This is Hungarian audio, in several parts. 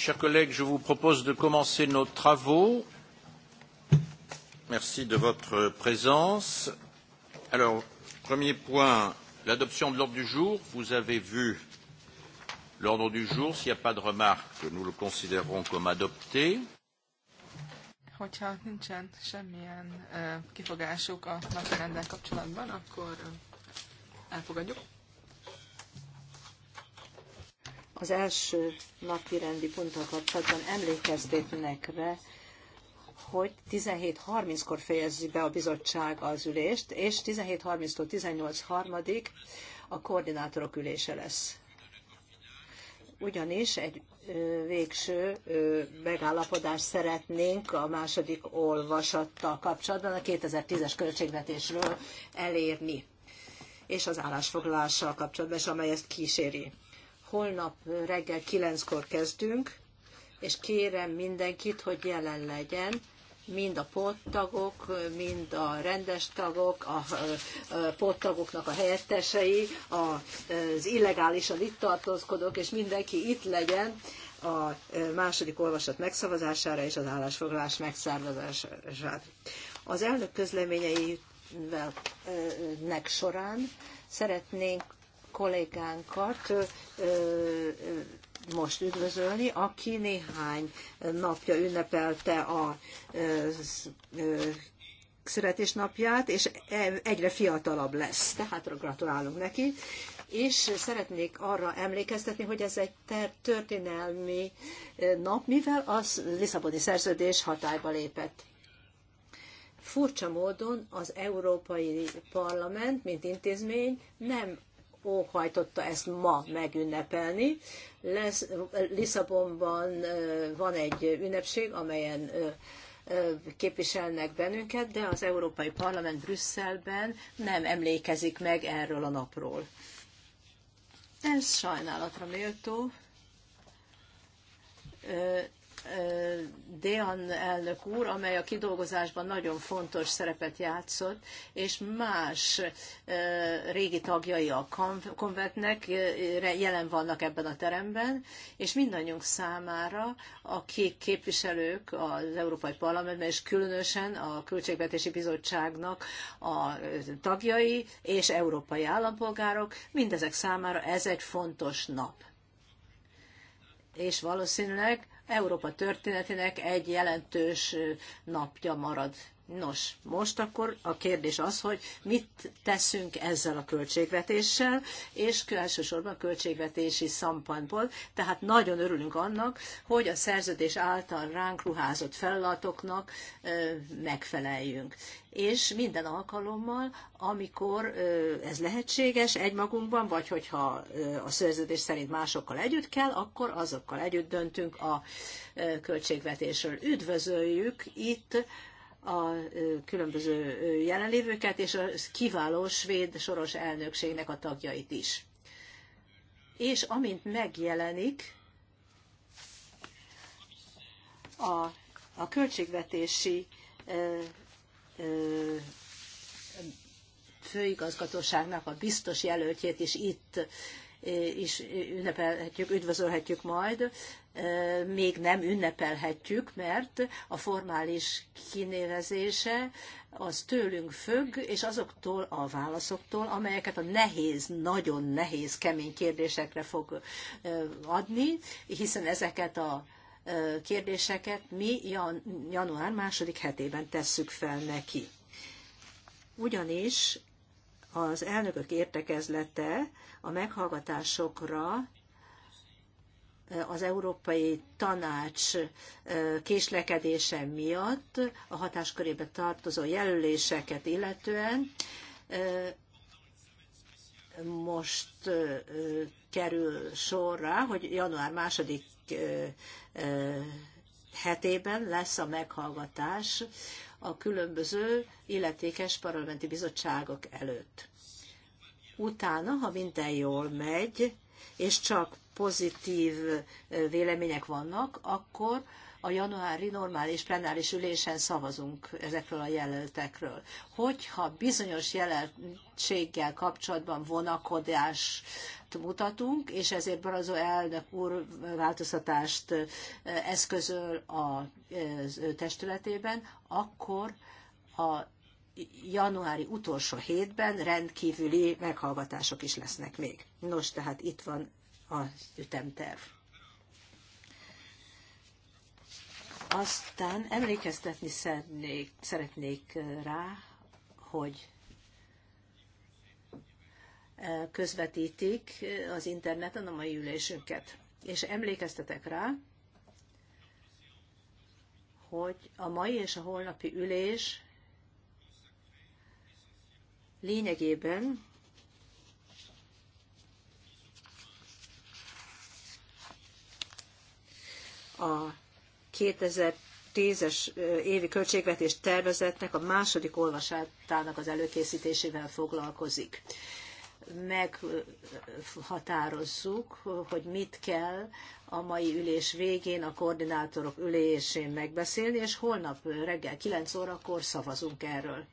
Mes chers collègues, je vous propose de commencer nos travaux. Merci de votre présence. Alors, premier point, l'adoption de l'ordre du jour. Vous avez vu l'ordre du jour. S'il n'y a pas de remarque, nous le considérons comme adopté. Eh, eh, elfogadjuk az első napi rendi ponttal kapcsolatban be, hogy 17.30-kor fejezi be a bizottság az ülést, és 17.30-tól 18.30-ig a koordinátorok ülése lesz. Ugyanis egy végső megállapodást szeretnénk a második olvasattal kapcsolatban a 2010-es költségvetésről elérni, és az állásfoglalással kapcsolatban, és amely ezt kíséri. Holnap reggel kilenckor kezdünk, és kérem mindenkit, hogy jelen legyen, mind a póttagok, mind a rendes tagok, a, pottagoknak póttagoknak a helyettesei, az illegálisan itt tartózkodók, és mindenki itt legyen a második olvasat megszavazására és az állásfoglalás megszervezására. Az elnök közleményeinek során szeretnénk kollégánkat most üdvözölni, aki néhány napja ünnepelte a születésnapját, és e, egyre fiatalabb lesz. Tehát gratulálunk neki. És szeretnék arra emlékeztetni, hogy ez egy történelmi nap, mivel az Lisszaboni szerződés hatályba lépett. Furcsa módon az Európai Parlament, mint intézmény nem óhajtotta ezt ma megünnepelni. Lesz, Lisszabonban van egy ünnepség, amelyen képviselnek bennünket, de az Európai Parlament Brüsszelben nem emlékezik meg erről a napról. Ez sajnálatra méltó Dehan elnök úr, amely a kidolgozásban nagyon fontos szerepet játszott, és más régi tagjai a konventnek jelen vannak ebben a teremben, és mindannyiunk számára, akik képviselők az Európai Parlamentben, és különösen a Költségvetési Bizottságnak a tagjai és európai állampolgárok, mindezek számára ez egy fontos nap és valószínűleg Európa történetének egy jelentős napja marad Nos, most akkor a kérdés az, hogy mit teszünk ezzel a költségvetéssel, és elsősorban a költségvetési szempontból. Tehát nagyon örülünk annak, hogy a szerződés által ránk ruházott feladatoknak megfeleljünk. És minden alkalommal, amikor ez lehetséges egymagunkban, vagy hogyha a szerződés szerint másokkal együtt kell, akkor azokkal együtt döntünk a költségvetésről. Üdvözöljük itt a különböző jelenlévőket, és a kiváló svéd soros elnökségnek a tagjait is. És amint megjelenik a, a költségvetési főigazgatóságnak a biztos jelöltjét is itt és ünnepelhetjük, üdvözölhetjük majd, még nem ünnepelhetjük, mert a formális kinévezése az tőlünk függ, és azoktól a válaszoktól, amelyeket a nehéz, nagyon nehéz, kemény kérdésekre fog adni, hiszen ezeket a kérdéseket mi január második hetében tesszük fel neki. Ugyanis az elnökök értekezlete a meghallgatásokra az Európai Tanács késlekedése miatt a hatáskörébe tartozó jelöléseket illetően most kerül sorra, hogy január második hetében lesz a meghallgatás a különböző illetékes parlamenti bizottságok előtt. Utána, ha minden jól megy, és csak pozitív vélemények vannak, akkor a januári normális plenáris ülésen szavazunk ezekről a jelöltekről. Hogyha bizonyos jelentséggel kapcsolatban vonakodás mutatunk, és ezért Barazó elnök úr változtatást eszközöl a testületében, akkor a januári utolsó hétben rendkívüli meghallgatások is lesznek még. Nos, tehát itt van a ütemterv. Aztán emlékeztetni szeretnék, szeretnék rá, hogy közvetítik az interneten a mai ülésünket. És emlékeztetek rá, hogy a mai és a holnapi ülés lényegében a 2010-es évi költségvetés tervezetnek a második olvasátának az előkészítésével foglalkozik. Meghatározzuk, hogy mit kell a mai ülés végén, a koordinátorok ülésén megbeszélni, és holnap reggel 9 órakor szavazunk erről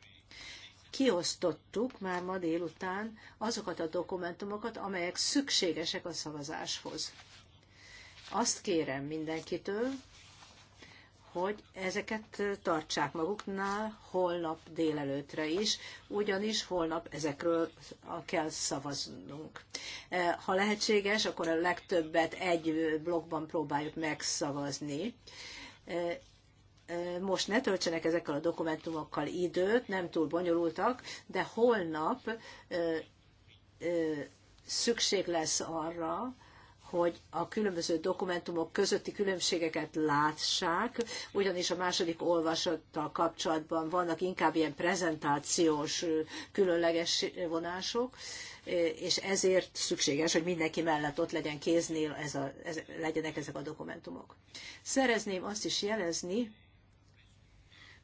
kiosztottuk már ma délután azokat a dokumentumokat, amelyek szükségesek a szavazáshoz. Azt kérem mindenkitől, hogy ezeket tartsák maguknál holnap délelőtre is, ugyanis holnap ezekről kell szavaznunk. E, ha lehetséges, akkor a legtöbbet egy blogban próbáljuk megszavazni. E, e, most ne töltsenek ezekkel a dokumentumokkal időt, nem túl bonyolultak, de holnap szükség lesz arra, hogy a különböző dokumentumok közötti különbségeket látsák, ugyanis a második olvasattal kapcsolatban vannak inkább ilyen prezentációs különleges vonások, és ezért szükséges, hogy mindenki mellett ott legyen kéznél, ez a, ez, legyenek ezek a dokumentumok. Szerezném azt is jelezni,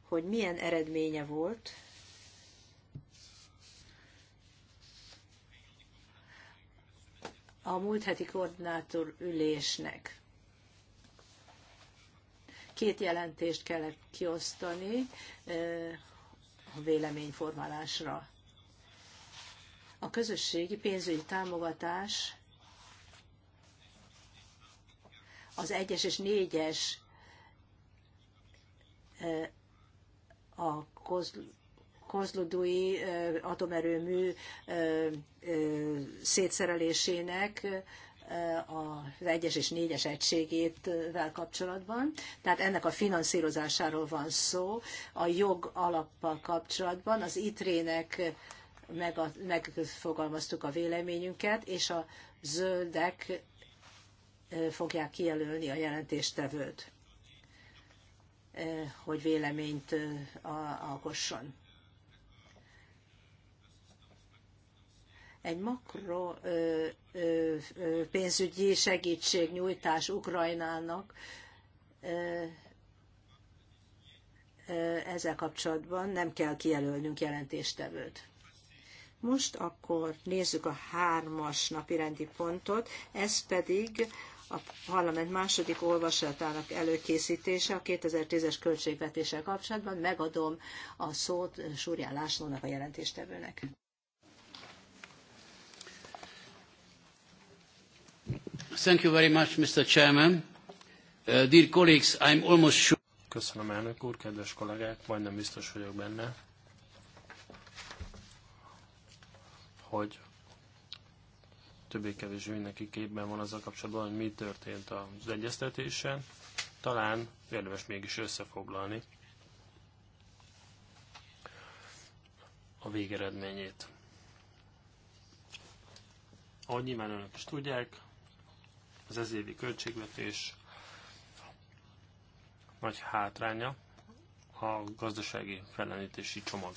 hogy milyen eredménye volt a múlt heti koordinátor ülésnek. Két jelentést kellett kiosztani a véleményformálásra. A közösségi pénzügyi támogatás az egyes és négyes a kozludui atomerőmű szétszerelésének az egyes és négyes egységétvel kapcsolatban. Tehát ennek a finanszírozásáról van szó. A jog alappal kapcsolatban az itre nek meg a, megfogalmaztuk a véleményünket, és a zöldek fogják kijelölni a jelentéstevőt, hogy véleményt alkosson. egy makro ö, ö, pénzügyi segítségnyújtás Ukrajnának ö, ö, ezzel kapcsolatban nem kell kijelölnünk jelentéstevőt. Most akkor nézzük a hármas napirendi pontot, ez pedig a parlament második olvasatának előkészítése a 2010-es költségvetéssel kapcsolatban. Megadom a szót Súrján Lászlónak, a jelentéstevőnek. Thank you very much, Mr. Chairman. Uh, dear colleagues, I'm almost sure... Köszönöm, elnök úr, kedves kollégák, majdnem biztos vagyok benne, hogy többé-kevésbé mindenki képben van azzal kapcsolatban, hogy mi történt az egyeztetésen. Talán érdemes mégis összefoglalni a végeredményét. Ahogy nyilván önök is tudják, az ezévi költségvetés nagy hátránya a gazdasági fellenítési csomag.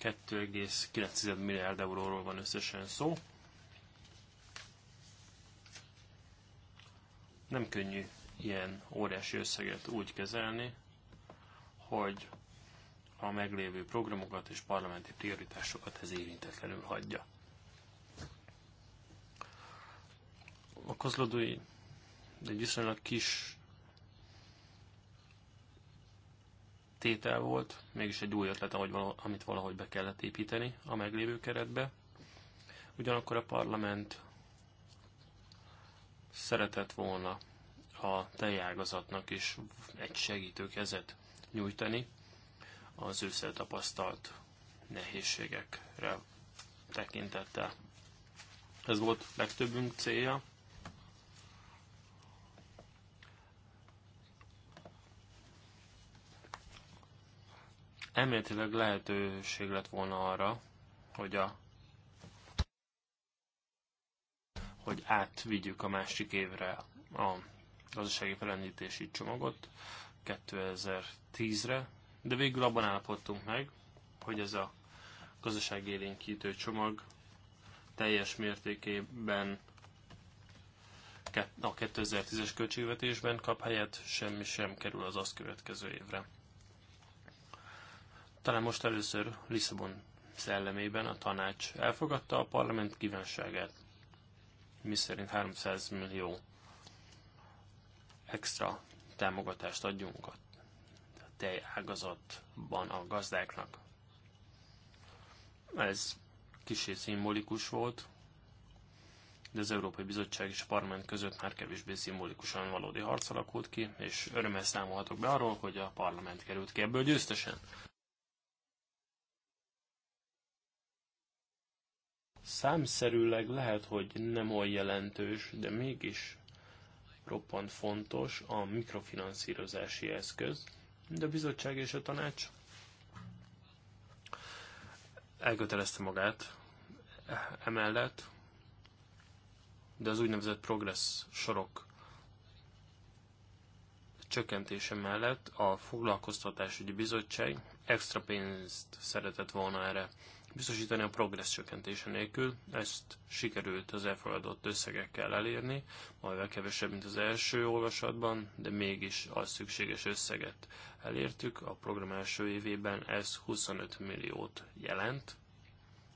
2,9 milliárd euróról van összesen szó. Nem könnyű ilyen óriási összeget úgy kezelni, hogy a meglévő programokat és parlamenti prioritásokat ez érintetlenül hagyja. a kozlodói egy viszonylag kis tétel volt, mégis egy új ötlet, ahogy valahogy, amit valahogy be kellett építeni a meglévő keretbe. Ugyanakkor a parlament szeretett volna a teljágazatnak is egy kezet nyújtani az ősszel tapasztalt nehézségekre tekintettel. Ez volt legtöbbünk célja. Elméletileg lehetőség lett volna arra, hogy a hogy átvigyük a másik évre a gazdasági felendítési csomagot 2010-re, de végül abban állapodtunk meg, hogy ez a élénkítő csomag teljes mértékében a 2010-es költségvetésben kap helyet, semmi sem kerül az azt következő évre. Talán most először Lisszabon szellemében a tanács elfogadta a parlament kívánságát, miszerint 300 millió extra támogatást adjunk a tej ágazatban a gazdáknak. Ez kicsi szimbolikus volt, de az Európai Bizottság és a Parlament között már kevésbé szimbolikusan valódi harc alakult ki, és örömmel számolhatok be arról, hogy a Parlament került ki ebből győztesen. Számszerűleg lehet, hogy nem olyan jelentős, de mégis roppant fontos a mikrofinanszírozási eszköz, de a bizottság és a tanács elkötelezte magát emellett, de az úgynevezett progress sorok csökkentése mellett a foglalkoztatásügyi bizottság extra pénzt szeretett volna erre biztosítani a progressz csökkentése nélkül. Ezt sikerült az elfogadott összegekkel elérni, majd kevesebb, mint az első olvasatban, de mégis az szükséges összeget elértük. A program első évében ez 25 milliót jelent,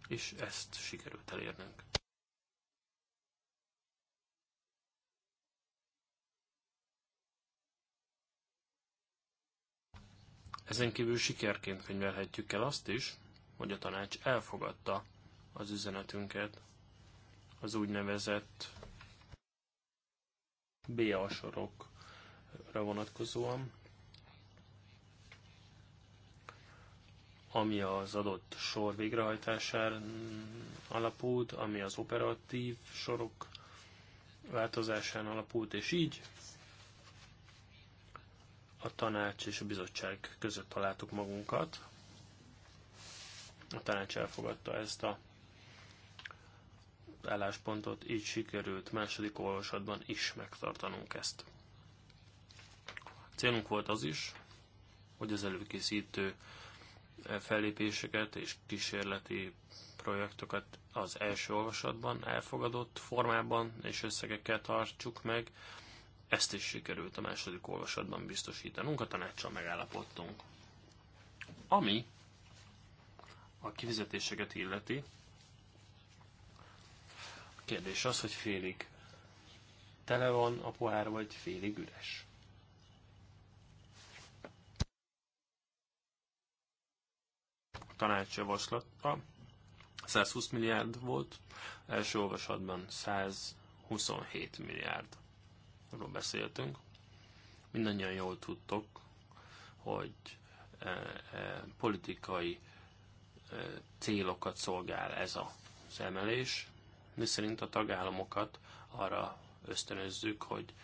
és ezt sikerült elérnünk. Ezen kívül sikerként könyvelhetjük el azt is, hogy a tanács elfogadta az üzenetünket az úgynevezett BA sorokra vonatkozóan, ami az adott sor végrehajtásán alapult, ami az operatív sorok változásán alapult, és így a tanács és a bizottság között találtuk magunkat. A tanács elfogadta ezt a álláspontot, így sikerült második olvasatban is megtartanunk ezt. A célunk volt az is, hogy az előkészítő fellépéseket és kísérleti projektokat az első olvasatban elfogadott formában és összegekkel tartsuk meg. Ezt is sikerült a második olvasatban biztosítanunk, a tanácssal megállapodtunk. Ami a kifizetéseket illeti, a kérdés az, hogy félig tele van a pohár, vagy félig üres. A tanácsjavaslata 120 milliárd volt, első olvasatban 127 milliárd. Arról beszéltünk. Mindannyian jól tudtok, hogy eh, eh, politikai célokat szolgál ez az emelés, szerint a tagállamokat arra ösztönözzük, hogy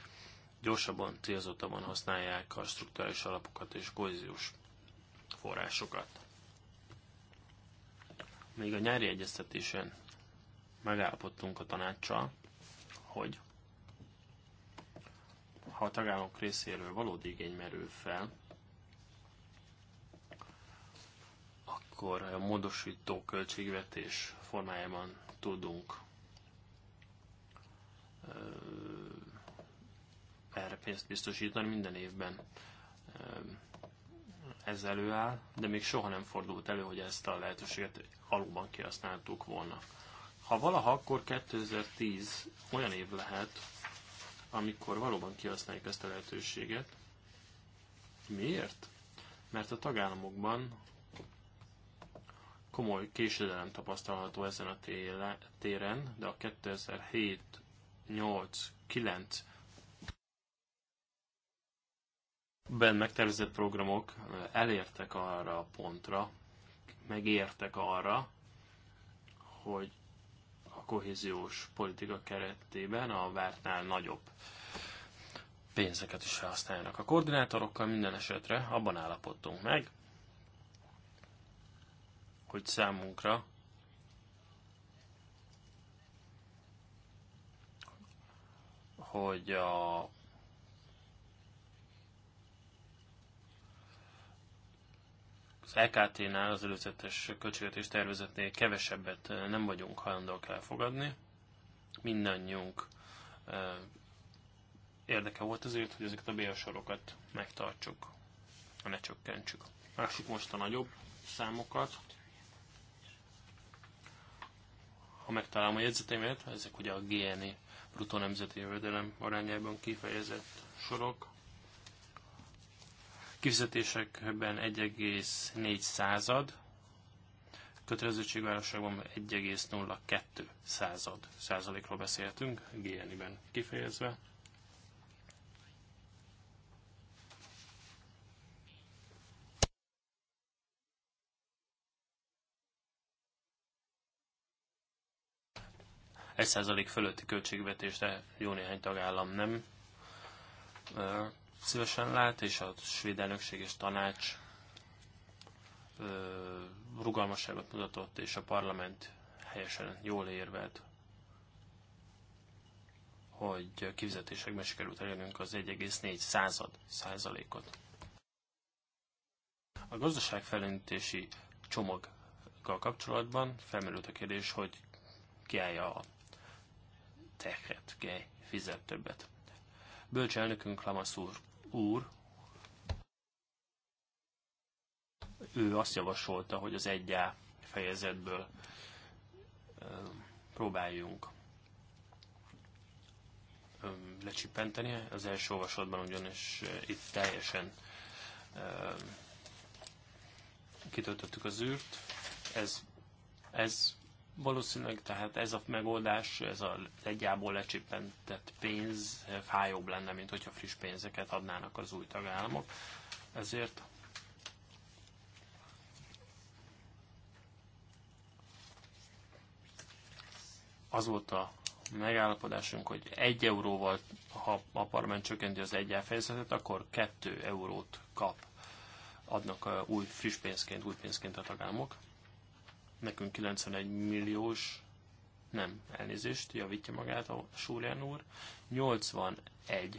gyorsabban, célzottabban használják a strukturális alapokat és kohéziós forrásokat. Még a nyári egyeztetésen megállapodtunk a tanácssal, hogy ha a tagállamok részéről valódi igény merül fel, akkor a módosító költségvetés formájában tudunk erre pénzt biztosítani. Minden évben ez előáll, de még soha nem fordult elő, hogy ezt a lehetőséget alulban kihasználtuk volna. Ha valaha, akkor 2010 olyan év lehet, amikor valóban kihasználjuk ezt a lehetőséget. Miért? Mert a tagállamokban komoly késedelem tapasztalható ezen a téle, téren, de a 2007 8 9 ben megtervezett programok elértek arra a pontra, megértek arra, hogy a kohéziós politika keretében a vártnál nagyobb pénzeket is felhasználnak. A koordinátorokkal minden esetre abban állapodtunk meg, hogy számunkra hogy a az EKT-nál, az előzetes költségvetés tervezetnél kevesebbet eh, nem vagyunk hajlandók elfogadni. Mindannyiunk eh, érdeke volt azért, hogy ezeket a bérsorokat megtartsuk, ne csökkentsük. Lássuk most a nagyobb számokat ha megtalálom a jegyzeteimet, ezek ugye a GNI e brutó nemzeti jövedelem arányában kifejezett sorok. Kifizetésekben 1,4 század, kötelezettségvállalságban 1,02 század százalékról beszéltünk, GNI-ben kifejezve. 1% fölötti költségvetésre jó néhány tagállam nem szívesen lát, és a svéd elnökség és tanács rugalmasságot mutatott, és a parlament helyesen jól érvelt, hogy kifizetésekben sikerült elérnünk az 1,4 század százalékot. A gazdaságfelintési csomaggal kapcsolatban felmerült a kérdés, hogy kiállja a tehet, gej, fizet többet. Bölcselnökünk Lamasz úr, ő azt javasolta, hogy az egyá fejezetből próbáljunk lecsippenteni. Az első olvasatban ugyanis itt teljesen kitöltöttük az űrt. Ez, ez Valószínűleg tehát ez a megoldás, ez a legyából lecsippentett pénz fájóbb lenne, mint hogyha friss pénzeket adnának az új tagállamok. Ezért az volt a megállapodásunk, hogy egy euróval, ha a parlament csökkenti az egy elfejezetet, akkor kettő eurót kap, adnak új friss pénzként, új pénzként a tagállamok nekünk 91 milliós, nem, elnézést, javítja magát a Súrján úr, 81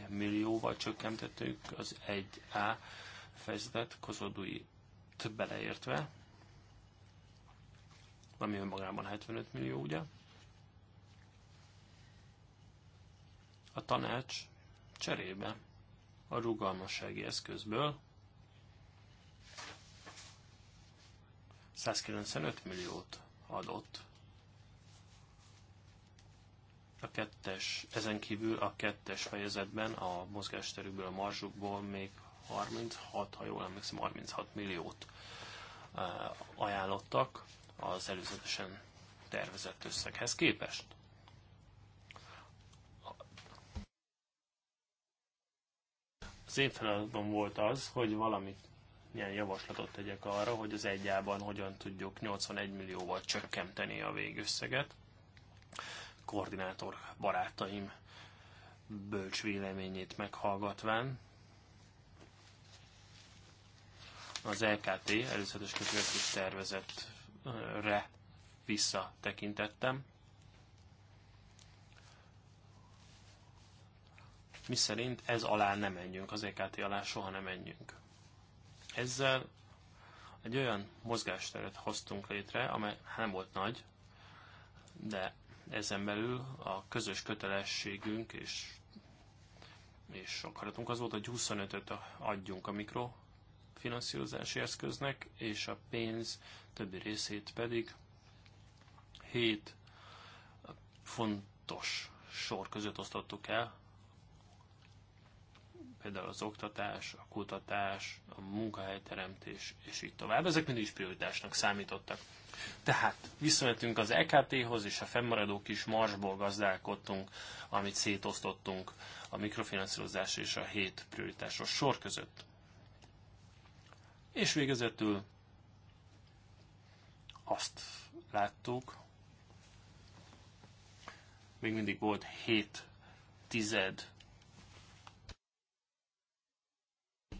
millióval csökkentettük az 1A fejezetet, kozodui beleértve, ami önmagában 75 millió, ugye? A tanács cserébe a rugalmassági eszközből 195 milliót adott. A kettes, ezen kívül a kettes fejezetben a mozgásterükből, a marzsukból még 36, ha jól emlékszem, 36 milliót eh, ajánlottak az előzetesen tervezett összeghez képest. Az én feladatom volt az, hogy valamit milyen javaslatot tegyek arra, hogy az egyában hogyan tudjuk 81 millióval csökkenteni a végösszeget. Koordinátor barátaim bölcs véleményét meghallgatván. Az LKT előzetes költségvetés tervezetre visszatekintettem. Mi szerint ez alá nem menjünk, az EKT alá soha nem menjünk. Ezzel egy olyan mozgásteret hoztunk létre, amely hát nem volt nagy, de ezen belül a közös kötelességünk és, és akaratunk az volt, hogy 25-öt adjunk a mikrofinanszírozási eszköznek, és a pénz többi részét pedig 7 fontos sor között osztottuk el, például az oktatás, a kutatás, a munkahelyteremtés, és így tovább. Ezek mindig is prioritásnak számítottak. Tehát visszamentünk az EKT-hoz, és a fennmaradó kis marsból gazdálkodtunk, amit szétosztottunk a mikrofinanszírozás és a hét prioritásos sor között. És végezetül azt láttuk, még mindig volt 7 tized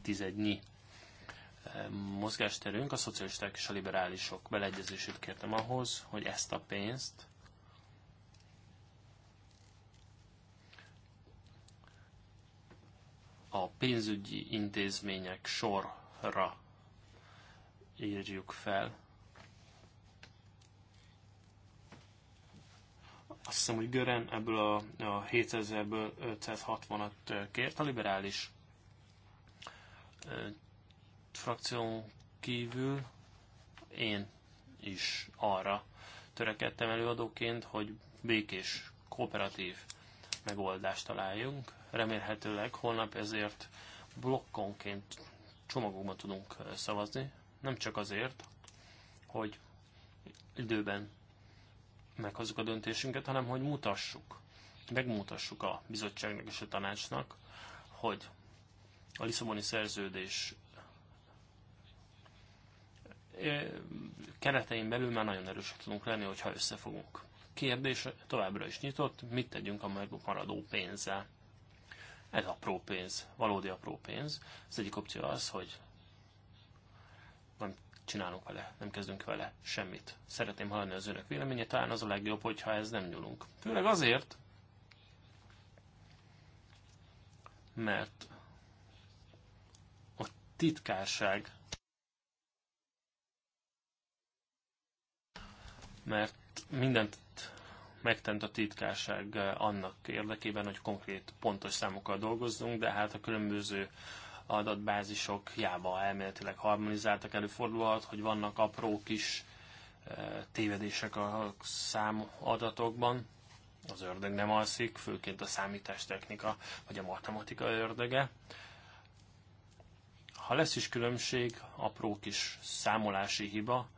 tizednyi mozgásterünk, a szocialisták és a liberálisok beleegyezését kértem ahhoz, hogy ezt a pénzt a pénzügyi intézmények sorra írjuk fel. Azt hiszem, hogy Gören ebből a, a 7000 560-at kért a liberális frakción kívül én is arra törekedtem előadóként, hogy békés, kooperatív megoldást találjunk. Remélhetőleg holnap ezért blokkonként csomagokban tudunk szavazni, nem csak azért, hogy időben meghozzuk a döntésünket, hanem hogy mutassuk, megmutassuk a bizottságnak és a tanácsnak, hogy a Lisszaboni szerződés keretein belül már nagyon erősek tudunk lenni, hogyha összefogunk. Kérdés továbbra is nyitott, mit tegyünk a maradó pénzzel? Ez apró pénz, valódi apró pénz. Az egyik opció az, hogy nem csinálunk vele, nem kezdünk vele semmit. Szeretném hallani az önök véleményét, talán az a legjobb, hogyha ez nem nyúlunk. Főleg azért, mert titkárság. Mert mindent megtent a titkárság eh, annak érdekében, hogy konkrét pontos számokkal dolgozzunk, de hát a különböző adatbázisok jába elméletileg harmonizáltak előfordulhat, hogy vannak apró kis eh, tévedések a szám adatokban. Az ördög nem alszik, főként a számítástechnika vagy a matematika ördöge. Ha lesz is különbség, apró kis számolási hiba,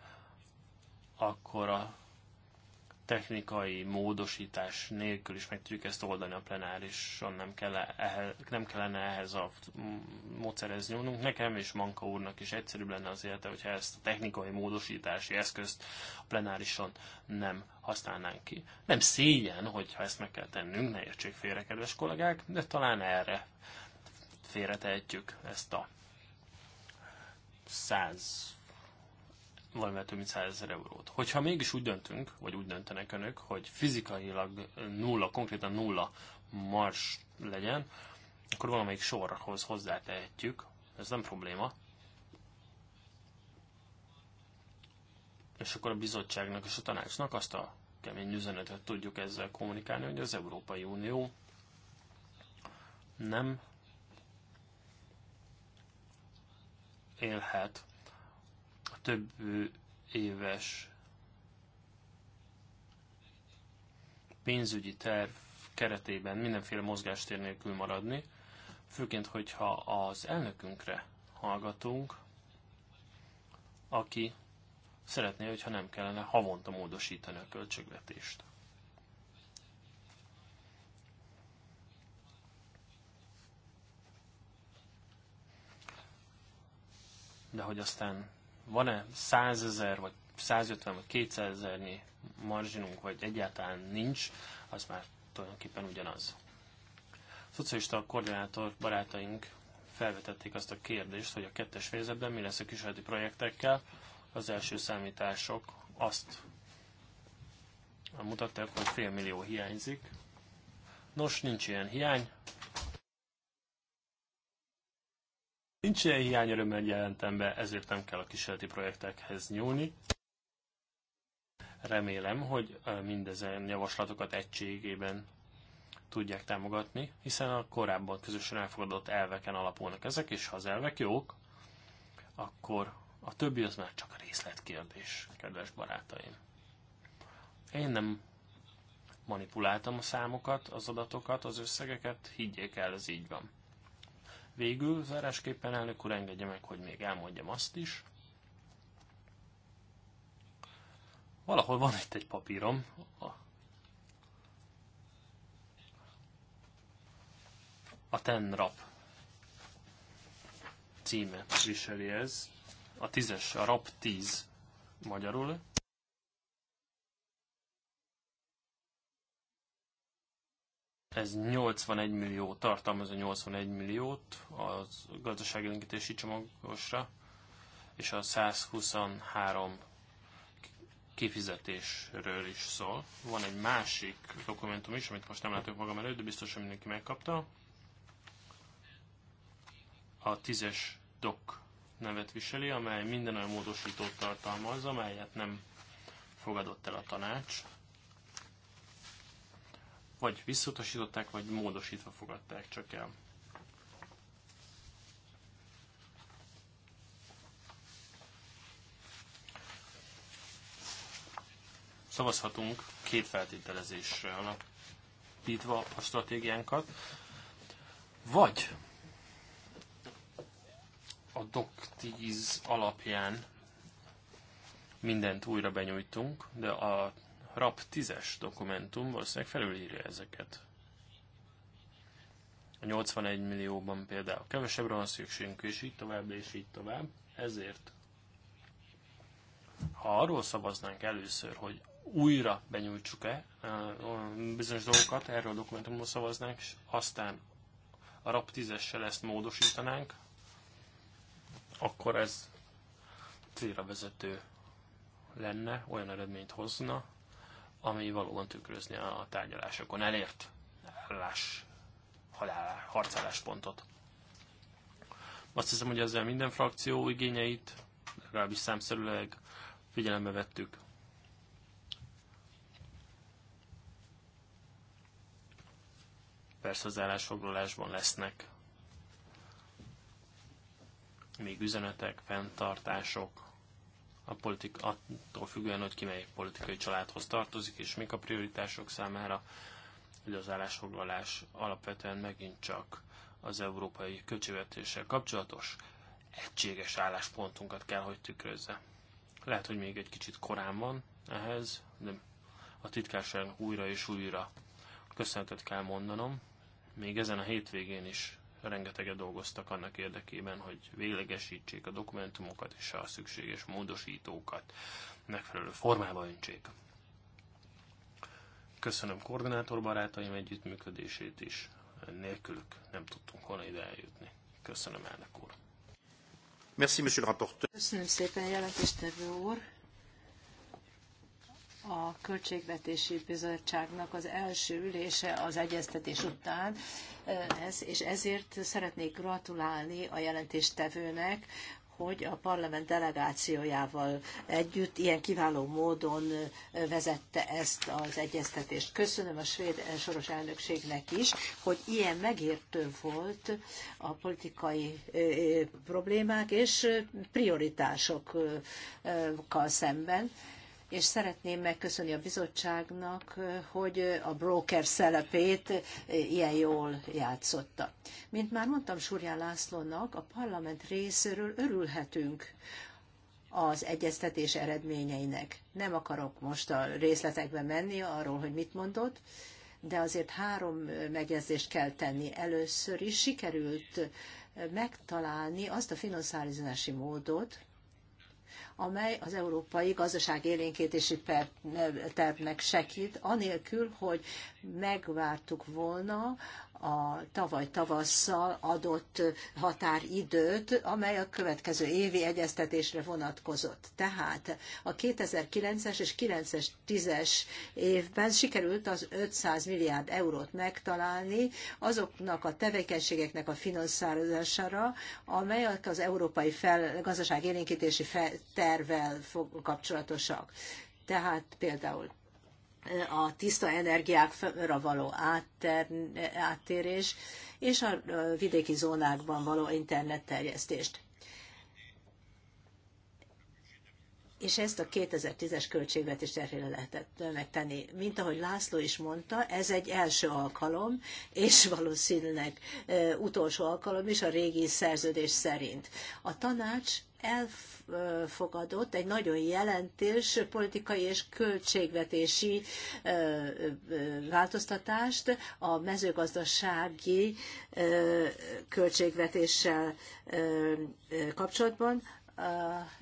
akkor a technikai módosítás nélkül is meg tudjuk ezt oldani a plenárison, nem, kell ehhez, nem kellene ehhez a módszerhez nyúlnunk. Nekem és Manka úrnak is egyszerűbb lenne az élete, hogyha ezt a technikai módosítási eszközt a plenárison nem használnánk ki. Nem szégyen, hogyha ezt meg kell tennünk, ne értsék félre, kedves kollégák, de talán erre félretehetjük ezt a 100 valamivel több mint 100 ezer eurót. Hogyha mégis úgy döntünk, vagy úgy döntenek önök, hogy fizikailag nulla, konkrétan nulla mars legyen, akkor valamelyik sorhoz hozzátehetjük, ez nem probléma. És akkor a bizottságnak és a tanácsnak azt a kemény üzenetet tudjuk ezzel kommunikálni, hogy az Európai Unió nem élhet a több éves pénzügyi terv keretében mindenféle mozgástér nélkül maradni, főként, hogyha az elnökünkre hallgatunk, aki szeretné, hogyha nem kellene havonta módosítani a költségvetést. de hogy aztán van-e 100 ezer, vagy 150 vagy 200 ezernyi marzsinunk, vagy egyáltalán nincs, az már tulajdonképpen ugyanaz. A szocialista koordinátor barátaink felvetették azt a kérdést, hogy a kettes fejezetben mi lesz a kísérleti projektekkel. Az első számítások azt mutatták, hogy fél millió hiányzik. Nos, nincs ilyen hiány, Nincs ilyen hiányörömmel jelentem be, ezért nem kell a kísérleti projektekhez nyúlni. Remélem, hogy mindezen javaslatokat egységében tudják támogatni, hiszen a korábban közösen elfogadott elveken alapulnak ezek, és ha az elvek jók, akkor a többi az már csak a részletkérdés, kedves barátaim. Én nem manipuláltam a számokat, az adatokat, az összegeket, higgyék el, ez így van. Végül, zárásképpen elnök úr, engedje meg, hogy még elmondjam azt is. Valahol van itt egy papírom. A tenrap címet viseli ez. A tízes, a rap 10 magyarul. Ez 81 millió, tartalmaz a 81 milliót a gazdaságélénkítési csomagosra, és a 123 kifizetésről is szól. Van egy másik dokumentum is, amit most nem látok magam előtt, de biztos, hogy mindenki megkapta. A tízes Doc nevet viseli, amely minden olyan módosítót tartalmaz, amelyet nem fogadott el a tanács vagy visszautasították, vagy módosítva fogadták csak el. Szavazhatunk két feltételezésre alapítva a stratégiánkat, vagy a doktíz alapján mindent újra benyújtunk, de a RAP 10-es dokumentum valószínűleg felülírja ezeket. A 81 millióban például kevesebbre van szükségünk, és így tovább, és így tovább. Ezért, ha arról szavaznánk először, hogy újra benyújtsuk-e bizonyos dolgokat, erről a dokumentumról szavaznánk, és aztán a RAP 10-essel ezt módosítanánk, akkor ez célra vezető lenne, olyan eredményt hozna, ami valóban tükrözni a tárgyalásokon elért állás, halálá, harcálláspontot. Azt hiszem, hogy ezzel minden frakció igényeit, legalábbis számszerűleg figyelembe vettük. Persze az állásfoglalásban lesznek még üzenetek, fenntartások, a politik, attól függően, hogy ki mely politikai családhoz tartozik, és mik a prioritások számára, hogy az állásfoglalás alapvetően megint csak az európai költségvetéssel kapcsolatos egységes álláspontunkat kell, hogy tükrözze. Lehet, hogy még egy kicsit korán van ehhez, de a titkárság újra és újra köszönetet kell mondanom. Még ezen a hétvégén is rengeteget dolgoztak annak érdekében, hogy véglegesítsék a dokumentumokat és a szükséges módosítókat megfelelő formába öntsék. Köszönöm koordinátor barátaim együttműködését is, nélkülük nem tudtunk volna ide eljutni. Köszönöm elnök úr. Merci, monsieur le rapporteur. Köszönöm szépen, jelentéstevő úr a Költségvetési Bizottságnak az első ülése az egyeztetés után, ez, és ezért szeretnék gratulálni a jelentéstevőnek, hogy a parlament delegációjával együtt ilyen kiváló módon vezette ezt az egyeztetést. Köszönöm a svéd soros elnökségnek is, hogy ilyen megértő volt a politikai problémák és prioritásokkal szemben és szeretném megköszönni a bizottságnak, hogy a broker szelepét ilyen jól játszotta. Mint már mondtam Súrján Lászlónak, a parlament részéről örülhetünk az egyeztetés eredményeinek. Nem akarok most a részletekbe menni arról, hogy mit mondott, de azért három megjegyzést kell tenni. Először is sikerült megtalálni azt a finanszírozási módot, amely az európai gazdaság élénkítési tervnek segít, anélkül, hogy megvártuk volna a tavaly tavasszal adott határidőt, amely a következő évi egyeztetésre vonatkozott. Tehát a 2009-es és 2010 es évben sikerült az 500 milliárd eurót megtalálni azoknak a tevékenységeknek a finanszírozására, amelyek az európai fel, élénkítési tervvel kapcsolatosak. Tehát például a tiszta energiákra való áttérés és a vidéki zónákban való internetterjesztést. és ezt a 2010-es költségvetés terhére lehetett megtenni. Mint ahogy László is mondta, ez egy első alkalom, és valószínűleg e, utolsó alkalom is a régi szerződés szerint. A tanács elfogadott egy nagyon jelentős politikai és költségvetési változtatást a mezőgazdasági költségvetéssel kapcsolatban,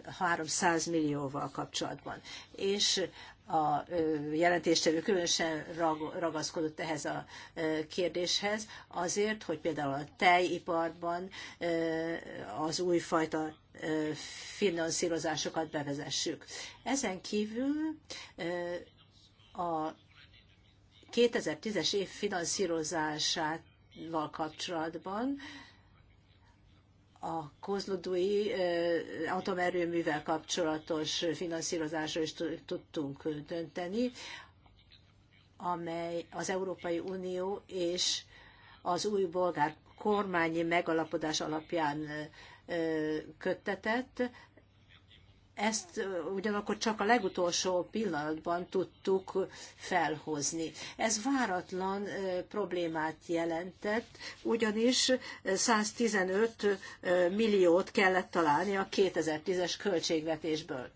300 millióval kapcsolatban. És a jelentéstevő különösen ragaszkodott ehhez a kérdéshez, azért, hogy például a tejiparban az újfajta finanszírozásokat bevezessük. Ezen kívül a 2010-es év finanszírozásával kapcsolatban a kozlodói atomerőművel kapcsolatos finanszírozásról is tudtunk dönteni, amely az Európai Unió és az új bolgár kormányi megalapodás alapján köttetett, ezt ugyanakkor csak a legutolsó pillanatban tudtuk felhozni. Ez váratlan problémát jelentett, ugyanis 115 milliót kellett találni a 2010-es költségvetésből.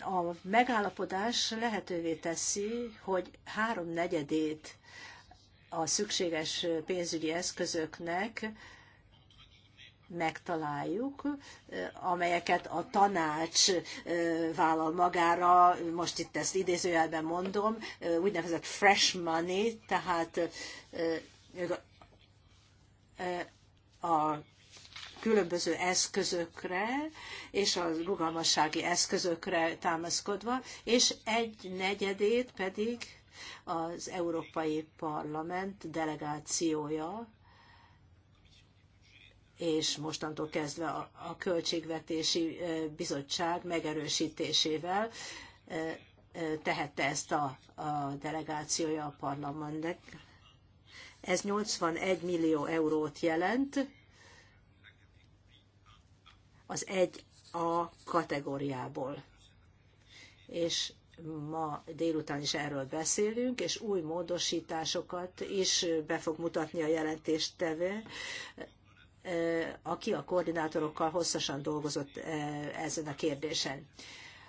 A megállapodás lehetővé teszi, hogy háromnegyedét a szükséges pénzügyi eszközöknek megtaláljuk, eh, amelyeket a tanács eh, vállal magára, most itt ezt idézőjelben mondom, eh, úgynevezett fresh money, tehát a különböző eszközökre és a rugalmassági eszközökre támaszkodva, és egy negyedét pedig az Európai Parlament delegációja és mostantól kezdve a Költségvetési Bizottság megerősítésével tehette ezt a, a delegációja a parlamentnek. Ez 81 millió eurót jelent az 1A kategóriából. És ma délután is erről beszélünk, és új módosításokat is be fog mutatni a jelentéstevő aki a koordinátorokkal hosszasan dolgozott ezen a kérdésen.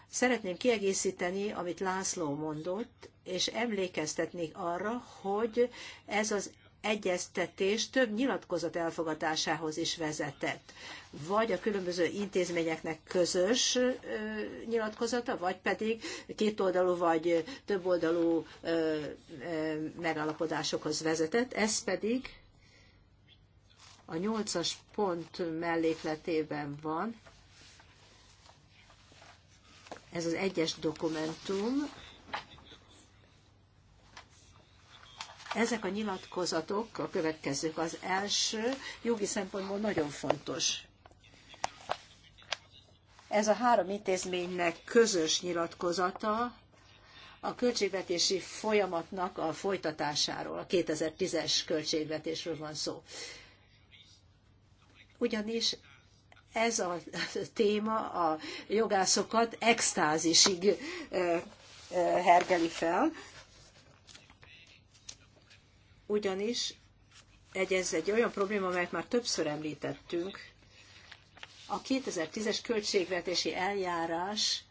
Szeretném kiegészíteni, amit László mondott, és emlékeztetni arra, hogy ez az egyeztetés több nyilatkozat elfogadásához is vezetett. Vagy a különböző intézményeknek közös nyilatkozata, vagy pedig kétoldalú vagy többoldalú megállapodásokhoz vezetett. Ez pedig a nyolcas pont mellékletében van, ez az egyes dokumentum, Ezek a nyilatkozatok, a következők, az első jogi szempontból nagyon fontos. Ez a három intézménynek közös nyilatkozata a költségvetési folyamatnak a folytatásáról, a 2010-es költségvetésről van szó ugyanis ez a téma a jogászokat extázisig hergeli fel, ugyanis egy, ez egy olyan probléma, amelyet már többször említettünk. A 2010-es költségvetési eljárás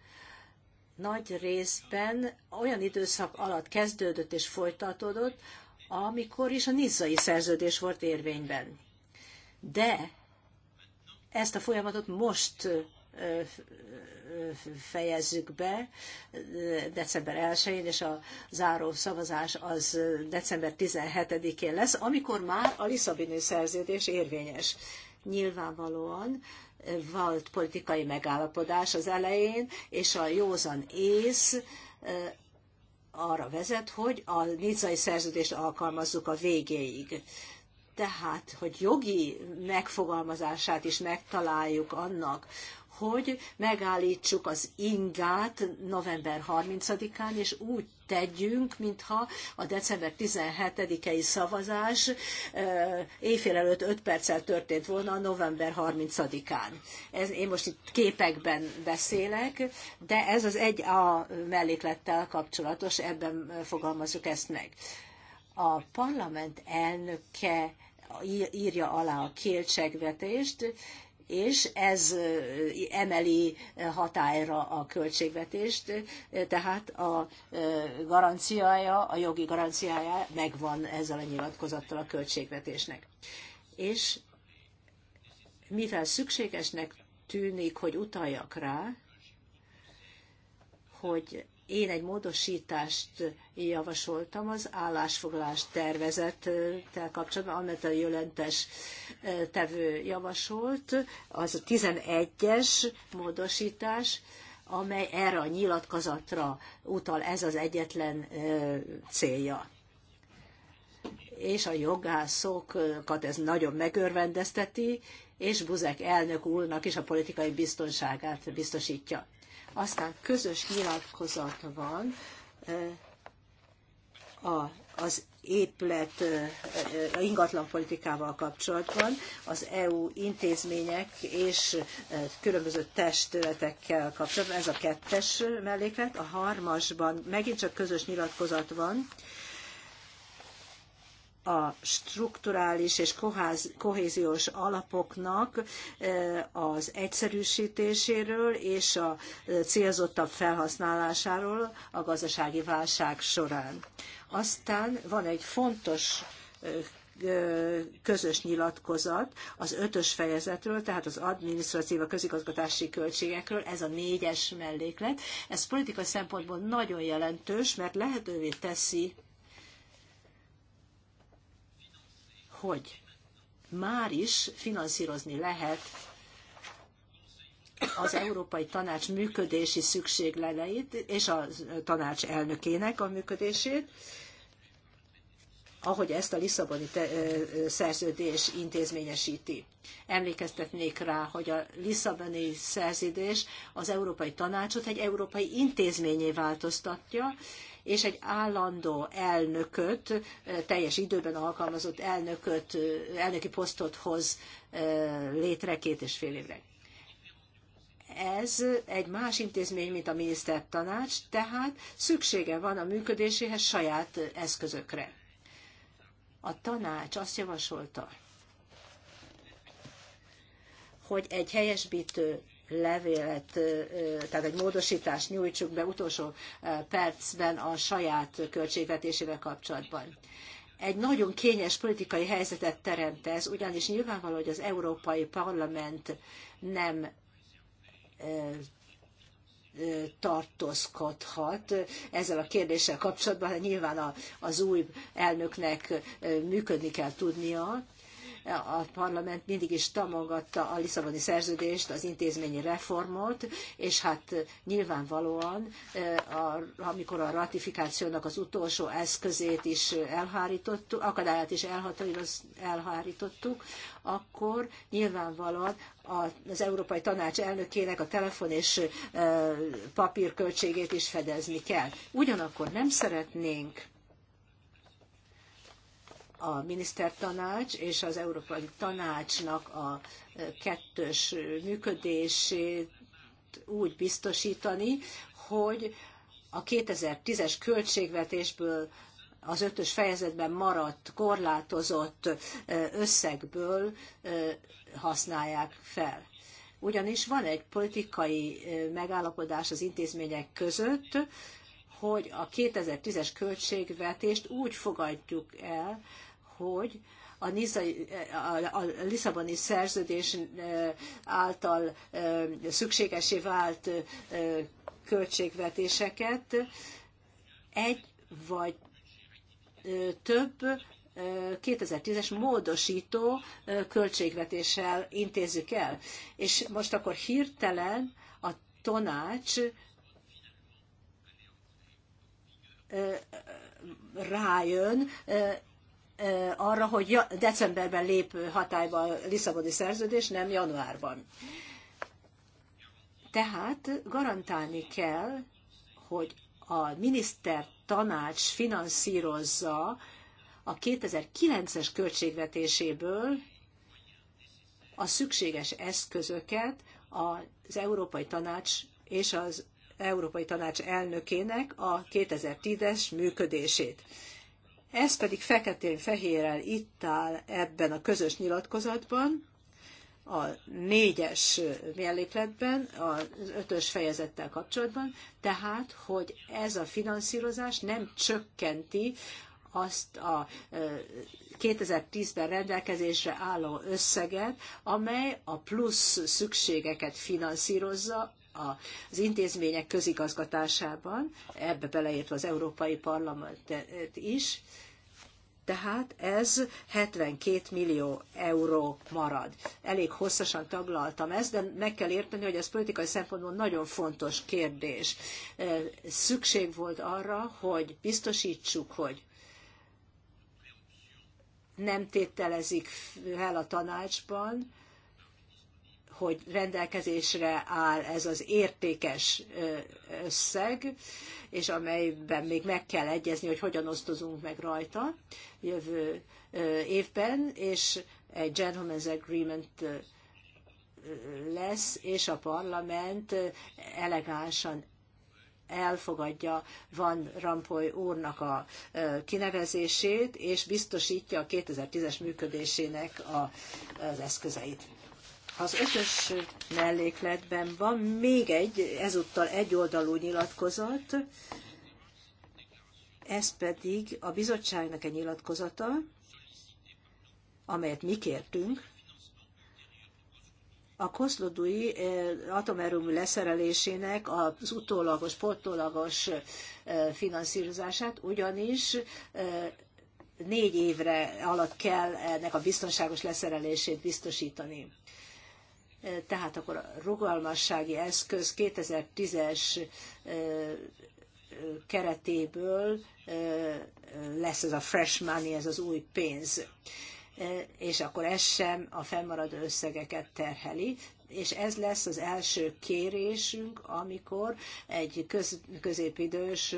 nagy részben olyan időszak alatt kezdődött és folytatódott, amikor is a nizzai szerződés volt érvényben. De ezt a folyamatot most fejezzük be december 1-én, és a záró szavazás az december 17-én lesz, amikor már a Lisszabini szerződés érvényes. Nyilvánvalóan volt politikai megállapodás az elején, és a józan ész arra vezet, hogy a nizai szerződést alkalmazzuk a végéig. Tehát, hogy jogi megfogalmazását is megtaláljuk annak, hogy megállítsuk az ingát november 30-án, és úgy tegyünk, mintha a december 17-i szavazás éjfél előtt 5 perccel történt volna a november 30-án. Ez, én most itt képekben beszélek, de ez az egy a melléklettel kapcsolatos, ebben fogalmazzuk ezt meg. A parlament elnöke írja alá a költségvetést, és ez emeli hatályra a költségvetést, tehát a garanciája, a jogi garanciája megvan ezzel a nyilatkozattal a költségvetésnek. És mivel szükségesnek tűnik, hogy utaljak rá, hogy én egy módosítást javasoltam az állásfoglalás tervezettel kapcsolatban, amit a jelentes tevő javasolt, az a 11-es módosítás, amely erre a nyilatkozatra utal, ez az egyetlen célja és a jogászokat ez nagyon megörvendezteti, és Buzek elnök úrnak is a politikai biztonságát biztosítja. Aztán közös nyilatkozat van az épület ingatlanpolitikával kapcsolatban az EU intézmények és különböző testületekkel kapcsolatban. Ez a kettes melléklet. A harmasban megint csak közös nyilatkozat van a strukturális és kohéziós alapoknak e, az egyszerűsítéséről és a e, célzottabb felhasználásáról a gazdasági válság során. Aztán van egy fontos e, közös nyilatkozat az ötös fejezetről, tehát az adminisztratív, a közigazgatási költségekről, ez a négyes melléklet. Ez politikai szempontból nagyon jelentős, mert lehetővé teszi hogy már is finanszírozni lehet az Európai Tanács működési szükségleteit és a tanács elnökének a működését, ahogy ezt a Lisszaboni szerződés intézményesíti. Emlékeztetnék rá, hogy a Lisszaboni szerződés az Európai Tanácsot egy európai intézményé változtatja, és egy állandó elnököt, teljes időben alkalmazott elnököt, elnöki posztot hoz létre két és fél évre. Ez egy más intézmény, mint a minisztertanács, tehát szüksége van a működéséhez saját eszközökre. A tanács azt javasolta, hogy egy helyesbítő levélet, tehát egy módosítást nyújtsuk be utolsó percben a saját költségvetésével kapcsolatban. Egy nagyon kényes politikai helyzetet teremt ez, ugyanis nyilvánvaló, hogy az Európai Parlament nem tartózkodhat ezzel a kérdéssel kapcsolatban, hát nyilván az új elnöknek működni kell tudnia, a parlament mindig is támogatta a Lisszaboni szerződést, az intézményi reformot, és hát nyilvánvalóan, eh, amikor a ratifikációnak az utolsó eszközét is elhárítottuk, akadályát is elhárítottuk, akkor nyilvánvalóan az Európai Tanács elnökének a telefon és eh, papír költségét is fedezni kell. Ugyanakkor nem szeretnénk a minisztertanács és az Európai Tanácsnak a e, kettős működését úgy biztosítani, hogy a 2010-es költségvetésből az ötös fejezetben maradt, korlátozott e, összegből e, használják fel. Ugyanis van egy politikai megállapodás az intézmények között, hogy a 2010-es költségvetést úgy fogadjuk el, hogy a, Nisa, a Lisszaboni szerződés által szükségesé vált költségvetéseket egy vagy több 2010-es módosító költségvetéssel intézzük el. És most akkor hirtelen a tanács rájön arra, hogy decemberben lép hatályba a Lisszaboni szerződés, nem januárban. Tehát garantálni kell, hogy a miniszter tanács finanszírozza a 2009-es költségvetéséből a szükséges eszközöket az Európai Tanács és az Európai Tanács elnökének a 2010-es működését. Ez pedig feketén-fehérrel itt áll ebben a közös nyilatkozatban, a négyes mellékletben, az ötös fejezettel kapcsolatban, tehát, hogy ez a finanszírozás nem csökkenti azt a 2010-ben rendelkezésre álló összeget, amely a plusz szükségeket finanszírozza az intézmények közigazgatásában, ebbe beleértve az Európai Parlamentet is, tehát ez 72 millió euró marad. Elég hosszasan taglaltam ezt, de meg kell érteni, hogy ez politikai szempontból nagyon fontos kérdés. Szükség volt arra, hogy biztosítsuk, hogy nem tételezik fel a tanácsban, hogy rendelkezésre áll ez az értékes összeg, és amelyben még meg kell egyezni, hogy hogyan osztozunk meg rajta jövő évben, és egy gentleman's agreement lesz, és a parlament elegánsan elfogadja Van Rampoy úrnak a kinevezését, és biztosítja a 2010-es működésének a, az eszközeit. Az ötös mellékletben van még egy, ezúttal egyoldalú nyilatkozat, ez pedig a bizottságnak egy nyilatkozata, amelyet mi kértünk, a koszlodui eh, atomerőmű leszerelésének az utólagos, portólagos eh, finanszírozását, ugyanis eh, négy évre alatt kell ennek a biztonságos leszerelését biztosítani tehát akkor a rugalmassági eszköz 2010-es keretéből lesz ez a fresh money, ez az új pénz. És akkor ez sem a fennmaradó összegeket terheli, és ez lesz az első kérésünk, amikor egy köz, középidős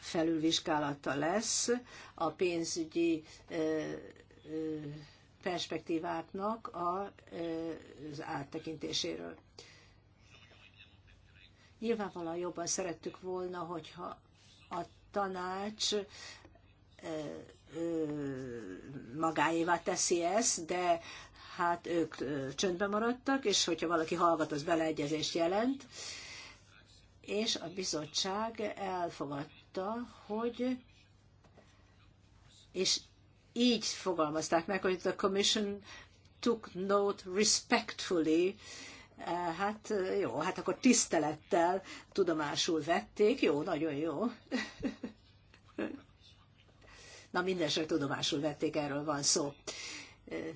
felülvizsgálata lesz a pénzügyi perspektíváknak az áttekintéséről. Nyilvánvalóan jobban szerettük volna, hogyha a tanács magáévá teszi ezt, de hát ők csöndben maradtak, és hogyha valaki hallgat, az beleegyezést jelent. És a bizottság elfogadta, hogy és így fogalmazták meg, hogy the commission took note respectfully, eh, hát eh, jó, hát akkor tisztelettel tudomásul vették, jó, nagyon jó. Na mindenre tudomásul vették, erről van szó. Eh,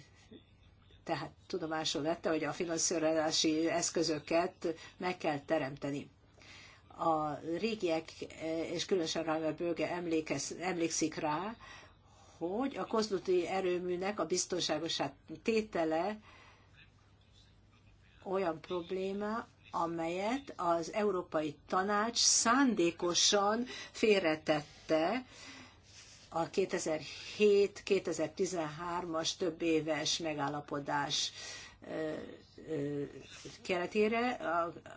tehát tudomásul vette, hogy a finanszírozási eszközöket meg kell teremteni a régiek, és különösen Rámer Bőge emlékszik rá, hogy a kozluti erőműnek a biztonságosát tétele olyan probléma, amelyet az Európai Tanács szándékosan félretette a 2007-2013-as több éves megállapodás keretére,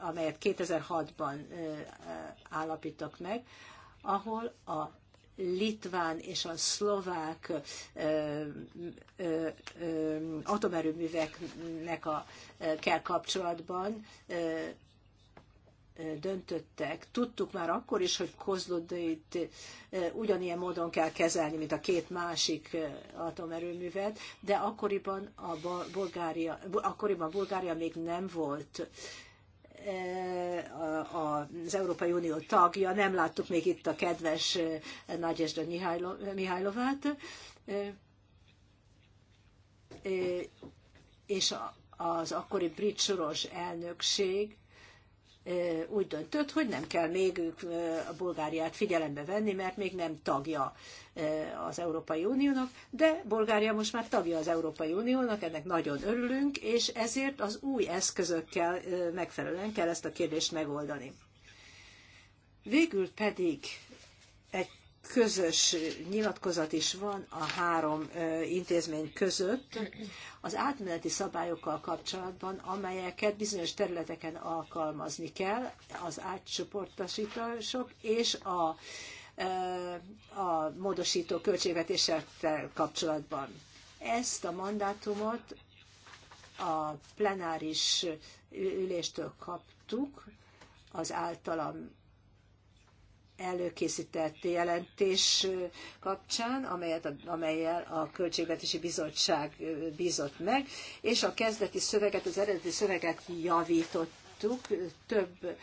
amelyet 2006-ban állapítok meg, ahol a litván és a szlovák atomerőműveknek a, kell kapcsolatban döntöttek. Tudtuk már akkor is, hogy Kozlodait ugyanilyen módon kell kezelni, mint a két másik atomerőművet, de akkoriban, a Bulgária, akkoriban Bulgária még nem volt Eh, az Európai Unió tagja, nem láttuk még itt a kedves eh, Nagyesda eh, Mihálylovát, és az akkori brit soros elnökség úgy döntött, hogy nem kell még a Bulgáriát figyelembe venni, mert még nem tagja az Európai Uniónak, de Bulgária most már tagja az Európai Uniónak, ennek nagyon örülünk, és ezért az új eszközökkel megfelelően kell ezt a kérdést megoldani. Végül pedig egy közös nyilatkozat is van a három intézmény között az átmeneti szabályokkal kapcsolatban, amelyeket bizonyos területeken alkalmazni kell, az átcsoportosítások és a a módosító költségvetéssel kapcsolatban. Ezt a mandátumot a plenáris üléstől kaptuk, az általam előkészített jelentés kapcsán, amelyet, amelyel a Költségvetési Bizottság bízott meg, és a kezdeti szöveget, az eredeti szöveget javított láttuk, több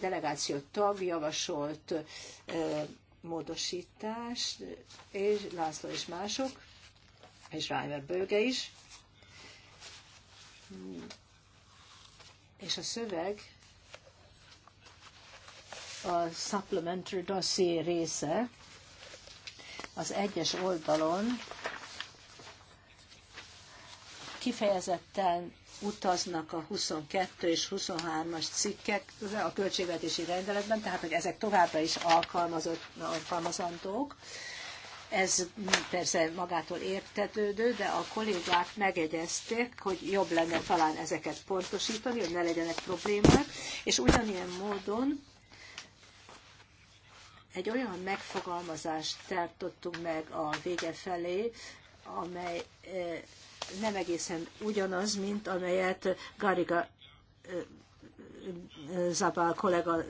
delegáció tag javasolt módosítás, és László és mások, és Reimer Bölge is. És a szöveg a supplementary dossier része az egyes oldalon kifejezetten utaznak a 22 és 23-as cikkek a költségvetési rendeletben, tehát hogy ezek továbbra is alkalmazandók. Ez persze magától értetődő, de a kollégák megegyezték, hogy jobb lenne talán ezeket pontosítani, hogy ne legyenek problémák, és ugyanilyen módon egy olyan megfogalmazást tartottunk meg a vége felé, amely eh, nem egészen ugyanaz, mint amelyet Gariga Zabal kollega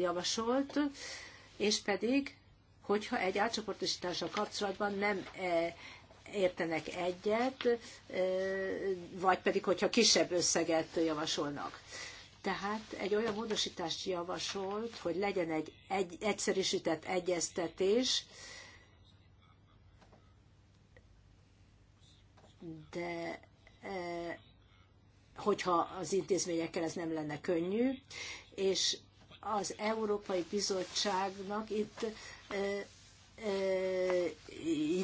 javasolt, és pedig, hogyha egy átcsoportosítással kapcsolatban nem e, értenek egyet, vagy pedig, hogyha kisebb összeget javasolnak. Tehát egy olyan módosítást javasolt, hogy legyen egy, egy egyszerűsített egyeztetés, de e, hogyha az intézményekkel ez nem lenne könnyű, és az Európai Bizottságnak itt e, e,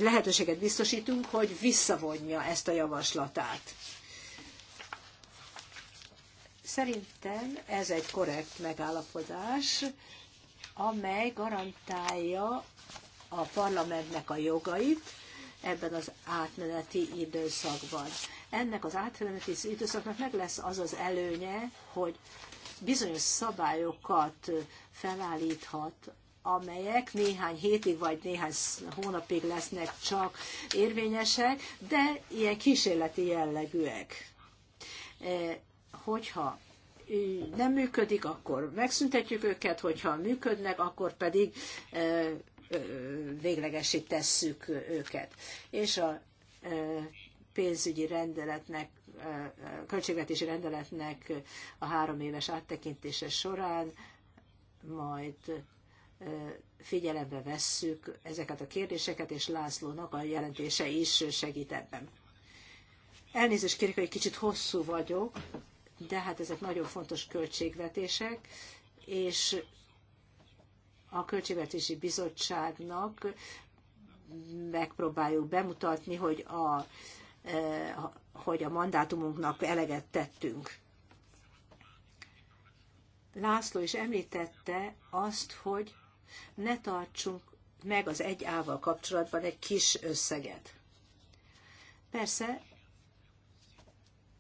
lehetőséget biztosítunk, hogy visszavonja ezt a javaslatát. Szerintem ez egy korrekt megállapodás, amely garantálja a parlamentnek a jogait, ebben az átmeneti időszakban. Ennek az átmeneti időszaknak meg lesz az az előnye, hogy bizonyos szabályokat felállíthat amelyek néhány hétig vagy néhány hónapig lesznek csak érvényesek, de ilyen kísérleti jellegűek. E, hogyha nem működik, akkor megszüntetjük őket, hogyha működnek, akkor pedig e, tesszük őket. És a pénzügyi rendeletnek, költségvetési rendeletnek a három éves áttekintése során majd figyelembe vesszük ezeket a kérdéseket, és Lászlónak a jelentése is segít ebben. Elnézést kérlek, hogy egy kicsit hosszú vagyok, de hát ezek nagyon fontos költségvetések, és a Költségvetési Bizottságnak megpróbáljuk bemutatni, hogy a, e, hogy a mandátumunknak eleget tettünk. László is említette azt, hogy ne tartsunk meg az egy ával kapcsolatban egy kis összeget. Persze,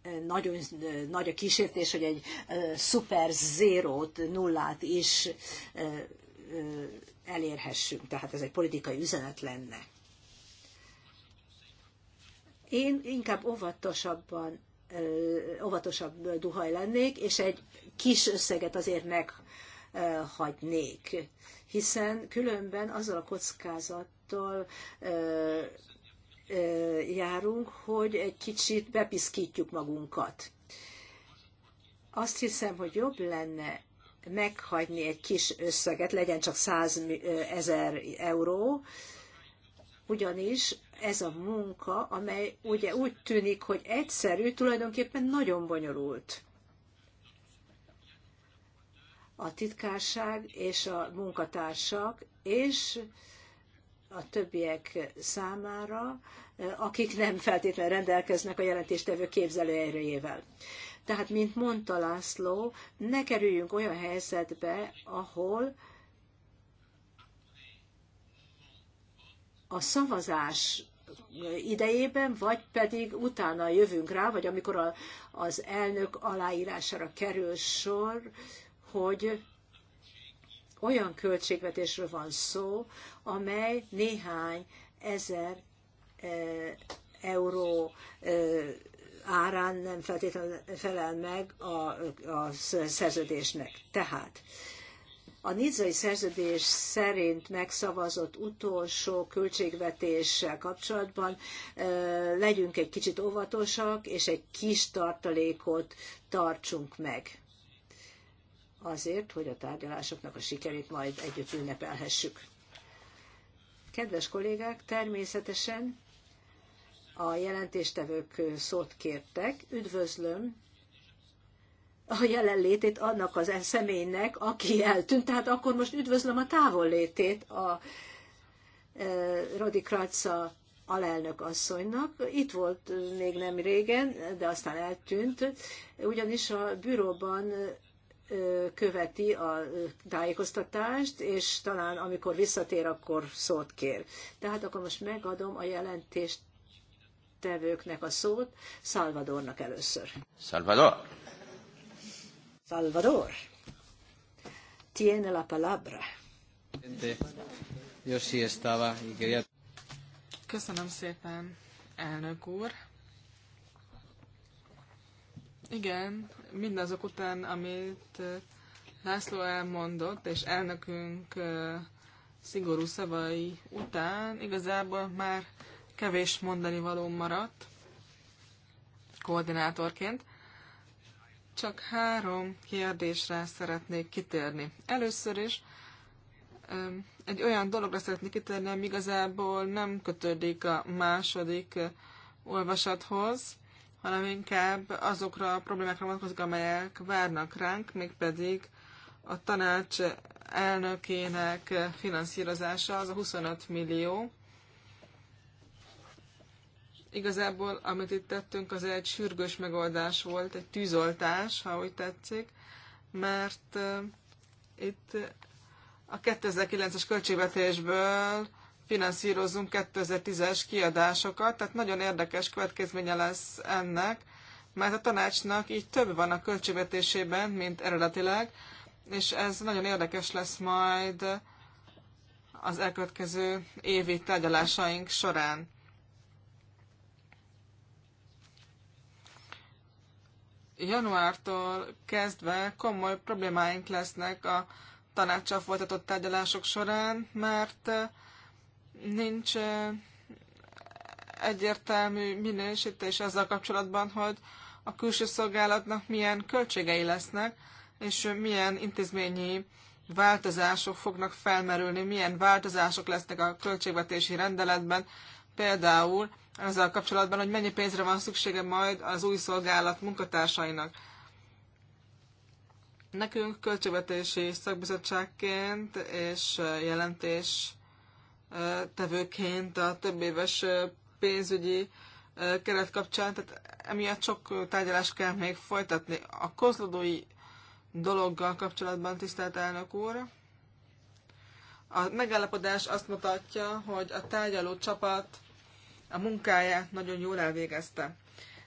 e, nagyon e, nagy a kísértés, hogy egy szuper zérót, nullát is elérhessünk. Tehát ez egy politikai üzenet lenne. Én inkább óvatosabban óvatosabb duhaj lennék, és egy kis összeget azért meghagynék, hiszen különben azzal a kockázattal járunk, hogy egy kicsit bepiszkítjuk magunkat. Azt hiszem, hogy jobb lenne meghagyni egy kis összeget, legyen csak 100 ezer euró, ugyanis ez a munka, amely ugye úgy tűnik, hogy egyszerű, tulajdonképpen nagyon bonyolult. A titkárság és a munkatársak és a többiek számára, akik nem feltétlenül rendelkeznek a jelentéstevő képzelőerőjével. Tehát, mint mondta László, ne kerüljünk olyan helyzetbe, ahol a szavazás idejében, vagy pedig utána jövünk rá, vagy amikor a, az elnök aláírására kerül sor, hogy olyan költségvetésről van szó, amely néhány ezer e, euró e, árán nem feltétlenül felel meg a, a szerződésnek. Tehát a nizai szerződés szerint megszavazott utolsó költségvetéssel kapcsolatban legyünk egy kicsit óvatosak, és egy kis tartalékot tartsunk meg azért, hogy a tárgyalásoknak a sikerét majd együtt ünnepelhessük. Kedves kollégák, természetesen a jelentéstevők szót kértek. Üdvözlöm a jelenlétét annak az személynek, aki eltűnt. Tehát akkor most üdvözlöm a távollétét a Rodi Kratza alelnök asszonynak. Itt volt még nem régen, de aztán eltűnt, ugyanis a büróban követi a tájékoztatást, és talán amikor visszatér, akkor szót kér. Tehát akkor most megadom a jelentést tevőknek a szót, Salvadornak először. Salvador. Salvador. Tiene la palabra. Yo sí estaba y quería... Köszönöm szépen, elnök úr. Igen, mindazok után, amit eh, László elmondott, és elnökünk eh, szigorú szavai után igazából már Kevés mondani való maradt koordinátorként. Csak három kérdésre szeretnék kitérni. Először is egy olyan dologra szeretnék kitérni, ami igazából nem kötődik a második olvasathoz, hanem inkább azokra a problémákra vonatkozik, amelyek várnak ránk, mégpedig a tanács elnökének finanszírozása, az a 25 millió, Igazából, amit itt tettünk, az egy sürgős megoldás volt, egy tűzoltás, ha úgy tetszik, mert eh, itt a 2009-es költségvetésből finanszírozunk 2010-es kiadásokat, tehát nagyon érdekes következménye lesz ennek, mert a tanácsnak így több van a költségvetésében, mint eredetileg, és ez nagyon érdekes lesz majd az elkövetkező évi tárgyalásaink során. januártól kezdve komoly problémáink lesznek a tanácssal folytatott tárgyalások során, mert eh, nincs eh, egyértelmű minősítés azzal kapcsolatban, hogy a külső szolgálatnak milyen költségei lesznek, és milyen intézményi változások fognak felmerülni, milyen változások lesznek a költségvetési rendeletben, például azzal kapcsolatban, hogy mennyi pénzre van szüksége majd az új szolgálat munkatársainak. Nekünk költségvetési szakbizottságként és jelentés tevőként a több éves pénzügyi keret kapcsán, tehát emiatt sok tárgyalást kell még folytatni. A kozlodói dologgal kapcsolatban, tisztelt elnök úr, a megállapodás azt mutatja, hogy a tárgyaló csapat a munkáját nagyon jól elvégezte.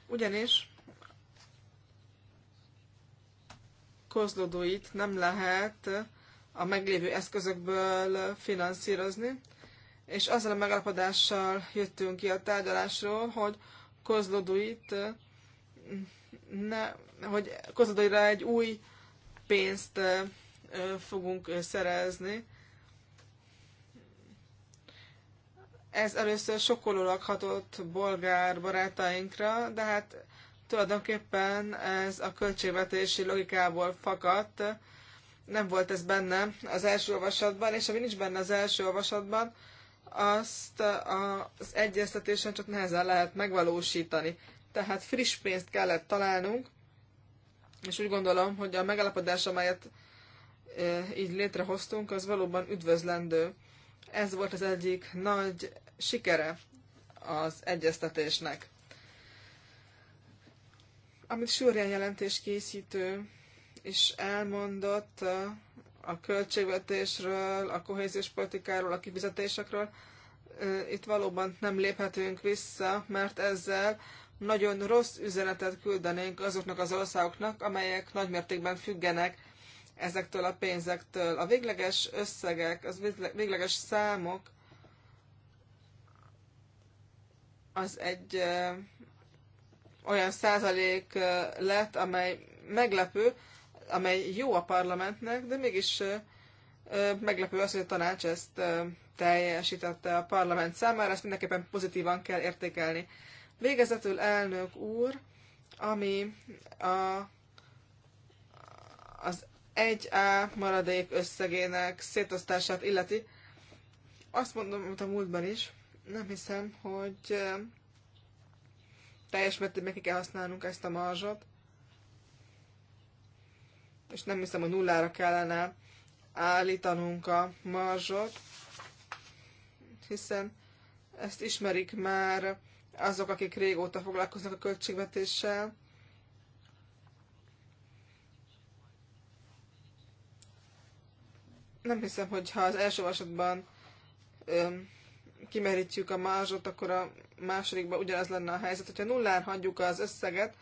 Ugyanis kozlodóit nem lehet a meglévő eszközökből finanszírozni, és azzal a megalapodással jöttünk ki a tárgyalásról, hogy kozlodóit ne, hogy kozlodóira egy új pénzt fogunk szerezni, Ez először sokkolólag hatott bolgár barátainkra, de hát tulajdonképpen ez a költségvetési logikából fakadt, nem volt ez benne az első olvasatban, és ami nincs benne az első olvasatban, azt az egyeztetésen csak nehezen lehet megvalósítani. Tehát friss pénzt kellett találnunk, és úgy gondolom, hogy a megállapodás, amelyet eh, így létrehoztunk, az valóban üdvözlendő. Ez volt az egyik nagy sikere az egyeztetésnek. Amit Súrján jelentés készítő is elmondott a költségvetésről, a kohéziós politikáról, a kifizetésekről, itt valóban nem léphetünk vissza, mert ezzel nagyon rossz üzenetet küldenénk azoknak az országoknak, amelyek nagymértékben függenek ezektől a pénzektől. A végleges összegek, az végleges számok az egy olyan százalék lett, amely meglepő, amely jó a parlamentnek, de mégis meglepő az, hogy a tanács ezt teljesítette a parlament számára, ezt mindenképpen pozitívan kell értékelni. Végezetül elnök úr, ami a, az 1A maradék összegének szétosztását illeti, azt mondom, mint a múltban is, nem hiszem, hogy teljes mértékben ki kell használnunk ezt a marzsot, és nem hiszem, hogy nullára kellene állítanunk a marzsot, hiszen ezt ismerik már azok, akik régóta foglalkoznak a költségvetéssel. Nem hiszem, hogy ha az első vasatban kimerítjük a marzsot, akkor a másodikban ugyanaz lenne a helyzet. Hogyha nullán hagyjuk az összeget,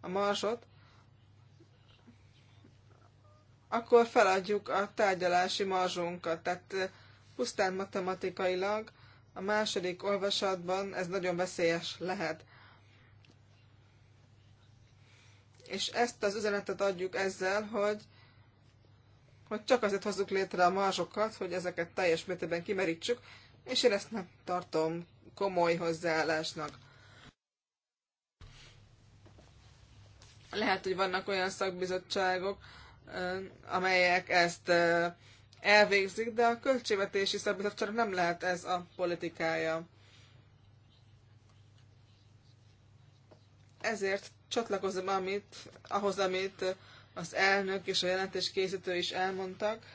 a marzsot, akkor feladjuk a tárgyalási marzsunkat. Tehát eh, pusztán matematikailag a második olvasatban ez nagyon veszélyes lehet. És ezt az üzenetet adjuk ezzel, hogy, hogy csak azért hozzuk létre a marzsokat, hogy ezeket teljes mértékben kimerítsük, és én ezt nem tartom komoly hozzáállásnak. Lehet, hogy vannak olyan szakbizottságok, amelyek ezt elvégzik, de a költségvetési szakbizottságnak nem lehet ez a politikája. Ezért csatlakozom amit, ahhoz, amit az elnök és a jelentés készítő is elmondtak.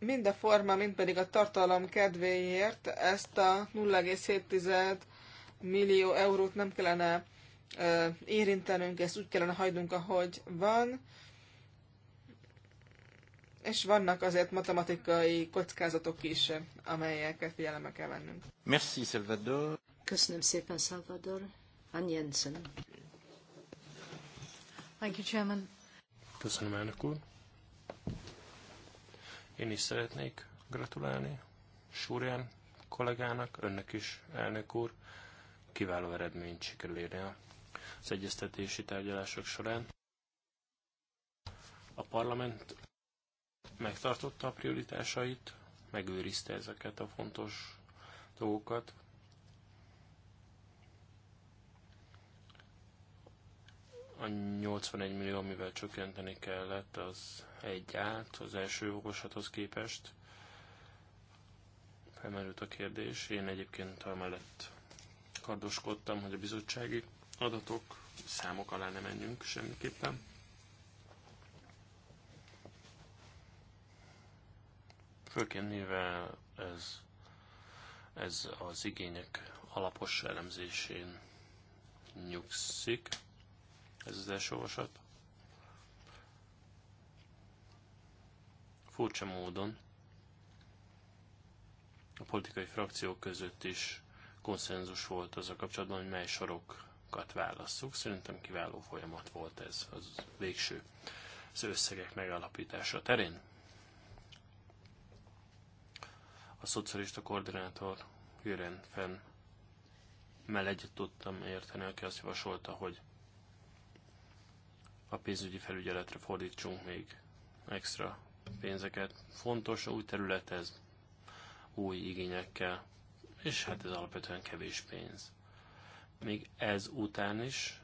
mind a forma, mind pedig a tartalom kedvéért ezt a 0,7 millió eurót nem kellene érintenünk, ezt úgy kellene hagynunk, ahogy van. És vannak azért matematikai kockázatok is, amelyeket figyelembe kell vennünk. Merci, Salvador. Köszönöm szépen, Salvador. Ann Jensen. Thank you, Chairman. Köszönöm, elnök úr. Én is szeretnék gratulálni Súrján kollégának, önnek is, elnök úr. Kiváló eredményt sikerül érni az egyeztetési tárgyalások során. A parlament megtartotta a prioritásait, megőrizte ezeket a fontos dolgokat, a 81 millió, amivel csökkenteni kellett, az egy át az első jogosathoz képest. Felmerült a kérdés. Én egyébként amellett kardoskodtam, hogy a bizottsági adatok, számok alá ne menjünk semmiképpen. Főként mivel ez, ez az igények alapos elemzésén nyugszik, ez az első olvasat. Furcsa módon a politikai frakciók között is konszenzus volt az a kapcsolatban, hogy mely sorokat válasszuk. Szerintem kiváló folyamat volt ez az végső az összegek megállapítása terén. A szocialista koordinátor Jürgen Fenn mell egyet tudtam érteni, aki azt javasolta, hogy a pénzügyi felügyeletre fordítsunk még extra pénzeket. Fontos, új terület ez, új igényekkel, és hát ez alapvetően kevés pénz. Még ez után is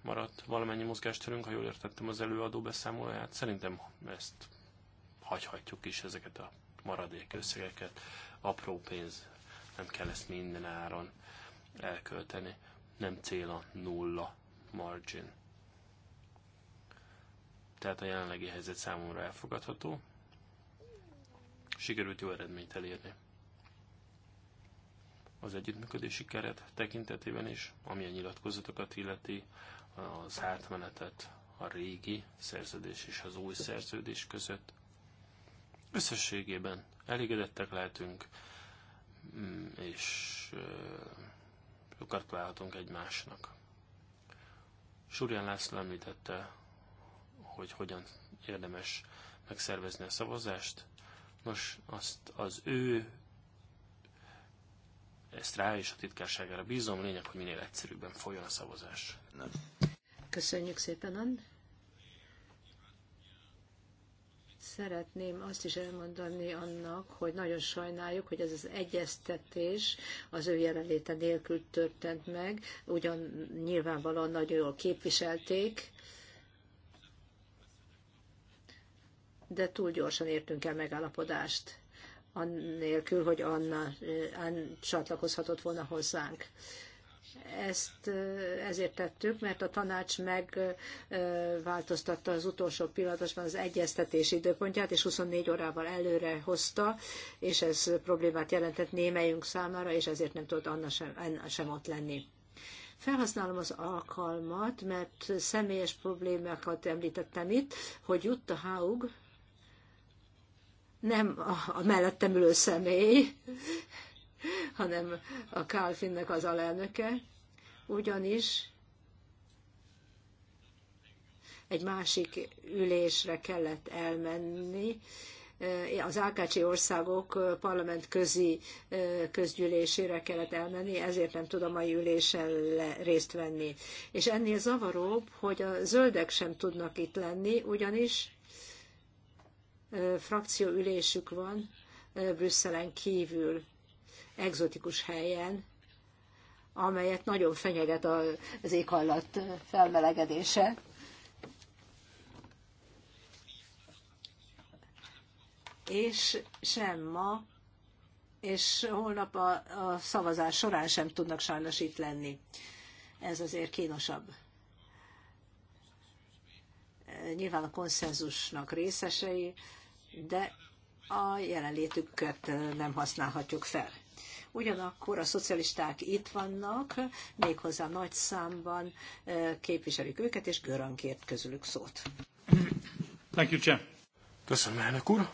maradt valamennyi mozgástörünk, ha jól értettem az előadó beszámolóját. Szerintem ezt hagyhatjuk is ezeket a maradék összegeket. Apró pénz, nem kell ezt minden áron elkölteni. Nem cél a nulla margin tehát a jelenlegi helyzet számomra elfogadható. Sikerült jó eredményt elérni. Az együttműködési keret tekintetében is, ami a nyilatkozatokat illeti, az átmenetet a régi szerződés és az új szerződés között. Összességében elégedettek lehetünk, mm, és gratulálhatunk egymásnak. Súrján László említette hogy hogyan érdemes megszervezni a szavazást. Nos, azt az ő ezt rá és a titkárságára bízom, lényeg, hogy minél egyszerűbben folyjon a szavazás. Nem. Köszönjük szépen, Ann. Szeretném azt is elmondani annak, hogy nagyon sajnáljuk, hogy ez az egyeztetés az ő jelenléte nélkül történt meg, ugyan nyilvánvalóan nagyon jól képviselték, de túl gyorsan értünk el megállapodást, annélkül, hogy Anna, eh, Anna csatlakozhatott volna hozzánk. Ezt eh, ezért tettük, mert a tanács megváltoztatta eh, az utolsó pillanatban az egyeztetés időpontját, és 24 órával előre hozta, és ez problémát jelentett némelyünk számára, és ezért nem tudott Anna sem, Anna sem ott lenni. Felhasználom az alkalmat, mert személyes problémákat említettem itt, hogy Jutta Haug nem a, a mellettem ülő személy, hanem a Kálfinnek az alelnöke, ugyanis egy másik ülésre kellett elmenni, az Ákácsi országok parlament közi közgyűlésére kellett elmenni, ezért nem tud a mai ülésen részt venni. És ennél zavaróbb, hogy a zöldek sem tudnak itt lenni, ugyanis frakcióülésük van Brüsszelen kívül, egzotikus helyen, amelyet nagyon fenyeget az éghajlat felmelegedése. És sem ma, és holnap a, a szavazás során sem tudnak sajnos itt lenni. Ez azért kínosabb. Nyilván a konszenzusnak részesei, de a jelenlétüket nem használhatjuk fel. Ugyanakkor a szocialisták itt vannak, méghozzá nagy számban eh, képviselik őket, és Görönkért közülük szót. Thank you, Köszönöm, elnök úr.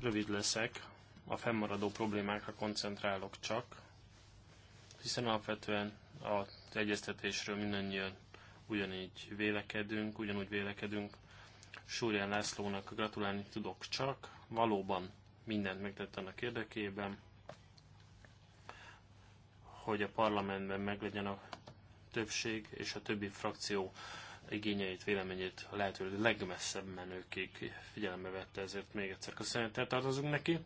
Rövid leszek, a fennmaradó problémákra koncentrálok csak, hiszen alapvetően az egyeztetésről mindannyian ugyanígy vélekedünk, ugyanúgy vélekedünk. Súrján Lászlónak gratulálni tudok csak, valóban mindent megtett annak érdekében, hogy a parlamentben meglegyen a többség és a többi frakció igényeit, véleményét a lehető legmesszebb menőkig figyelembe vette, ezért még egyszer köszönettel tartozunk neki.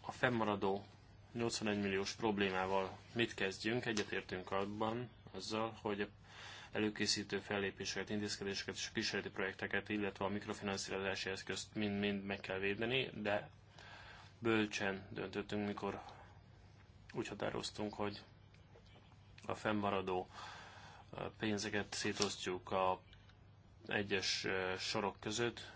A fennmaradó 81 milliós problémával mit kezdjünk? Egyetértünk abban azzal, hogy előkészítő fellépéseket, intézkedéseket és kísérleti projekteket, illetve a mikrofinanszírozási eszközt mind-mind meg kell védeni, de bölcsen döntöttünk, mikor úgy határoztunk, hogy a fennmaradó pénzeket szétosztjuk a egyes sorok között,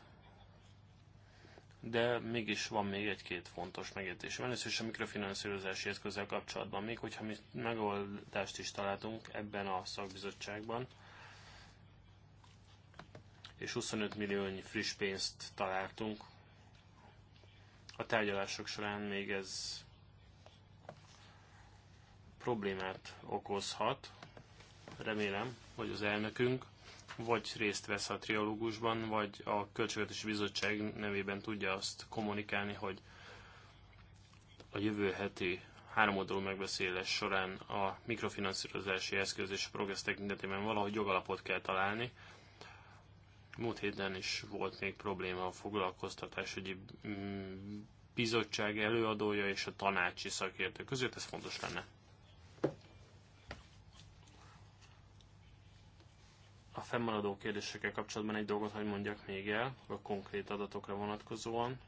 de mégis van még egy-két fontos megértés. Van is a mikrofinanszírozási eszközzel kapcsolatban, még hogyha mi megoldást is találtunk ebben a szakbizottságban, és 25 milliónyi friss pénzt találtunk, a tárgyalások során még ez problémát okozhat. Remélem, hogy az elnökünk vagy részt vesz a trialógusban, vagy a Költségvetési Bizottság nevében tudja azt kommunikálni, hogy a jövő heti háromoldalú megbeszélés során a mikrofinanszírozási eszköz és a progressz tekintetében valahogy jogalapot kell találni. Múlt héten is volt még probléma a foglalkoztatásügyi mm, bizottság előadója és a tanácsi szakértő között, ez fontos lenne a fennmaradó kérdésekkel kapcsolatban egy dolgot hagy mondjak még el, a konkrét adatokra vonatkozóan.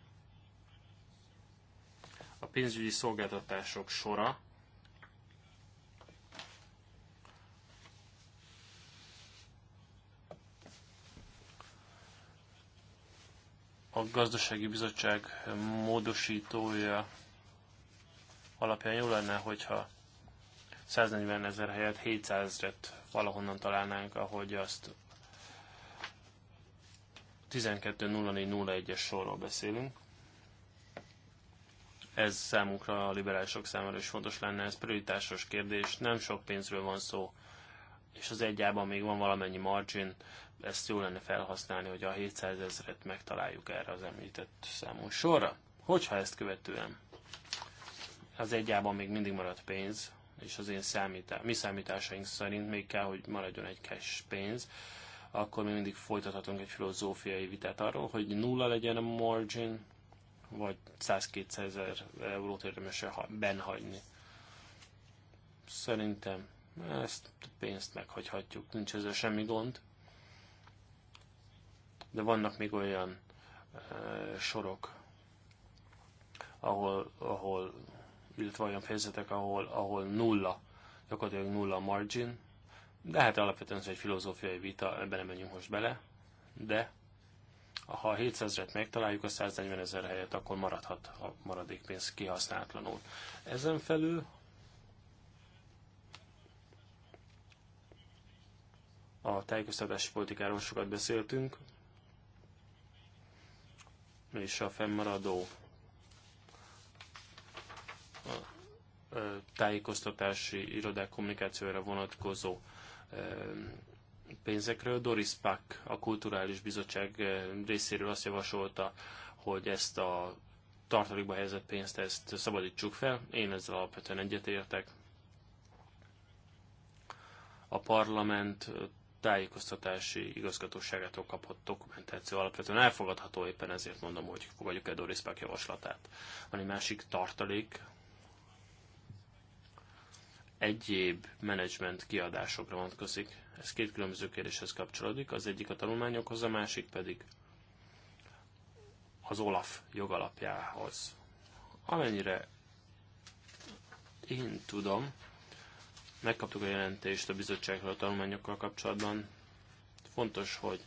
A pénzügyi szolgáltatások sora a gazdasági bizottság módosítója alapján jó lenne, hogyha 140 ezer helyett 700 ezeret valahonnan találnánk, ahogy azt 12.04.01-es sorról beszélünk. Ez számunkra a liberálisok számára is fontos lenne, ez prioritásos kérdés, nem sok pénzről van szó, és az egyában még van valamennyi margin, ezt jó lenne felhasználni, hogy a 700 ezeret megtaláljuk erre az említett számú sorra. Hogyha ezt követően az egyában még mindig marad pénz, és az én számítás, mi számításaink szerint még kell, hogy maradjon egy cash pénz, akkor mi mindig folytathatunk egy filozófiai vitát arról, hogy nulla legyen a margin, vagy 100-200 ezer eurót érdemes benhagyni. Szerintem ezt a pénzt meghagyhatjuk, nincs ezzel semmi gond. De vannak még olyan e, sorok, ahol, ahol illetve olyan fejezetek, ahol, ahol nulla, gyakorlatilag nulla margin, de hát alapvetően ez egy filozófiai vita, ebben nem menjünk most bele, de ha a 700-et megtaláljuk a 140 ezer helyet, akkor maradhat a maradék pénz kihasználatlanul. Ezen felül a tájékoztatási politikáról sokat beszéltünk, és a fennmaradó tájékoztatási irodák kommunikációra vonatkozó pénzekről. Doris Pack, a Kulturális Bizottság részéről azt javasolta, hogy ezt a tartalékba helyezett pénzt ezt szabadítsuk fel. Én ezzel alapvetően egyetértek. A parlament tájékoztatási igazgatóságától kapott dokumentáció alapvetően elfogadható, éppen ezért mondom, hogy fogadjuk el Doris Pack javaslatát. Van egy másik tartalék, egyéb menedzsment kiadásokra vonatkozik. Ez két különböző kérdéshez kapcsolódik, az egyik a tanulmányokhoz, a másik pedig az OLAF jogalapjához. Amennyire én tudom, megkaptuk a jelentést a bizottságról a tanulmányokkal kapcsolatban. Fontos, hogy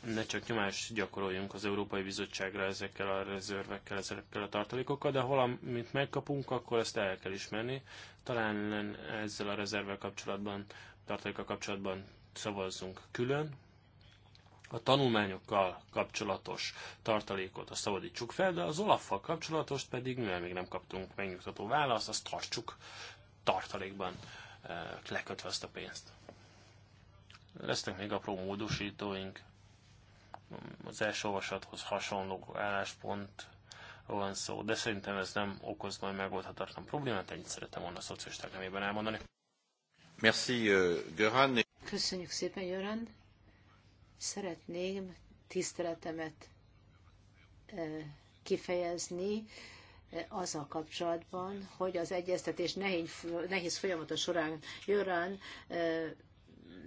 ne csak nyomást gyakoroljunk az Európai Bizottságra ezekkel a rezervekkel, ezekkel a tartalékokkal, de ha valamit megkapunk, akkor ezt el kell ismerni. Talán ezzel a rezervvel kapcsolatban, tartalékkal kapcsolatban szavazzunk külön. A tanulmányokkal kapcsolatos tartalékot azt szabadítsuk fel, de az olaffal kapcsolatos pedig, mivel még nem kaptunk megnyugtató választ, azt tartsuk tartalékban eh, lekötve azt a pénzt. Lesznek még apró módosítóink, az első olvasathoz hasonló álláspont van szó, de szerintem ez nem okoz majd megoldhatatlan problémát, ennyit szeretem volna a szocialisták nemében elmondani. Merci, euh, Göran. Köszönjük szépen, Göran. Szeretném tiszteletemet kifejezni azzal kapcsolatban, hogy az egyeztetés nehéz, nehéz folyamata során Göran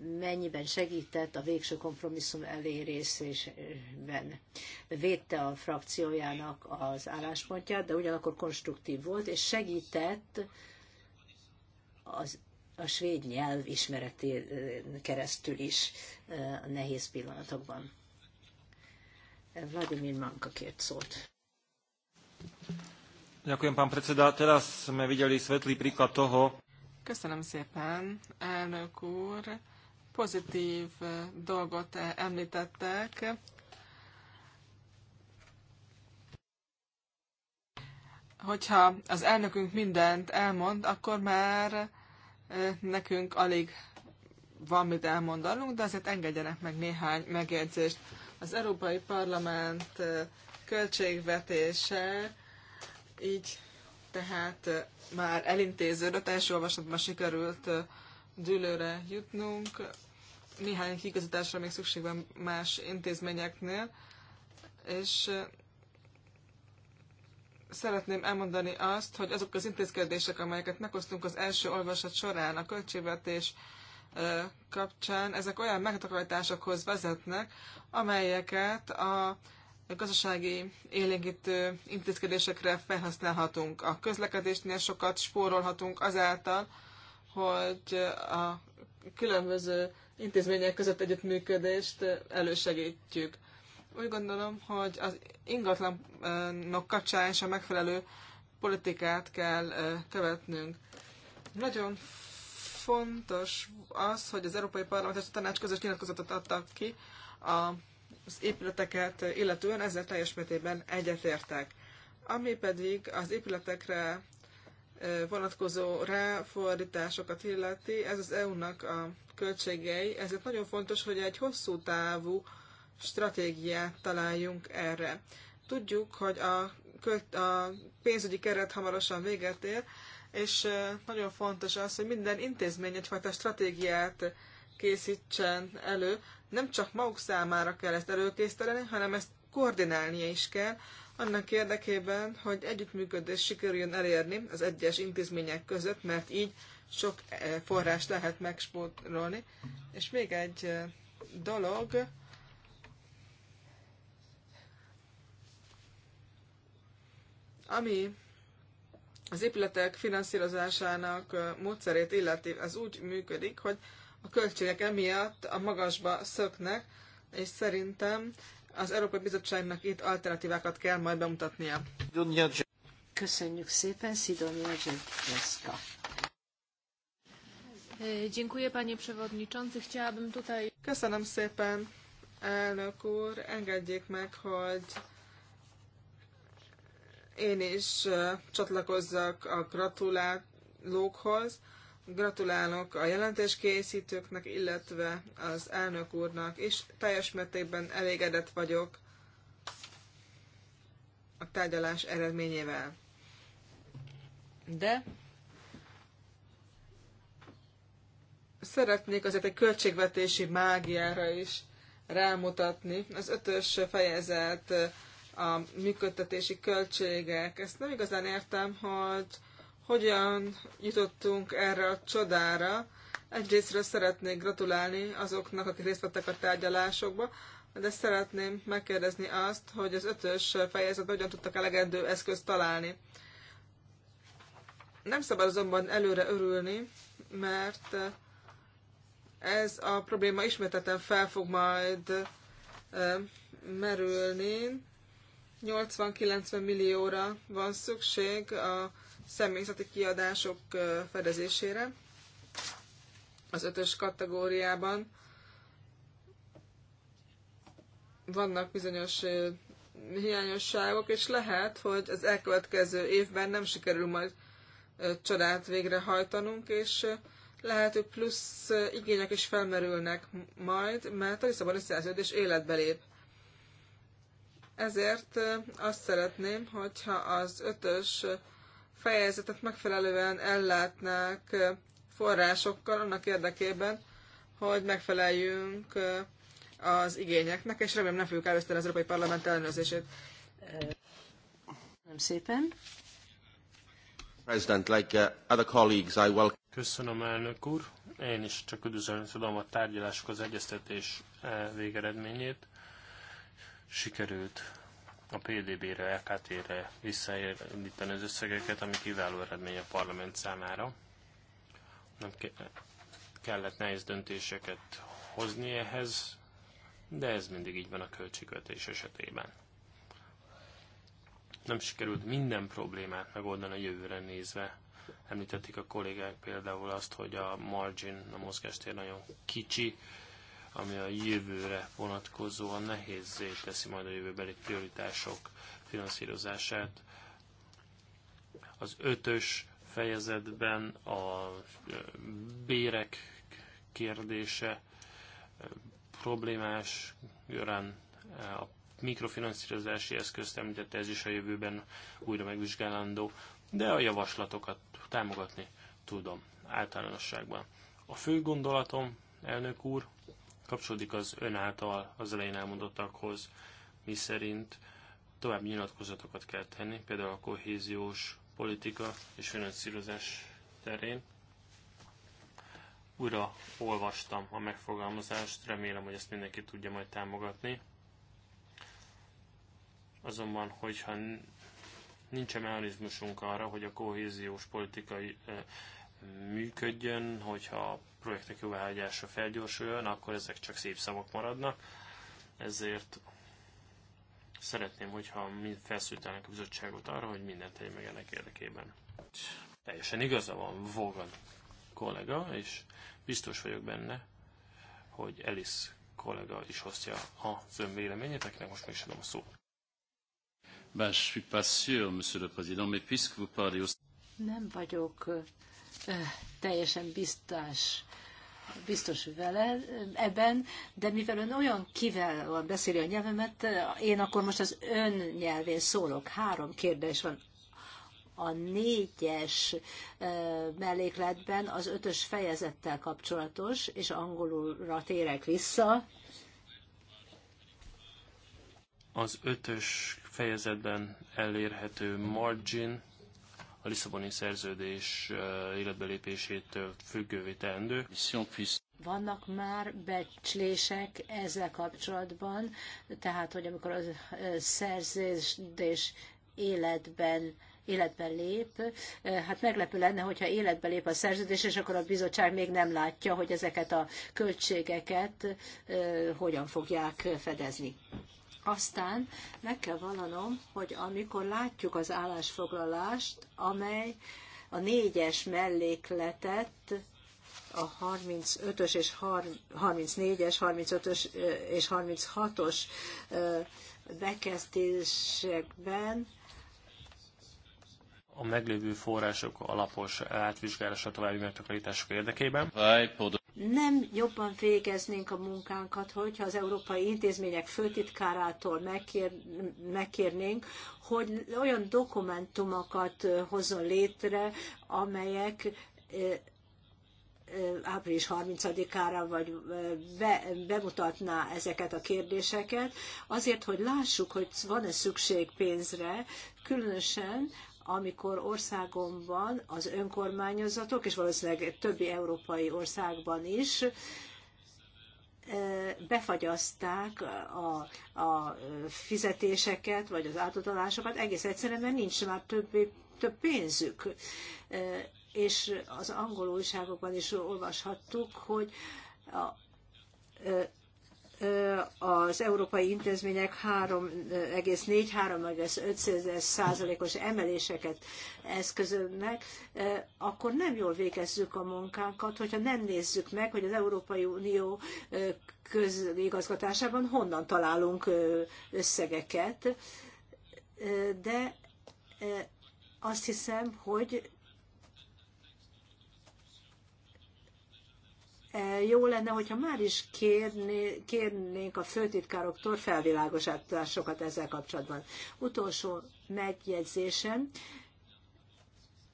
mennyiben segített a végső kompromisszum elérésében. Védte a frakciójának az álláspontját, de ugyanakkor konstruktív volt, és segített az, a svéd nyelv ismeretén keresztül is a nehéz pillanatokban. Vladimir Manka kért szót. Ďakujem, pán predseda. Teraz sme videli svetlý príklad toho. Köszönöm szépen, elnök úr pozitív eh, dolgot eh, említettek. Hogyha az elnökünk mindent elmond, akkor már eh, nekünk alig van mit elmondanunk, de azért engedjenek meg néhány megjegyzést. Az Európai Parlament költségvetése így tehát már elintéződött, első olvasatban sikerült dülőre jutnunk, néhány kigazításra még szükség van más intézményeknél, és szeretném elmondani azt, hogy azok az intézkedések, amelyeket meghoztunk az első olvasat során a költségvetés kapcsán, ezek olyan megtakarításokhoz vezetnek, amelyeket a gazdasági élénkítő intézkedésekre felhasználhatunk. A közlekedésnél sokat spórolhatunk azáltal, hogy a különböző intézmények között együttműködést eh, elősegítjük. Úgy gondolom, hogy az ingatlanok kapcsán is a megfelelő politikát kell eh, követnünk. Nagyon fontos az, hogy az Európai Parlament és a Tanács közös nyilatkozatot adtak ki az épületeket illetően, ezzel teljes mértékben egyetértek. Ami pedig az épületekre eh, vonatkozó ráfordításokat illeti, ez az EU-nak a költségei, ezért nagyon fontos, hogy egy hosszú távú stratégiát találjunk erre. Tudjuk, hogy a, a pénzügyi keret hamarosan véget ér, és nagyon fontos az, hogy minden intézmény egyfajta stratégiát készítsen elő. Nem csak maguk számára kell ezt előkészíteni, hanem ezt koordinálnia is kell, annak érdekében, hogy együttműködés sikerüljön elérni az egyes intézmények között, mert így sok eh, forrás lehet megspórolni. És még egy eh, dolog, ami az épületek finanszírozásának eh, módszerét illeti, az úgy működik, hogy a költségek emiatt a magasba szöknek, és szerintem az Európai Bizottságnak itt alternatívákat kell majd bemutatnia. Köszönjük szépen, Szidonia Zsentjeszka. E, dziękuję, panie przewodniczący. Chciałabym tutaj... Köszönöm szépen, elnök úr. Engedjék meg, hogy én is e, csatlakozzak a gratulálókhoz. Gratulálok a jelentéskészítőknek, illetve az elnök úrnak, és teljes mértékben elégedett vagyok a tárgyalás eredményével. De szeretnék azért egy költségvetési mágiára is rámutatni. Az ötös fejezet a működtetési költségek. Ezt nem igazán értem, hogy hogyan jutottunk erre a csodára. Egyrésztről szeretnék gratulálni azoknak, akik részt vettek a tárgyalásokba, de szeretném megkérdezni azt, hogy az ötös fejezetben hogyan tudtak elegendő eszközt találni. Nem szabad azonban előre örülni, mert ez a probléma ismételten fel fog majd merülni. 80-90 millióra van szükség a személyzeti kiadások fedezésére az ötös kategóriában. Vannak bizonyos hiányosságok, és lehet, hogy az elkövetkező évben nem sikerül majd csodát végrehajtanunk, és lehet, hogy plusz igények is felmerülnek majd, mert a Lisszaboni szerződés életbe lép. Ezért azt szeretném, hogyha az ötös fejezetet megfelelően ellátnák forrásokkal annak érdekében, hogy megfeleljünk az igényeknek, és remélem nem fogjuk elveszteni az Európai Parlament ellenőrzését. Nem szépen. President, like uh, other colleagues, I welcome... Köszönöm, elnök úr. Én is csak üdvözölni tudom a tárgyalások, az egyeztetés e, végeredményét. Sikerült a PDB-re, LKT-re visszaállítani az összegeket, ami kiváló eredmény a parlament számára. Nem kellett nehéz döntéseket hozni ehhez, de ez mindig így van a költségvetés esetében. Nem sikerült minden problémát megoldani a jövőre nézve, Említették a kollégák például azt, hogy a margin, a mozgástér nagyon kicsi, ami a jövőre vonatkozóan nehézé teszi majd a jövőbeli prioritások finanszírozását. Az ötös fejezetben a bérek kérdése problémás, Görán a mikrofinanszírozási eszközt említette, ez is a jövőben újra megvizsgálandó, de a javaslatokat támogatni tudom általánosságban. A fő gondolatom, elnök úr, kapcsolódik az ön által az elején elmondottakhoz, mi szerint további nyilatkozatokat kell tenni, például a kohéziós politika és finanszírozás terén. Újra olvastam a megfogalmazást, remélem, hogy ezt mindenki tudja majd támogatni. Azonban, hogyha Nincsen mechanizmusunk arra, hogy a kohéziós politikai működjön, hogyha a projektek jóváhagyása felgyorsuljon, akkor ezek csak szép szavak maradnak. Ezért szeretném, hogyha mind felszültelnek a bizottságot arra, hogy mindent tegy meg ennek érdekében. Teljesen igaza van Vogan kollega, és biztos vagyok benne, hogy Elis kollega is hoztja az ön véleményét, akinek most még sem a szót. Ben, je suis pas sûr, Monsieur le Président, mais puisque vous parlez aussi... Nem vagyok euh, teljesen biztos, biztos vele ebben, de mivel ön olyan kiválóan beszéli a nyelvemet, én akkor most az ön nyelvén szólok. Három kérdés van a négyes mellékletben az ötös fejezettel kapcsolatos, és angolulra térek vissza. Az ötös fejezetben elérhető margin a Lisszaboni szerződés életbelépésétől függővé teendő. Vannak már becslések ezzel kapcsolatban, tehát hogy amikor a szerződés életben életben lép. Hát meglepő lenne, hogyha életben lép a szerződés, és akkor a bizottság még nem látja, hogy ezeket a költségeket hogyan fogják fedezni. Aztán meg kell vallanom, hogy amikor látjuk az állásfoglalást, amely a négyes mellékletet a 35-ös és 34-es, 35-ös és 36-os bekezdésekben a meglévő források alapos átvizsgálása további megtakarítások érdekében nem jobban végeznénk a munkánkat, hogyha az európai intézmények főtitkárától megkér, megkérnénk, hogy olyan dokumentumokat hozzon létre, amelyek április 30-ára vagy be, bemutatná ezeket a kérdéseket, azért, hogy lássuk, hogy van-e szükség pénzre, különösen amikor országomban az önkormányzatok, és valószínűleg többi európai országban is, befagyaszták a, a fizetéseket, vagy az átutalásokat, egész egyszerűen, mert nincs már több pénzük. És az angol újságokban is olvashattuk, hogy a, az európai intézmények 3,4-3,5 százalékos emeléseket eszközölnek, akkor nem jól végezzük a munkánkat, hogyha nem nézzük meg, hogy az Európai Unió közigazgatásában honnan találunk összegeket, de azt hiszem, hogy jó lenne, hogyha már is kérné, kérnénk a főtitkároktól felvilágosításokat ezzel kapcsolatban. Utolsó megjegyzésem,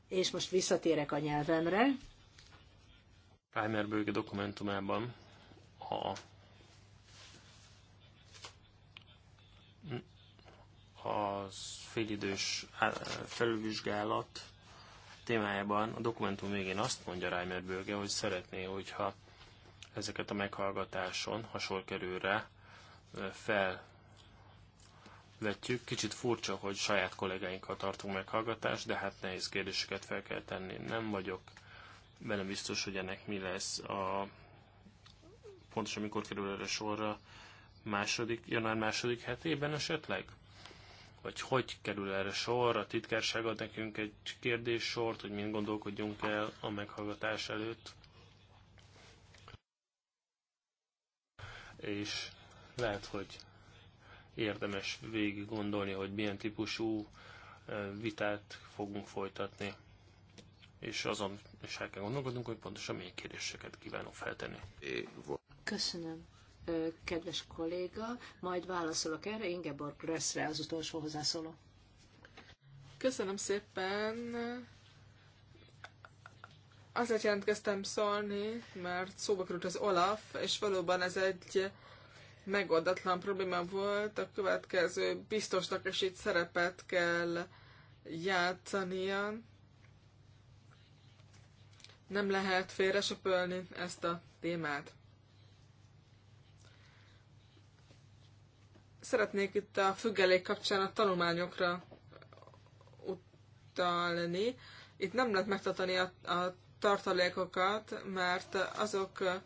és most visszatérek a nyelvemre. Reimer dokumentumában a az félidős felülvizsgálat témájában a dokumentum végén azt mondja Reimer Bölge, hogy szeretné, hogyha ezeket a meghallgatáson, ha sor kerül rá, felvetjük. Kicsit furcsa, hogy saját kollégáinkkal tartunk meghallgatást, de hát nehéz kérdéseket fel kell tenni. Nem vagyok benne biztos, hogy ennek mi lesz a pontosan mikor kerül erre sorra, második, január második hetében esetleg? Vagy hogy kerül erre sor? A titkárság ad nekünk egy kérdéssort, hogy mind gondolkodjunk el a meghallgatás előtt. és lehet, hogy érdemes végig gondolni, hogy milyen típusú vitát fogunk folytatni, és azon is el kell gondolkodnunk, hogy pontosan milyen kérdéseket kívánok feltenni. Köszönöm, kedves kolléga. Majd válaszolok erre. Ingeborg Gressre az utolsó hozzászóló. Köszönöm szépen. Azért jelentkeztem szólni, mert szóba került az Olaf, és valóban ez egy megoldatlan probléma volt. A következő biztosnak is itt szerepet kell játszania. Nem lehet félresöpölni ezt a témát. Szeretnék itt a függelék kapcsán a tanulmányokra utalni. Itt nem lehet megtartani a, a tartalékokat, mert azok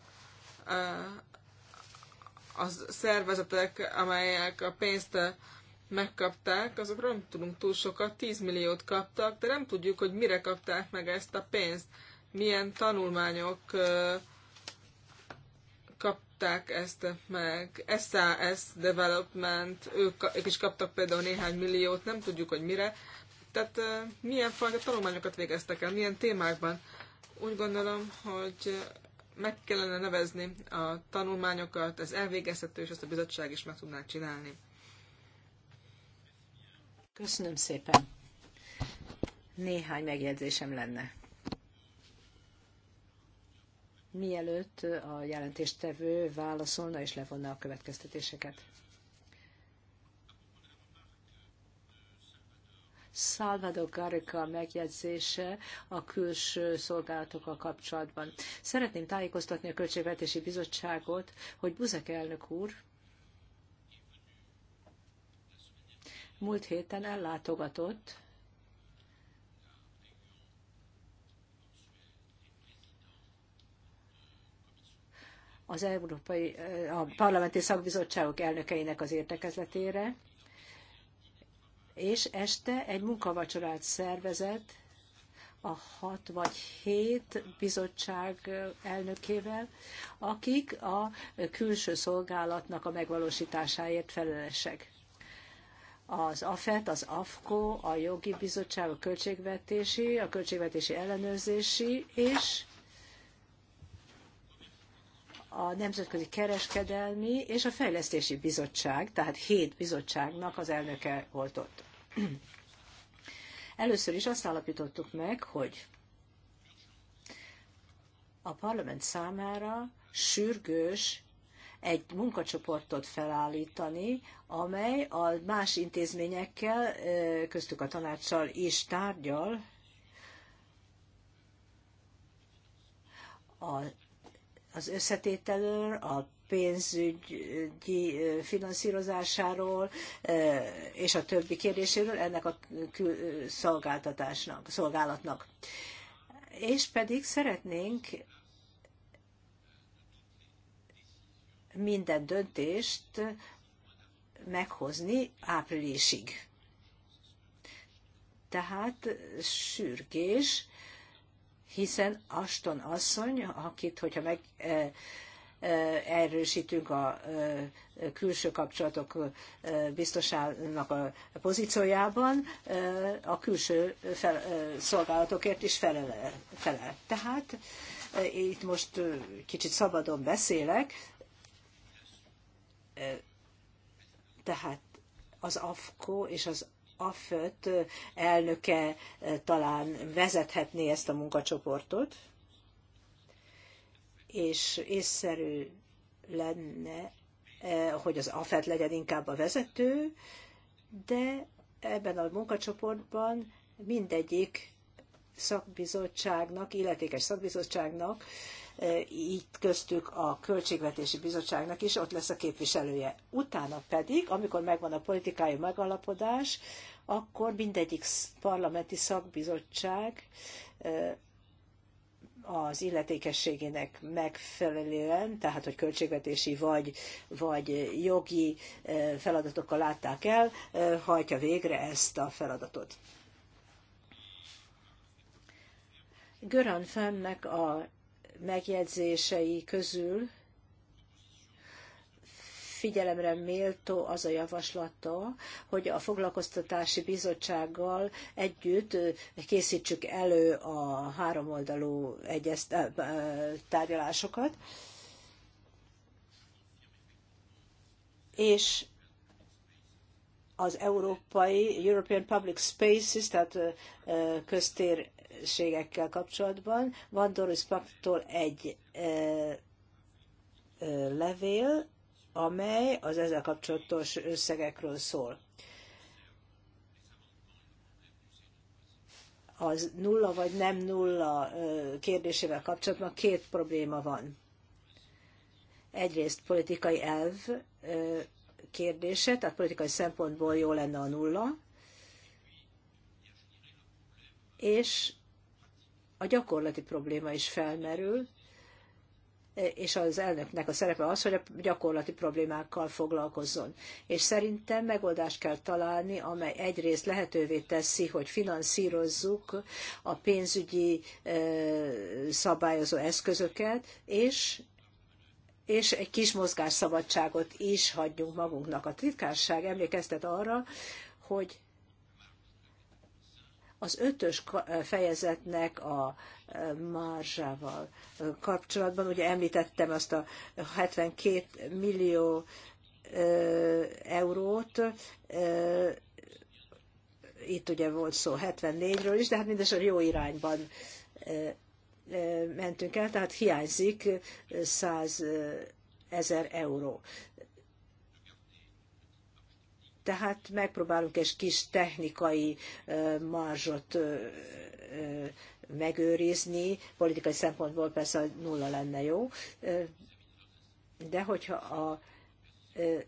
az szervezetek, amelyek a pénzt megkapták, azokról nem tudunk túl sokat, 10 milliót kaptak, de nem tudjuk, hogy mire kapták meg ezt a pénzt, milyen tanulmányok kapták ezt meg. SAS Development, ők, ők is kaptak például néhány milliót, nem tudjuk, hogy mire. Tehát milyen fajta tanulmányokat végeztek el, milyen témákban. Úgy gondolom, hogy meg kellene nevezni a tanulmányokat, ez elvégezhető, és ezt a bizottság is meg tudná csinálni. Köszönöm szépen. Néhány megjegyzésem lenne. Mielőtt a jelentéstevő válaszolna és levonna a következtetéseket. Salvador Garica megjegyzése a külső szolgálatokkal kapcsolatban. Szeretném tájékoztatni a Költségvetési Bizottságot, hogy Buzek elnök úr múlt héten ellátogatott az Európai a Parlamenti Szakbizottságok elnökeinek az értekezletére, és este egy munkavacsorát szervezett a hat vagy hét bizottság elnökével, akik a külső szolgálatnak a megvalósításáért felelősek. Az AFET, az AFKO, a Jogi Bizottság, a Költségvetési, a Költségvetési Ellenőrzési és a Nemzetközi Kereskedelmi és a Fejlesztési Bizottság, tehát hét bizottságnak az elnöke volt ott. Először is azt állapítottuk meg, hogy a parlament számára sürgős egy munkacsoportot felállítani, amely a más intézményekkel, köztük a tanácssal is tárgyal a az összetételről, a pénzügyi finanszírozásáról és a többi kérdéséről ennek a szolgáltatásnak, szolgálatnak. És pedig szeretnénk minden döntést meghozni áprilisig. Tehát sürgés, hiszen Aston asszony, akit, hogyha meg erősítünk a külső kapcsolatok biztosának a pozíciójában, a külső fel, szolgálatokért is felel. felel. Tehát itt most kicsit szabadon beszélek, tehát az AFKO és az AFÖT elnöke talán vezethetné ezt a munkacsoportot, és észszerű lenne, hogy az AFET legyen inkább a vezető, de ebben a munkacsoportban mindegyik szakbizottságnak, illetékes szakbizottságnak, itt köztük a Költségvetési Bizottságnak is, ott lesz a képviselője. Utána pedig, amikor megvan a politikai megalapodás, akkor mindegyik parlamenti szakbizottság az illetékességének megfelelően, tehát hogy költségvetési vagy, vagy jogi feladatokkal látták el, hajtja végre ezt a feladatot. Göran Fennnek a megjegyzései közül figyelemre méltó az a javaslata, hogy a foglalkoztatási bizottsággal együtt készítsük elő a háromoldalú egyezt, tárgyalásokat, és az európai European Public Spaces, tehát köztérségekkel kapcsolatban. Van Doris Paktól egy levél, amely az ezzel kapcsolatos összegekről szól. Az nulla vagy nem nulla kérdésével kapcsolatban két probléma van. Egyrészt politikai elv kérdése, tehát politikai szempontból jó lenne a nulla, és a gyakorlati probléma is felmerül, és az elnöknek a szerepe az, hogy a gyakorlati problémákkal foglalkozzon. És szerintem megoldást kell találni, amely egyrészt lehetővé teszi, hogy finanszírozzuk a pénzügyi szabályozó eszközöket, és és egy kis mozgásszabadságot is hagyjunk magunknak. A titkárság emlékeztet arra, hogy az ötös fejezetnek a marzsával kapcsolatban. Ugye említettem azt a 72 millió eurót, itt ugye volt szó 74-ről is, de hát mindesen jó irányban mentünk el, tehát hiányzik 100 ezer euró. Tehát megpróbálunk egy kis technikai marzsot megőrizni, politikai szempontból persze nulla lenne jó, de hogyha a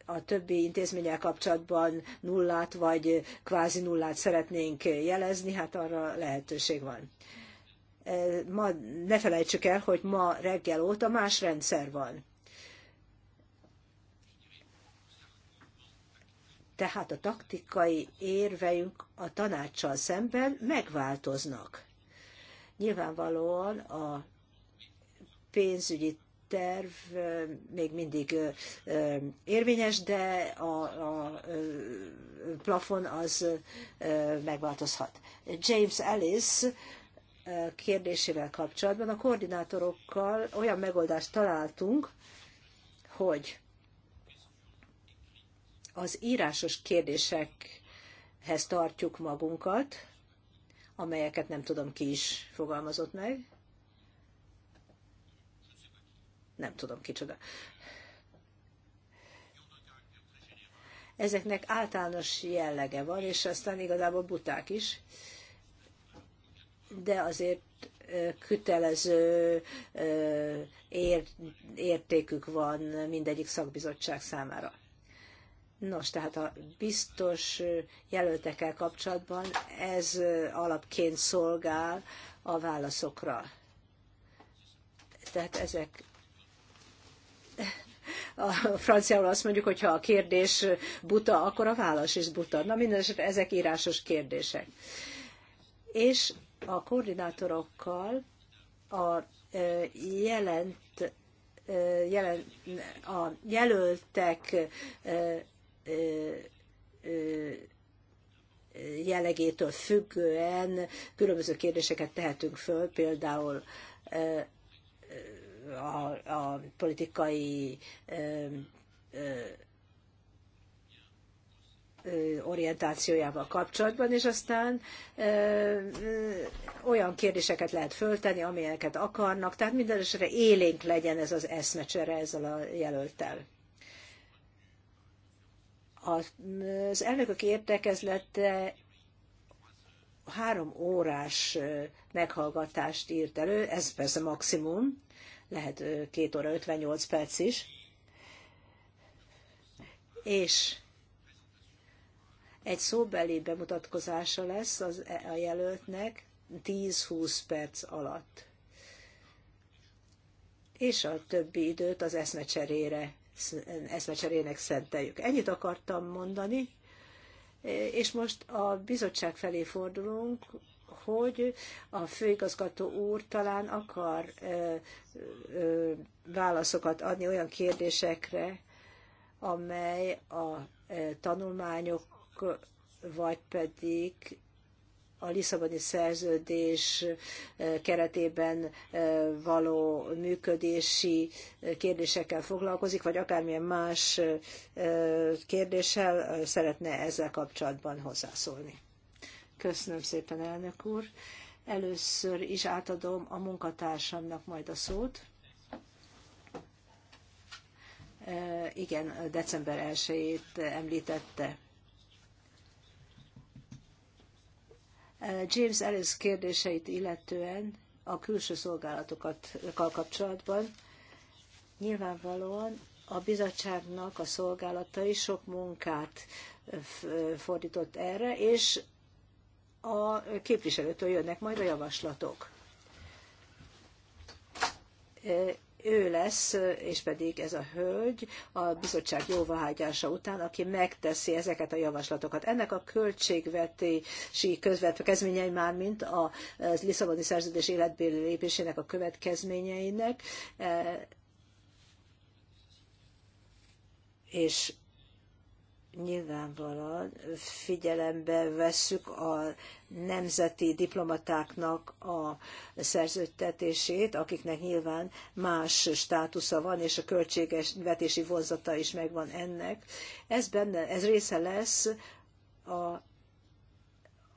a többi intézménnyel kapcsolatban nullát vagy kvázi nullát szeretnénk jelezni, hát arra lehetőség van. Ma ne felejtsük el, hogy ma reggel óta más rendszer van. Tehát a taktikai érveink a tanácssal szemben megváltoznak. Nyilvánvalóan a pénzügyi terv még mindig érvényes, de a, a plafon az megváltozhat. James Ellis kérdésével kapcsolatban a koordinátorokkal olyan megoldást találtunk, hogy az írásos kérdésekhez tartjuk magunkat, amelyeket nem tudom ki is fogalmazott meg. Nem tudom kicsoda. Ezeknek általános jellege van, és aztán igazából buták is, de azért kötelező értékük van mindegyik szakbizottság számára. Nos, tehát a biztos jelöltekkel kapcsolatban ez alapként szolgál a válaszokra. Tehát ezek a franciául azt mondjuk, hogy ha a kérdés buta, akkor a válasz is buta. Na minden ezek írásos kérdések. És a koordinátorokkal a jelent, jelent a jelöltek jellegétől függően különböző kérdéseket tehetünk föl, például a, a politikai orientációjával kapcsolatban, és aztán olyan kérdéseket lehet föltenni, amelyeket akarnak, tehát mindenesetre élénk legyen ez az eszmecsere ezzel a jelöltel. Az elnökök értekezlete három órás meghallgatást írt elő, ez persze maximum, lehet két óra 58 perc is, és egy szóbeli bemutatkozása lesz az, e, a jelöltnek 10-20 perc alatt. És a többi időt az eszmecserére eszmecserének szenteljük. Ennyit akartam mondani, és most a bizottság felé fordulunk, hogy a főigazgató úr talán akar ö, ö, válaszokat adni olyan kérdésekre, amely a tanulmányok vagy pedig a Lisszaboni szerződés eh, keretében eh, való működési eh, kérdésekkel foglalkozik, vagy akármilyen más kérdéssel szeretne ezzel kapcsolatban hozzászólni. Köszönöm szépen, elnök úr. Először is átadom a munkatársamnak majd a szót. Igen, december 1-ét említette Eh, James Ellis kérdéseit illetően a külső szolgálatokkal kapcsolatban nyilvánvalóan a bizottságnak a szolgálatai sok munkát eh, eh, fordított erre, és a képviselőtől jönnek majd a javaslatok ő lesz, és pedig ez a hölgy a bizottság jóváhagyása után, aki megteszi ezeket a javaslatokat. Ennek a költségvetési közvetkezményei már, mint a Lisszaboni szerződés életbéli lépésének a következményeinek, eh, és nyilvánvalóan figyelembe vesszük a nemzeti diplomatáknak a szerződtetését, akiknek nyilván más státusza van, és a költséges vetési vonzata is megvan ennek. Ez, benne, ez része lesz a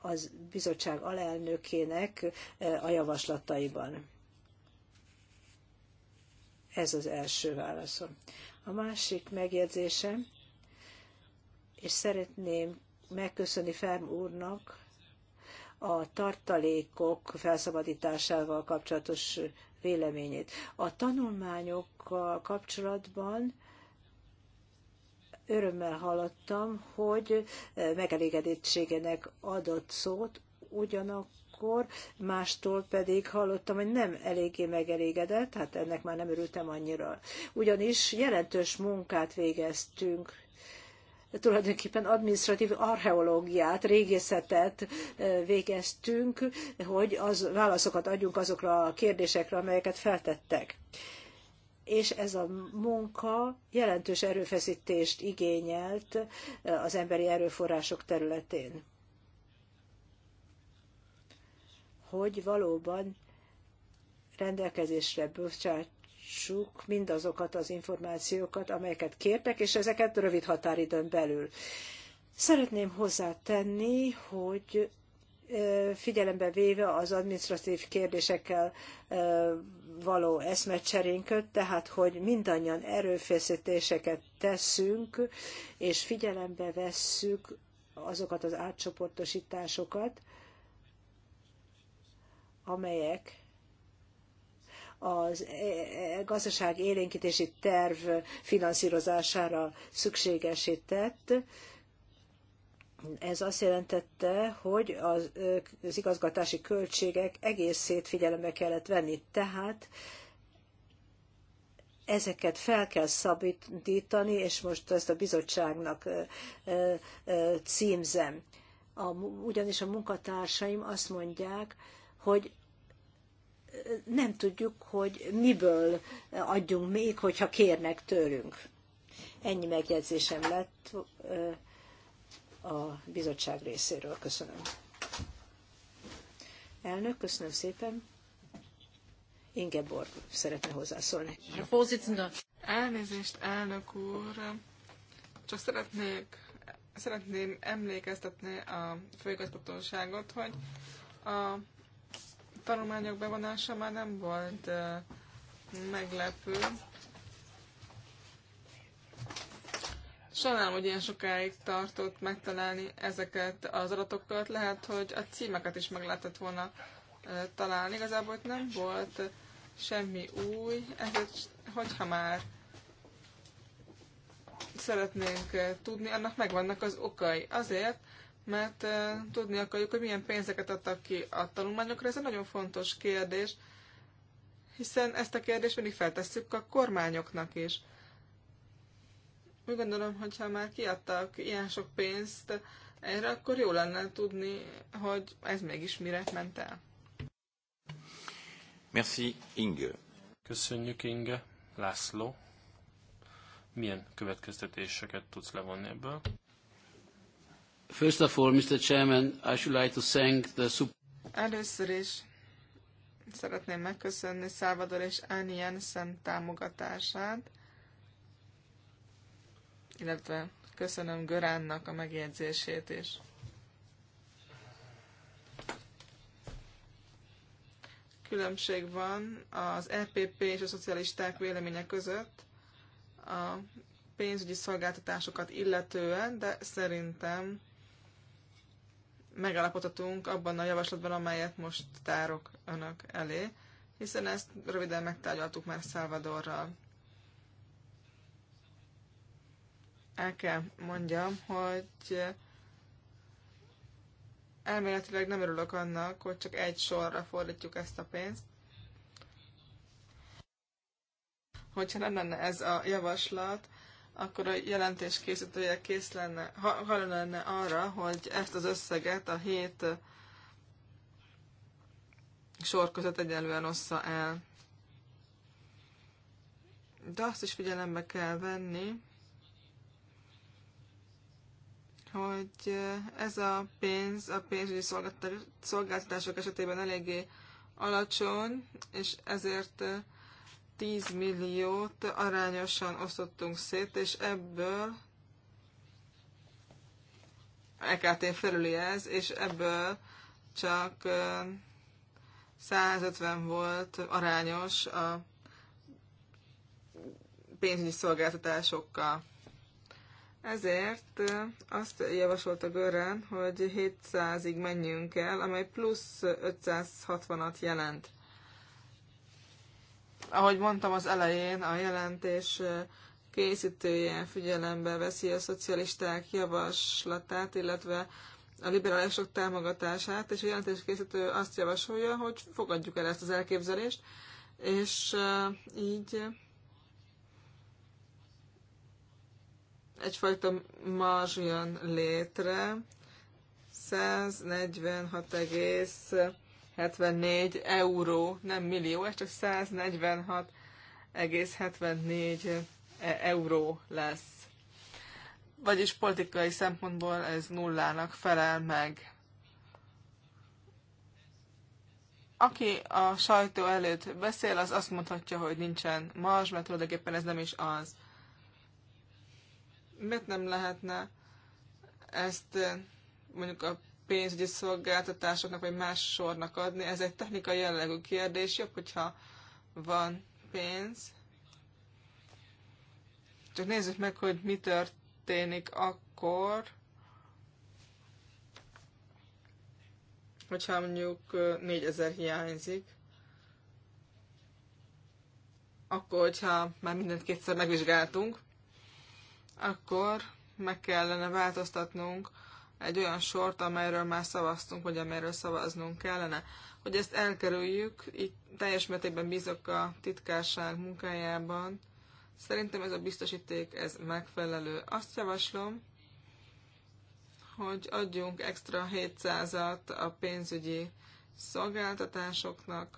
az bizottság alelnökének eh, a javaslataiban. Ez az első válaszom. A másik megjegyzésem, és szeretném megköszönni Ferm úrnak a tartalékok felszabadításával kapcsolatos véleményét. A tanulmányokkal kapcsolatban örömmel hallottam, hogy megelégedettségenek adott szót, ugyanakkor mástól pedig hallottam, hogy nem eléggé megelégedett, hát ennek már nem örültem annyira. Ugyanis jelentős munkát végeztünk tulajdonképpen administratív archeológiát, régészetet eh, végeztünk, hogy az válaszokat adjunk azokra a kérdésekre, amelyeket feltettek. És ez a munka jelentős erőfeszítést igényelt eh, az emberi erőforrások területén. Hogy valóban rendelkezésre bocsát, megkapjuk mindazokat az információkat, amelyeket kértek, és ezeket rövid határidőn belül. Szeretném hozzátenni, hogy figyelembe véve az administratív kérdésekkel való eszmecserénköt, tehát hogy mindannyian erőfeszítéseket teszünk, és figyelembe vesszük azokat az átcsoportosításokat, amelyek az e, e, gazdaság élénkítési terv finanszírozására szükségesített. Ez azt jelentette, hogy az, az igazgatási költségek egészét figyelembe kellett venni. Tehát ezeket fel kell szabadítani, és most ezt a bizottságnak címzem. A, ugyanis a munkatársaim azt mondják, hogy nem tudjuk, hogy miből adjunk még, hogyha kérnek tőlünk. Ennyi megjegyzésem lett a bizottság részéről. Köszönöm. Elnök, köszönöm szépen. Ingeborg szeretne hozzászólni. Elnézést, elnök úr. Csak szeretnék, szeretném emlékeztetni a főigazgatóságot, hogy a tanulmányok bevonása már nem volt meglepő. Sajnálom, hogy ilyen sokáig tartott megtalálni ezeket az adatokat. Lehet, hogy a címeket is meg lehetett volna találni. Igazából itt nem volt semmi új, ezért hogyha már szeretnénk tudni, annak megvannak az okai. Azért, mert eh, tudni akarjuk, hogy milyen pénzeket adtak ki a tanulmányokra. Ez egy nagyon fontos kérdés, hiszen ezt a kérdést mindig feltesszük a kormányoknak is. Úgy gondolom, hogyha már kiadtak ilyen sok pénzt erre, akkor jó lenne tudni, hogy ez mégis mire ment el. Merci, Inge. Köszönjük, Inge. László. Milyen következtetéseket tudsz levonni ebből? First of all, Mr. Chairman, I should like to thank the... Először is szeretném megköszönni Salvador és Annie Jensen támogatását, illetve köszönöm Göránnak a megjegyzését is. Különbség van az EPP és a szocialisták véleménye között a pénzügyi szolgáltatásokat illetően, de szerintem megállapodhatunk abban a javaslatban, amelyet most tárok önök elé, hiszen ezt röviden megtárgyaltuk már Szálvadorral. El kell mondjam, hogy elméletileg nem örülök annak, hogy csak egy sorra fordítjuk ezt a pénzt. Hogyha nem lenne ez a javaslat, akkor a jelentés készítője kész lenne, ha lenne arra, hogy ezt az összeget a hét sor között egyenlően ossza el. De azt is figyelembe kell venni, hogy ez a pénz a pénzügyi szolgáltatások esetében eléggé alacsony, és ezért 10 milliót arányosan osztottunk szét, és ebből EKT felüli ez, és ebből csak 150 volt arányos a pénzügyi szolgáltatásokkal. Ezért azt javasolta Görren, hogy 700-ig menjünk el, amely plusz 560-at jelent ahogy mondtam az elején, a jelentés készítője figyelembe veszi a szocialisták javaslatát, illetve a liberálisok támogatását, és a jelentés készítő azt javasolja, hogy fogadjuk el ezt az elképzelést, és így egyfajta marzs jön létre, 146,5 174 euró, nem millió, ez csak 146,74 e- euró lesz. Vagyis politikai szempontból ez nullának felel meg. Aki a sajtó előtt beszél, az azt mondhatja, hogy nincsen más, mert tulajdonképpen ez nem is az. Miért nem lehetne ezt eh, mondjuk a pénzügyi szolgáltatásoknak vagy más sornak adni. Ez egy technikai jellegű kérdés, jobb, hogyha van pénz. Csak nézzük meg, hogy mi történik akkor, hogyha mondjuk 4000 hiányzik, akkor, hogyha már mindent kétszer megvizsgáltunk, akkor meg kellene változtatnunk egy olyan sort, amelyről már szavaztunk, vagy amelyről szavaznunk kellene. Hogy ezt elkerüljük, így teljes mértékben bízok a titkárság munkájában. Szerintem ez a biztosíték, ez megfelelő. Azt javaslom, hogy adjunk extra 700-at a pénzügyi szolgáltatásoknak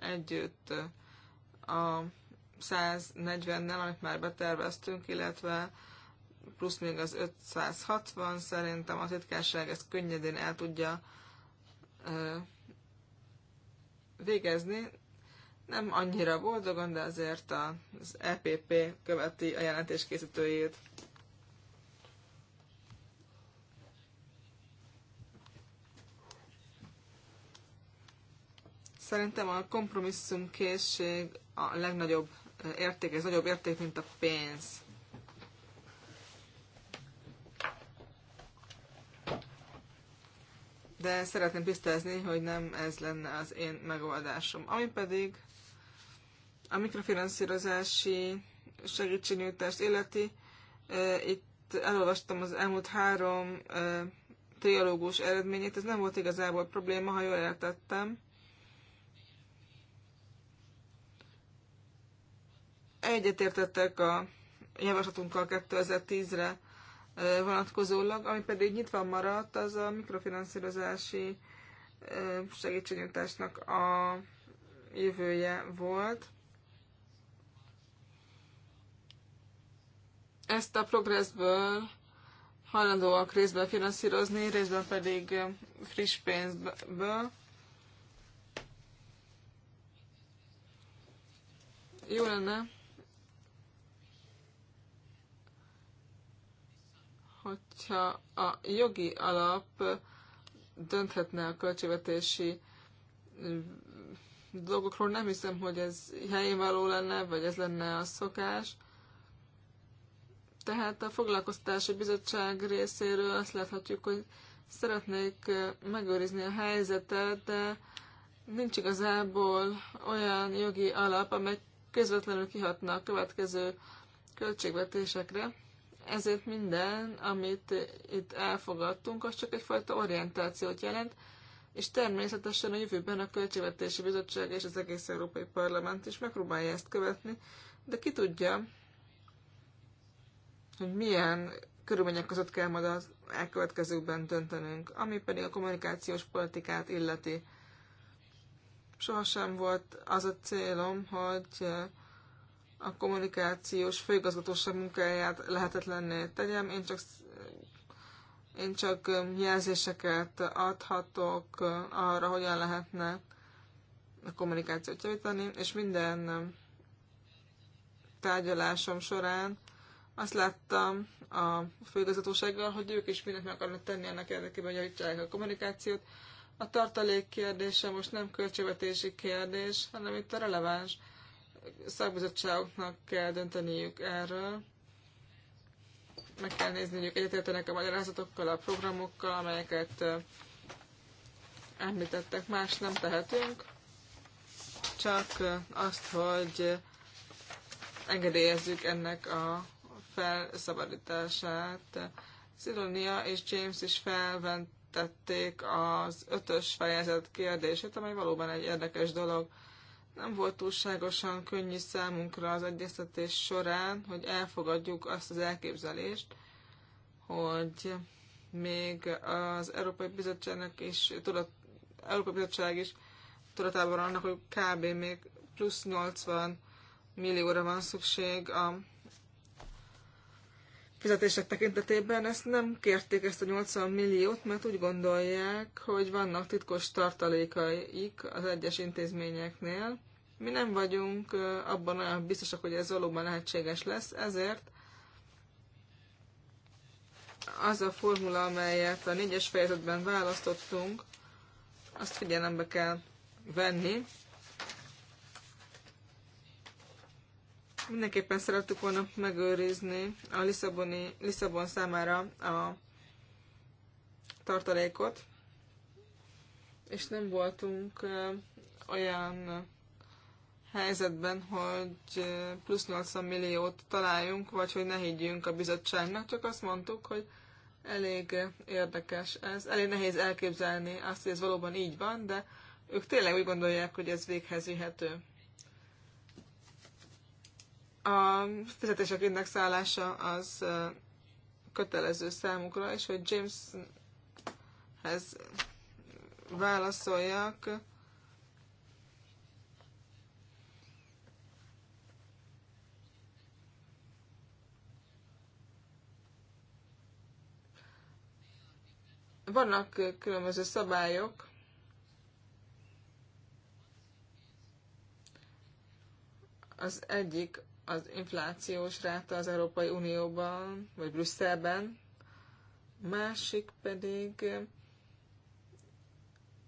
együtt a 140-nel, amit már beterveztünk, illetve plusz még az 560, szerintem a titkárság ezt könnyedén el tudja végezni. Nem annyira boldogan, de azért az EPP követi a jelentés készítőjét. Szerintem a kompromisszum készség a legnagyobb érték, ez nagyobb érték, mint a pénz. de szeretném tisztázni, hogy nem ez lenne az én megoldásom. Ami pedig a mikrofinanszírozási segítségnyújtást illeti, itt elolvastam az elmúlt három triológus eredményét, ez nem volt igazából probléma, ha jól értettem. Egyetértettek a javaslatunkkal 2010-re vonatkozólag, ami pedig nyitva maradt, az a mikrofinanszírozási segítségnyújtásnak a jövője volt. Ezt a progressből hajlandóak részben finanszírozni, részben pedig friss pénzből. Jó lenne, hogyha a jogi alap dönthetne a költségvetési dolgokról, nem hiszem, hogy ez helyén való lenne, vagy ez lenne a szokás. Tehát a foglalkoztatási bizottság részéről azt láthatjuk, hogy szeretnék megőrizni a helyzetet, de nincs igazából olyan jogi alap, amely közvetlenül kihatna a következő költségvetésekre. Ezért minden, amit itt elfogadtunk, az csak egyfajta orientációt jelent, és természetesen a jövőben a Költségvetési Bizottság és az egész Európai Parlament is megpróbálja ezt követni, de ki tudja, hogy milyen körülmények között kell majd az elkövetkezőkben döntenünk, ami pedig a kommunikációs politikát illeti. Sohasem volt az a célom, hogy a kommunikációs főigazgatóság munkáját lehetetlenné tegyem. Én csak, én csak um, jelzéseket adhatok uh, arra, hogyan lehetne a kommunikációt javítani, és minden um, tárgyalásom során azt láttam a főigazgatósággal, hogy ők is mindent meg akarnak tenni annak érdekében, hogy javítsák a kommunikációt. A tartalék kérdése most nem költségvetési kérdés, hanem itt a releváns szakbizottságoknak kell dönteniük erről. Meg kell nézniük, egyetértenek a magyarázatokkal, a programokkal, amelyeket említettek, más nem tehetünk, csak azt, hogy engedélyezzük ennek a felszabadítását. Szidonia és James is felventették az ötös fejezet kérdését, amely valóban egy érdekes dolog nem volt túlságosan könnyű számunkra az egyeztetés során, hogy elfogadjuk azt az elképzelést, hogy még az Európai Bizottságnak is, tudat, Európai Bizottság is tudatában annak, hogy kb. még plusz 80 millióra van szükség a fizetések tekintetében ezt nem kérték ezt a 80 milliót, mert úgy gondolják, hogy vannak titkos tartalékaik az egyes intézményeknél. Mi nem vagyunk abban olyan biztosak, hogy ez valóban lehetséges lesz, ezért az a formula, amelyet a négyes fejezetben választottunk, azt figyelembe kell venni, Mindenképpen szerettük volna megőrizni a Lisszaboni, Lisszabon számára a tartalékot, és nem voltunk olyan helyzetben, hogy plusz 80 milliót találjunk, vagy hogy ne higgyünk a bizottságnak, csak azt mondtuk, hogy elég érdekes ez. Elég nehéz elképzelni azt, hogy ez valóban így van, de ők tényleg úgy gondolják, hogy ez véghez vihető a fizetések indexálása az kötelező számukra, és hogy Jameshez válaszoljak, vannak különböző szabályok, az egyik az inflációs ráta az Európai Unióban, vagy Brüsszelben, másik pedig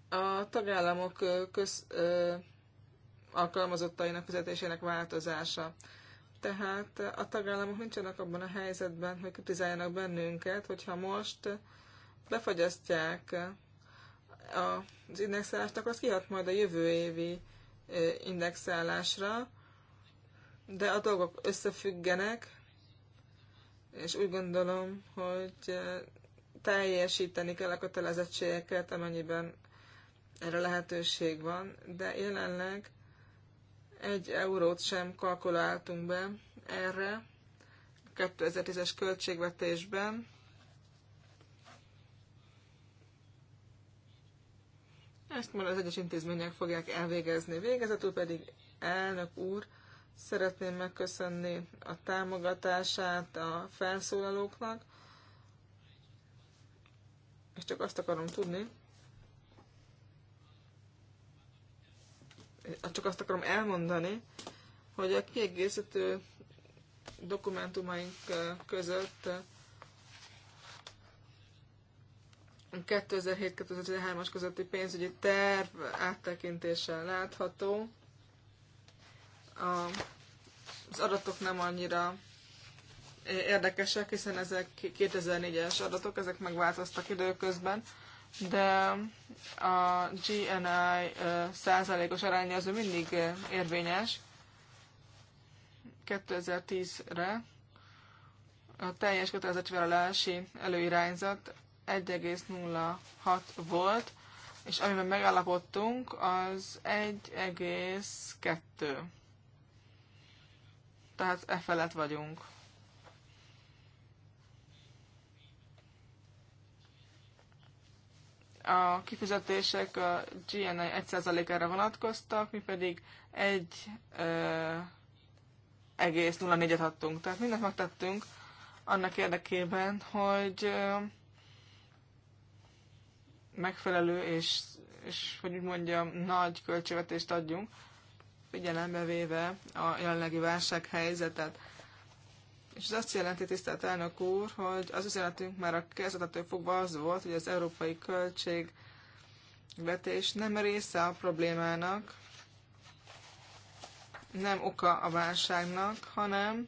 a tagállamok köz, ö, alkalmazottainak fizetésének változása. Tehát a tagállamok nincsenek abban a helyzetben, hogy kritizáljanak bennünket, hogyha most befagyasztják az indexálást, akkor az kihat majd a jövő évi indexálásra, de a dolgok összefüggenek, és úgy gondolom, hogy eh, teljesíteni kell a kötelezettségeket, amennyiben erre lehetőség van, de jelenleg egy eurót sem kalkuláltunk be erre 2010-es költségvetésben. Ezt majd az egyes intézmények fogják elvégezni. Végezetül pedig elnök úr Szeretném megköszönni a támogatását a felszólalóknak, és csak azt akarom tudni, csak azt akarom elmondani, hogy a kiegészítő dokumentumaink között 2007-2013-as közötti pénzügyi terv áttekintéssel látható, a, az adatok nem annyira érdekesek, hiszen ezek 2004-es adatok, ezek megváltoztak időközben, de a GNI százalékos aránya az mindig érvényes 2010-re. A teljes kötelezettségvállalási előirányzat 1,06 volt, és amiben megállapodtunk, az 1,2 tehát e felett vagyunk. A kifizetések a GNA 1%-ára vonatkoztak, mi pedig 1,04-et adtunk. Tehát mindent megtettünk annak érdekében, hogy megfelelő és, és hogy úgy mondjam, nagy költségvetést adjunk figyelembe véve a jelenlegi válsághelyzetet. És ez azt jelenti, tisztelt elnök úr, hogy az üzenetünk már a kezdetettől fogva az volt, hogy az európai költségvetés nem része a problémának, nem oka a válságnak, hanem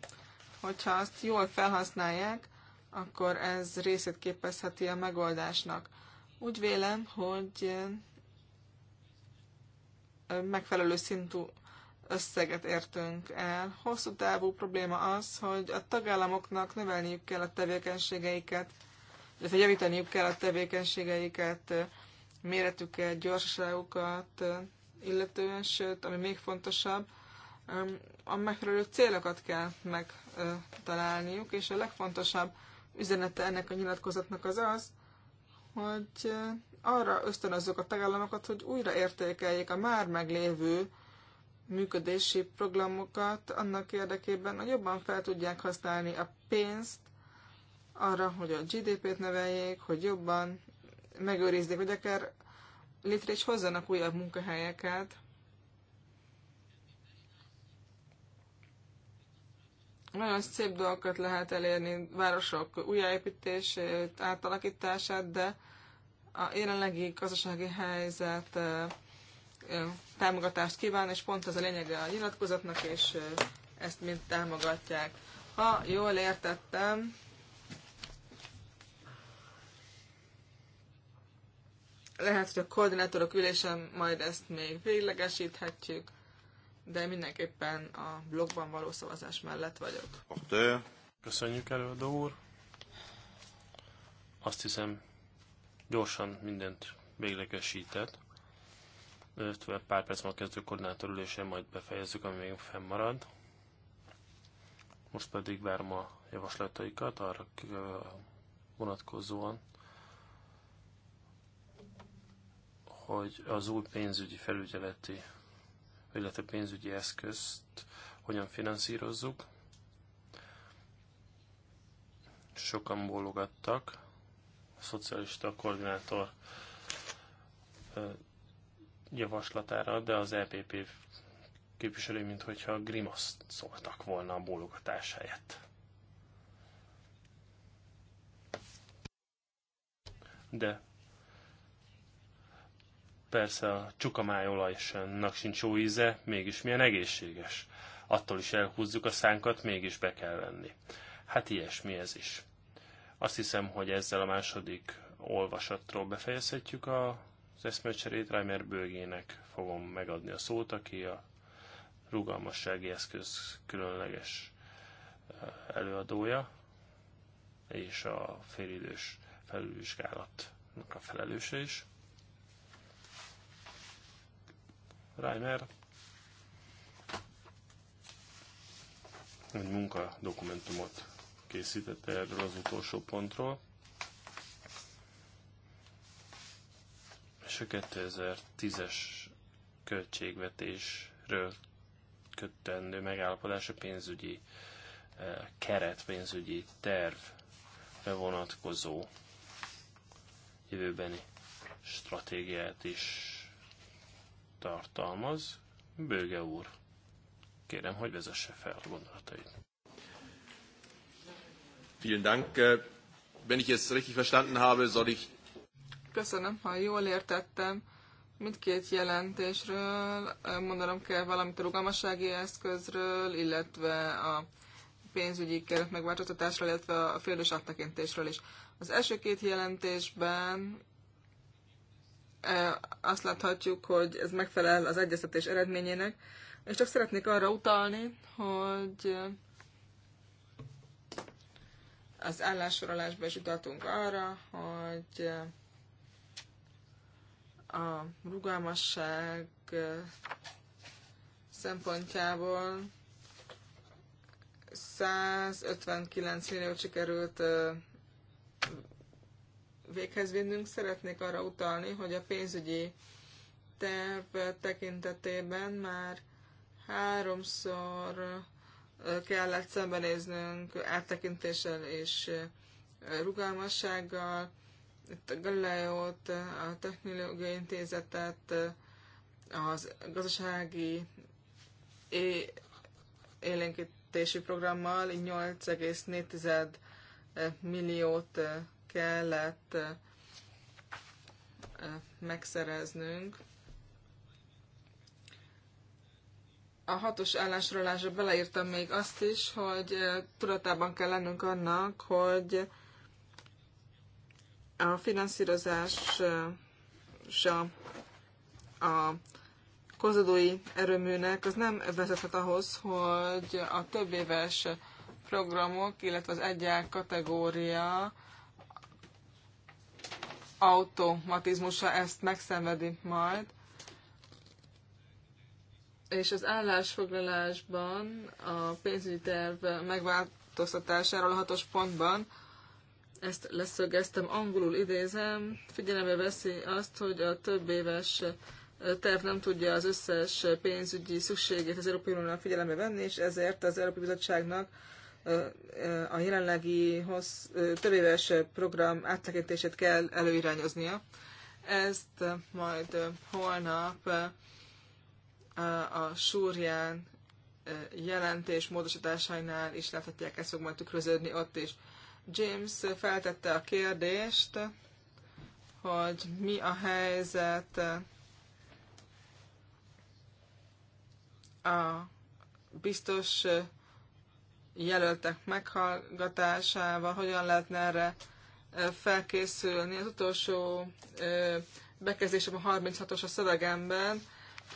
hogyha azt jól felhasználják, akkor ez részét képezheti a megoldásnak. Úgy vélem, hogy megfelelő szintű összeget értünk el. Hosszú távú probléma az, hogy a tagállamoknak növelniük kell a tevékenységeiket, illetve javítaniuk kell a tevékenységeiket, méretüket, gyorsaságukat, illetően, sőt, ami még fontosabb, a megfelelő célokat kell megtalálniuk, és a legfontosabb üzenete ennek a nyilatkozatnak az az, hogy arra ösztönözzük a tagállamokat, hogy újra értékeljék a már meglévő működési programokat annak érdekében, hogy jobban fel tudják használni a pénzt arra, hogy a GDP-t neveljék, hogy jobban megőrizzék, hogy akár létre is hozzanak újabb munkahelyeket. Nagyon szép dolgokat lehet elérni, városok újjáépítését, átalakítását, de a jelenlegi gazdasági helyzet támogatást kíván, és pont az a lényege a nyilatkozatnak, és ezt mind támogatják. Ha jól értettem, lehet, hogy a koordinátorok ülésen majd ezt még véglegesíthetjük, de mindenképpen a blogban való szavazás mellett vagyok. Köszönjük előadó úr! Azt hiszem, gyorsan mindent véglegesített illetve pár perc a kezdő koordinátor ülésén majd befejezzük, ami még fennmarad. Most pedig várom a javaslataikat arra vonatkozóan, hogy az új pénzügyi felügyeleti, illetve pénzügyi eszközt hogyan finanszírozzuk. Sokan bólogattak. A szocialista koordinátor javaslatára, de az EPP képviselő, mint hogyha grimaszt szóltak volna a bólogatás helyett. De persze a csukamájolajnak sincs jó íze, mégis milyen egészséges. Attól is elhúzzuk a szánkat, mégis be kell venni. Hát ilyesmi ez is. Azt hiszem, hogy ezzel a második olvasatról befejezhetjük a az eszmecserét. Reimer Bőgének fogom megadni a szót, aki a rugalmassági eszköz különleges eh, előadója, és a félidős felülvizsgálatnak a felelőse is. Reimer egy munkadokumentumot készített erről az utolsó pontról. első 2010-es költségvetésről kötendő megállapodás a pénzügyi eh, keret, pénzügyi terv, vonatkozó jövőbeni stratégiát is tartalmaz. Bőge úr, kérem, hogy vezesse fel a gondolatait. Vielen Dank. Äh, wenn ich es richtig verstanden habe, soll ich köszönöm, ha jól értettem, mindkét jelentésről mondanom kell valamit a rugalmassági eszközről, illetve a pénzügyi keret megváltoztatásról, illetve a félős áttekintésről is. Az első két jelentésben azt láthatjuk, hogy ez megfelel az egyeztetés eredményének, és csak szeretnék arra utalni, hogy az állássorolásban is utaltunk arra, hogy a rugalmasság szempontjából 159 millió sikerült véghez vinnünk. Szeretnék arra utalni, hogy a pénzügyi terv tekintetében már háromszor kellett szembenéznünk áttekintéssel és rugalmassággal, itt a Galileót, a Technológiai Intézetet, az gazdasági é- élénkítési programmal 8,4 milliót kellett megszereznünk. A hatos állásról beleírtam még azt is, hogy tudatában kell lennünk annak, hogy a finanszírozása a kozadói erőműnek az nem vezethet ahhoz, hogy a több éves programok, illetve az egyel kategória automatizmusa ezt megszenvedi majd. És az állásfoglalásban a pénzügyi terv megváltoztatásáról a hatos pontban ezt leszögeztem, angolul idézem, figyelembe veszi azt, hogy a több éves terv nem tudja az összes pénzügyi szükségét az Európai Uniónak figyelembe venni, és ezért az Európai Bizottságnak a jelenlegi hossz, több éves program áttekintését kell előirányoznia. Ezt majd holnap a súrján jelentés módosításainál is láthatják, ezt fog majd tükröződni ott is. James feltette a kérdést, hogy mi a helyzet a biztos jelöltek meghallgatásával, hogyan lehetne erre felkészülni. Az utolsó bekezdésem a 36-os a szövegemben,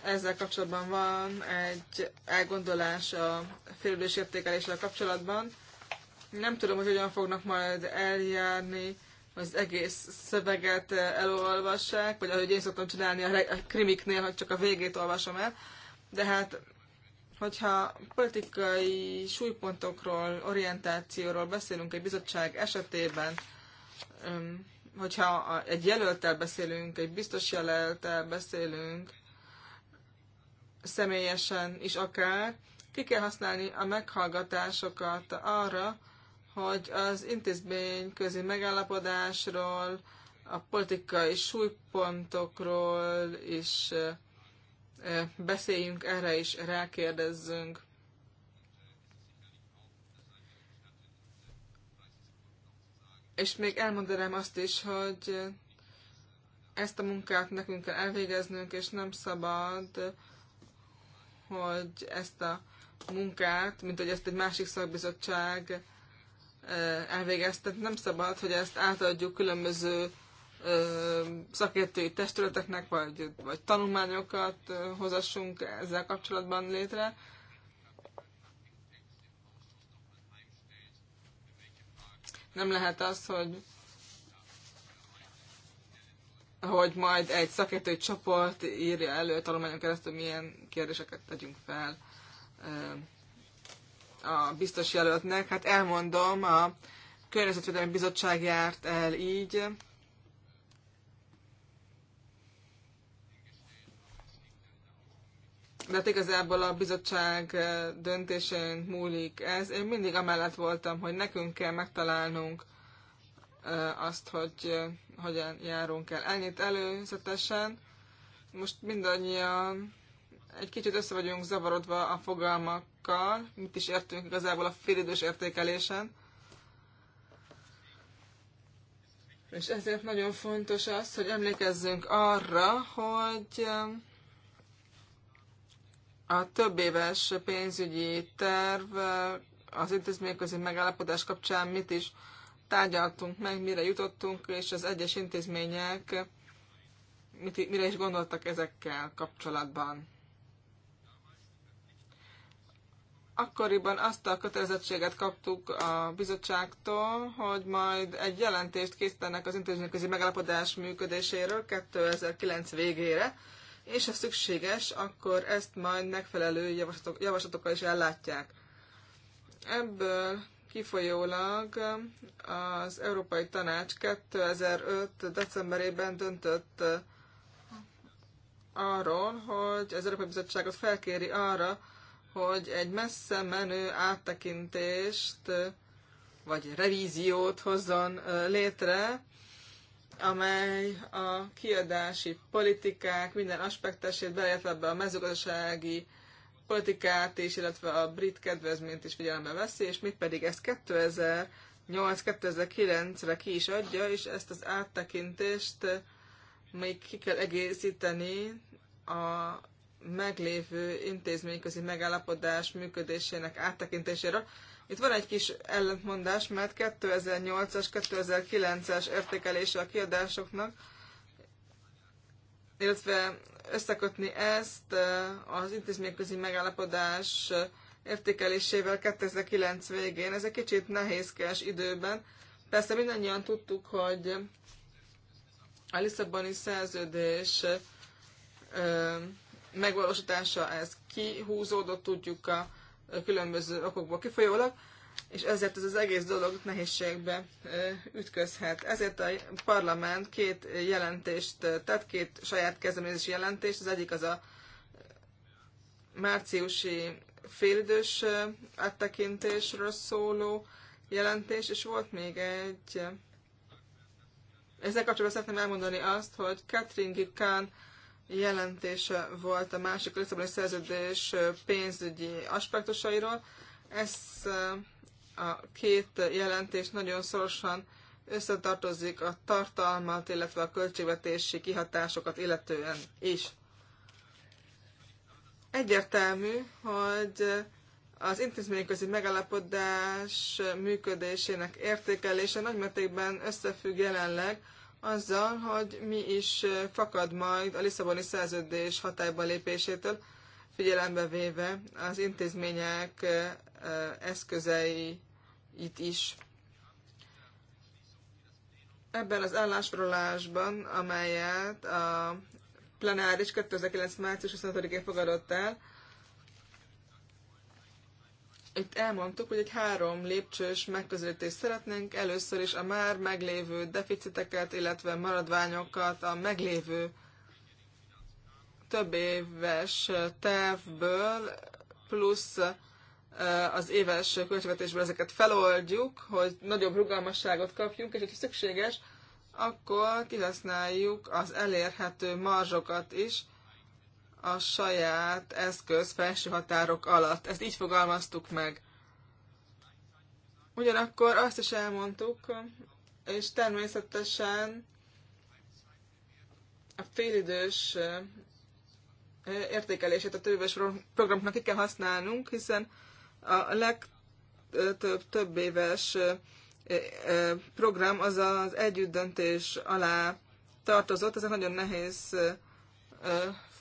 ezzel kapcsolatban van egy elgondolás a félülés értékeléssel kapcsolatban. Nem tudom, hogy hogyan fognak majd eljárni, hogy az egész szöveget eh, elolvassák, vagy ahogy én szoktam csinálni a krimiknél, hogy csak a végét olvasom el. De hát, hogyha politikai súlypontokról, orientációról beszélünk egy bizottság esetében, hogyha egy jelöltel beszélünk, egy biztos jelöltel beszélünk, személyesen is akár, ki kell használni a meghallgatásokat arra, hogy az intézmény közi megállapodásról, a politikai súlypontokról is beszéljünk, erre is rákérdezzünk. És még elmondanám azt is, hogy ezt a munkát nekünk kell elvégeznünk, és nem szabad, hogy ezt a munkát, mint hogy ezt egy másik szakbizottság elvégeztet. Nem szabad, hogy ezt átadjuk különböző szakértői testületeknek, vagy, vagy tanulmányokat hozassunk ezzel kapcsolatban létre. Nem lehet az, hogy hogy majd egy szakértői csoport írja elő tanulmányon keresztül, milyen kérdéseket tegyünk fel a biztos jelöltnek. Hát elmondom, a Környezetvédelmi Bizottság járt el így. De hát igazából a bizottság eh, döntésén múlik ez. Én mindig amellett voltam, hogy nekünk kell megtalálnunk eh, azt, hogy eh, hogyan járunk el. Ennyit előzetesen. Most mindannyian egy kicsit össze vagyunk zavarodva a fogalmakkal, mit is értünk igazából a félidős értékelésen. És ezért nagyon fontos az, hogy emlékezzünk arra, hogy um, a több éves pénzügyi terv uh, az intézményközi megállapodás kapcsán mit is tárgyaltunk meg, mire jutottunk, és az egyes intézmények mit, mire is gondoltak ezekkel kapcsolatban. akkoriban azt a kötelezettséget kaptuk a bizottságtól, hogy majd egy jelentést készítenek az intézményközi megállapodás működéséről 2009 végére, és ha szükséges, akkor ezt majd megfelelő javaslatok, javaslatokkal is ellátják. Ebből kifolyólag az Európai Tanács 2005. decemberében döntött arról, hogy az Európai Bizottságot felkéri arra, hogy egy messze menő áttekintést vagy revíziót hozzon létre, amely a kiadási politikák minden aspektusét, beleértve ebbe a mezőgazdasági politikát is, illetve a brit kedvezményt is figyelembe veszi, és pedig ezt 2008-2009-re ki is adja, és ezt az áttekintést még ki kell egészíteni a meglévő intézményközi megállapodás működésének áttekintéséről. Itt van egy kis ellentmondás, mert 2008-as, 2009-es értékelése a kiadásoknak, illetve összekötni ezt az intézményközi megállapodás értékelésével 2009 végén. Ez egy kicsit nehézkes időben. Persze mindannyian tudtuk, hogy a Lisszaboni szerződés megvalósítása ez kihúzódott, tudjuk a különböző okokból kifolyólag, és ezért ez az egész dolog nehézségbe ütközhet. Ezért a parlament két jelentést tett, két saját kezdeményezési jelentést, az egyik az a márciusi félidős áttekintésről szóló jelentés, és volt még egy... Ezzel kapcsolatban szeretném elmondani azt, hogy Catherine Gikán jelentése volt a másik Lisszaboni szerződés pénzügyi aspektusairól. Ez eh, a két jelentés nagyon szorosan összetartozik a tartalmat, illetve a költségvetési kihatásokat illetően is. Egyértelmű, hogy az intézményközi megállapodás működésének értékelése nagymértékben összefügg jelenleg azzal, hogy mi is fakad majd a Lisszaboni szerződés hatályba lépésétől, figyelembe véve az intézmények eszközeit is. Ebben az állásfoglalásban, amelyet a plenáris 2009. március 25-én fogadott el, itt elmondtuk, hogy egy három lépcsős megközelítést szeretnénk. Először is a már meglévő deficiteket, illetve maradványokat a meglévő több éves tervből plusz eh, az éves költségvetésből ezeket feloldjuk, hogy nagyobb rugalmasságot kapjunk, és hogyha szükséges, akkor kihasználjuk az elérhető marzsokat is, a saját eszköz felső határok alatt. Ezt így fogalmaztuk meg. Ugyanakkor azt is elmondtuk, és természetesen a félidős értékelését a többéves programnak ki kell használnunk, hiszen a legtöbb több éves program az az együttdöntés alá tartozott, ez egy nagyon nehéz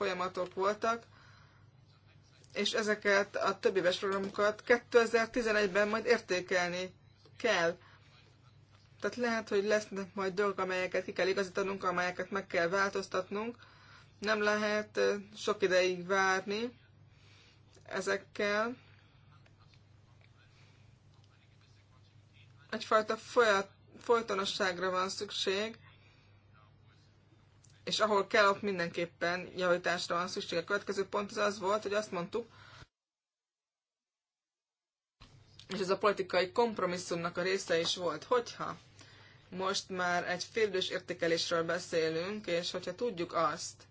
folyamatok voltak, és ezeket a több éves programokat 2011-ben majd értékelni kell. Tehát lehet, hogy lesznek majd dolgok, amelyeket ki kell igazítanunk, amelyeket meg kell változtatnunk. Nem lehet sok ideig várni ezekkel. Egyfajta folyat, folytonosságra van szükség, és ahol kell, ott mindenképpen javításra van szükség. A következő pont az az volt, hogy azt mondtuk, és ez a politikai kompromisszumnak a része is volt, hogyha most már egy félidős értékelésről beszélünk, és hogyha tudjuk azt,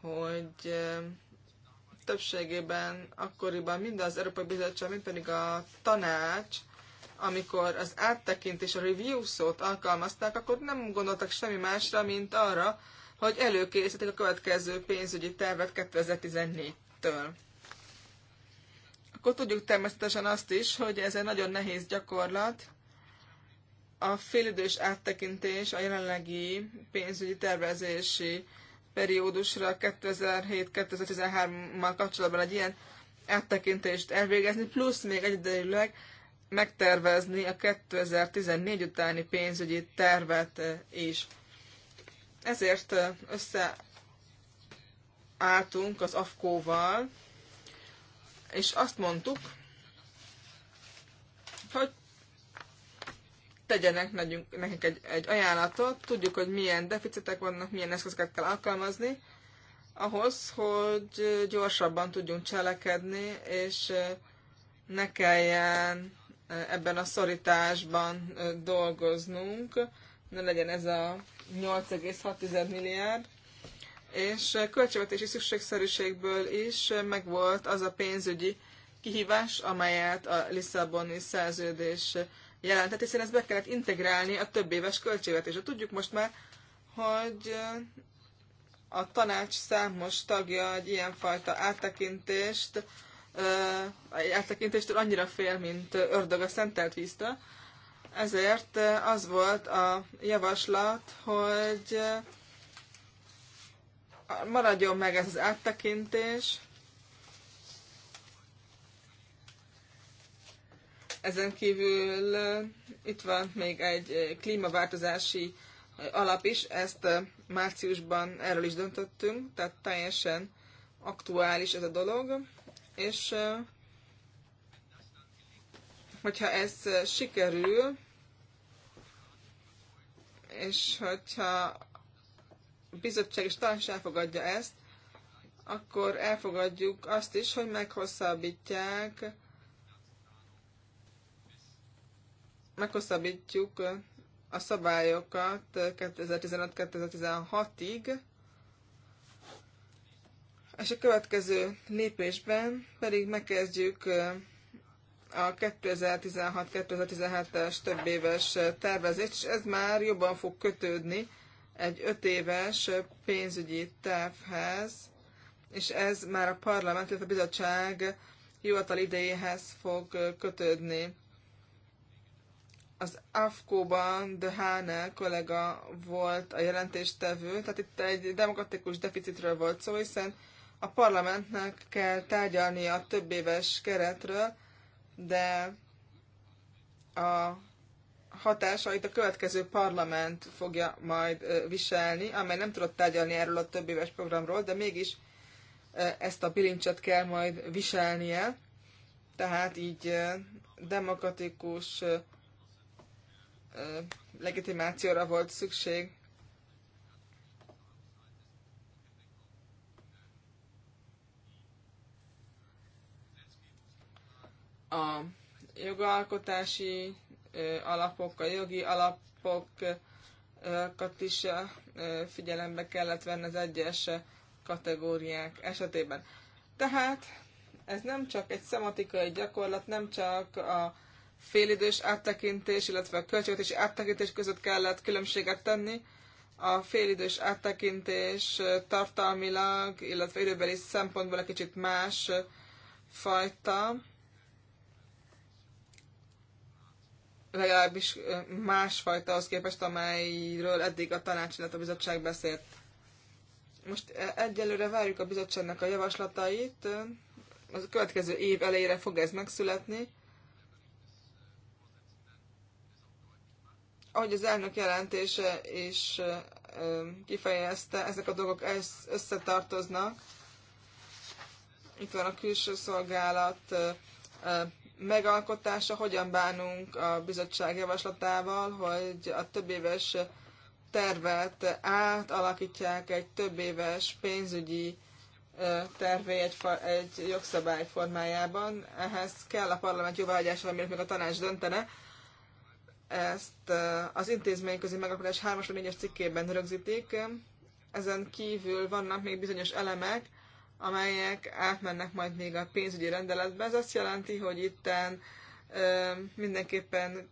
hogy többségében akkoriban mind az Európai Bizottság, mind pedig a tanács, amikor az áttekintés, a review szót alkalmazták, akkor nem gondoltak semmi másra, mint arra, hogy előkészítik a következő pénzügyi tervet 2014-től. Akkor tudjuk természetesen azt is, hogy ez egy nagyon nehéz gyakorlat. A félidős áttekintés a jelenlegi pénzügyi tervezési periódusra 2007-2013-mal kapcsolatban egy ilyen áttekintést elvégezni, plusz még egyedülőleg megtervezni a 2014 utáni pénzügyi tervet is. Ezért összeálltunk az afkóval val és azt mondtuk, hogy tegyenek nekünk egy, egy ajánlatot, tudjuk, hogy milyen deficitek vannak, milyen eszközöket kell alkalmazni, ahhoz, hogy gyorsabban tudjunk cselekedni, és ne kelljen ebben a szorításban dolgoznunk, ne legyen ez a 8,6 milliárd, és költségvetési szükségszerűségből is megvolt az a pénzügyi kihívás, amelyet a Lisszaboni szerződés jelentett, hiszen ezt be kellett integrálni a több éves költségvetésre. Tudjuk most már, hogy a tanács számos tagja egy ilyenfajta áttekintést, egy áttekintéstől annyira fél, mint ördög a szentelt víztől, ezért eh, az volt a javaslat, hogy eh, maradjon meg ez az áttekintés, Ezen kívül eh, itt van még egy klímaváltozási alap is, ezt márciusban erről is döntöttünk, tehát teljesen aktuális ez a dolog, és Hogyha ez sikerül, és hogyha bizottság is tanács elfogadja ezt, akkor elfogadjuk azt is, hogy meghosszabbítják, meghosszabbítjuk a szabályokat 2015-2016-ig, és a következő lépésben pedig megkezdjük a 2016-2017-es több éves tervezés, és ez már jobban fog kötődni egy öt éves pénzügyi tervhez, és ez már a parlament, illetve a bizottság hivatal idejéhez fog kötődni. Az AFKO-ban de Hane kollega volt a jelentéstevő, tehát itt egy demokratikus deficitről volt szó, hiszen a parlamentnek kell tárgyalni a több éves keretről, de a hatásait a következő parlament fogja majd viselni, amely nem tudott tárgyalni erről a több éves programról, de mégis ezt a bilincset kell majd viselnie. Tehát így demokratikus legitimációra volt szükség a jogalkotási alapok, a jogi alapokat is figyelembe kellett venni az egyes kategóriák esetében. Tehát ez nem csak egy szematikai gyakorlat, nem csak a félidős áttekintés, illetve a költségvetési áttekintés között kellett különbséget tenni. A félidős áttekintés tartalmilag, illetve időbeli szempontból egy kicsit más fajta, legalábbis másfajta az képest, amelyről eddig a tanács, illetve a bizottság beszélt. Most egyelőre várjuk a bizottságnak a javaslatait. A következő év elejére fog ez megszületni. Ahogy az elnök jelentése is kifejezte, ezek a dolgok összetartoznak. Itt van a külső szolgálat megalkotása, hogyan bánunk a bizottság javaslatával, hogy a több éves tervet átalakítják egy több éves pénzügyi tervé egy, egy jogszabály formájában. Ehhez kell a parlament jóváhagyása, amire még a tanács döntene. Ezt az intézményközi megalkotás 3-as 4-es cikkében rögzítik. Ezen kívül vannak még bizonyos elemek, amelyek átmennek majd még a pénzügyi rendeletbe. Ez azt jelenti, hogy itten mindenképpen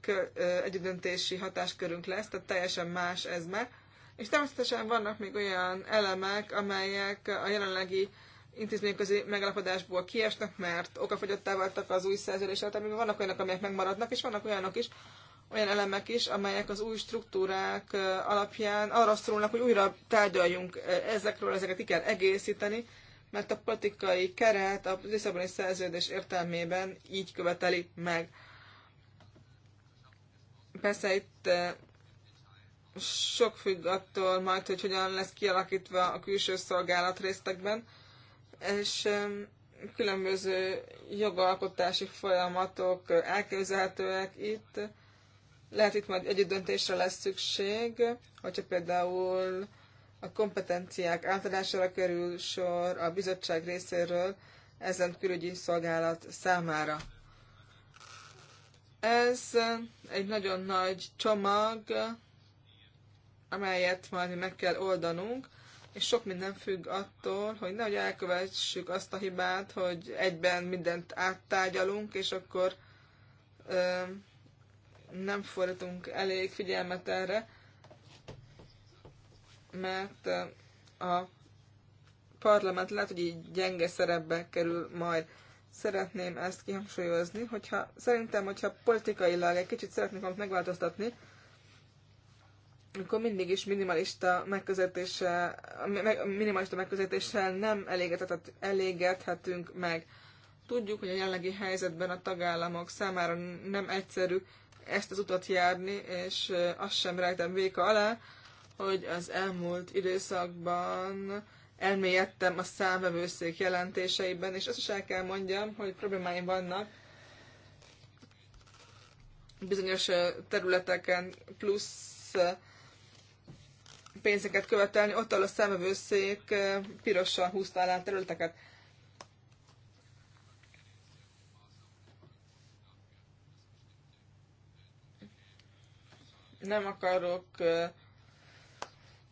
együttdöntési hatáskörünk lesz, tehát teljesen más ez meg. És természetesen vannak még olyan elemek, amelyek a jelenlegi intézményközi megállapodásból kiesnek, mert okafogyottá váltak az új szerződés tehát amiben vannak olyanok, amelyek megmaradnak, és vannak olyanok is, olyan elemek is, amelyek az új struktúrák alapján arra szólnak, hogy újra tárgyaljunk ezekről, ezeket ki kell egészíteni, mert a politikai keret a Lisszaboni szerződés értelmében így követeli meg. Persze itt eh, sok függ attól majd, hogy hogyan lesz kialakítva a külső szolgálat résztekben, és különböző jogalkotási folyamatok elképzelhetőek itt. Lehet itt majd egy döntésre lesz szükség, hogyha például a kompetenciák átadására kerül sor a bizottság részéről ezen külügyi szolgálat számára. Ez egy nagyon nagy csomag, amelyet majd meg kell oldanunk, és sok minden függ attól, hogy nehogy elkövessük azt a hibát, hogy egyben mindent áttárgyalunk, és akkor ö, nem fordítunk elég figyelmet erre, mert a parlament lehet, hogy így gyenge szerepbe kerül majd. Szeretném ezt kihangsúlyozni, hogyha szerintem, hogyha politikailag egy kicsit szeretnék valamit megváltoztatni, akkor mindig is minimalista megközelítéssel, minimalista megközelítéssel nem elégedhetünk meg. Tudjuk, hogy a jelenlegi helyzetben a tagállamok számára nem egyszerű ezt az utat járni, és azt sem rejtem véka alá, hogy az elmúlt időszakban elmélyedtem a számvevőszék jelentéseiben, és azt is el kell mondjam, hogy problémáim vannak bizonyos területeken plusz pénzeket követelni, ott a számvevőszék pirossal húzta alá területeket. Nem akarok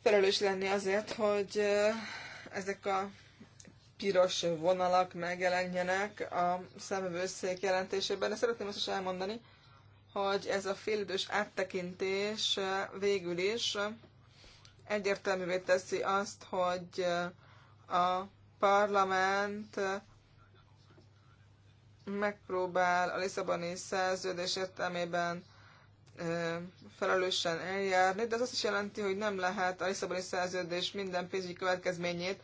felelős lenni azért, hogy eh, ezek a piros vonalak megjelenjenek a szemvőszék jelentésében. De szeretném azt is elmondani, hogy ez a félidős áttekintés eh, végül is egyértelművé teszi azt, hogy eh, a parlament megpróbál a Lisszaboni szerződés értelmében felelősen eljárni, de ez azt is jelenti, hogy nem lehet a Lisszaboni szerződés minden pénzügyi következményét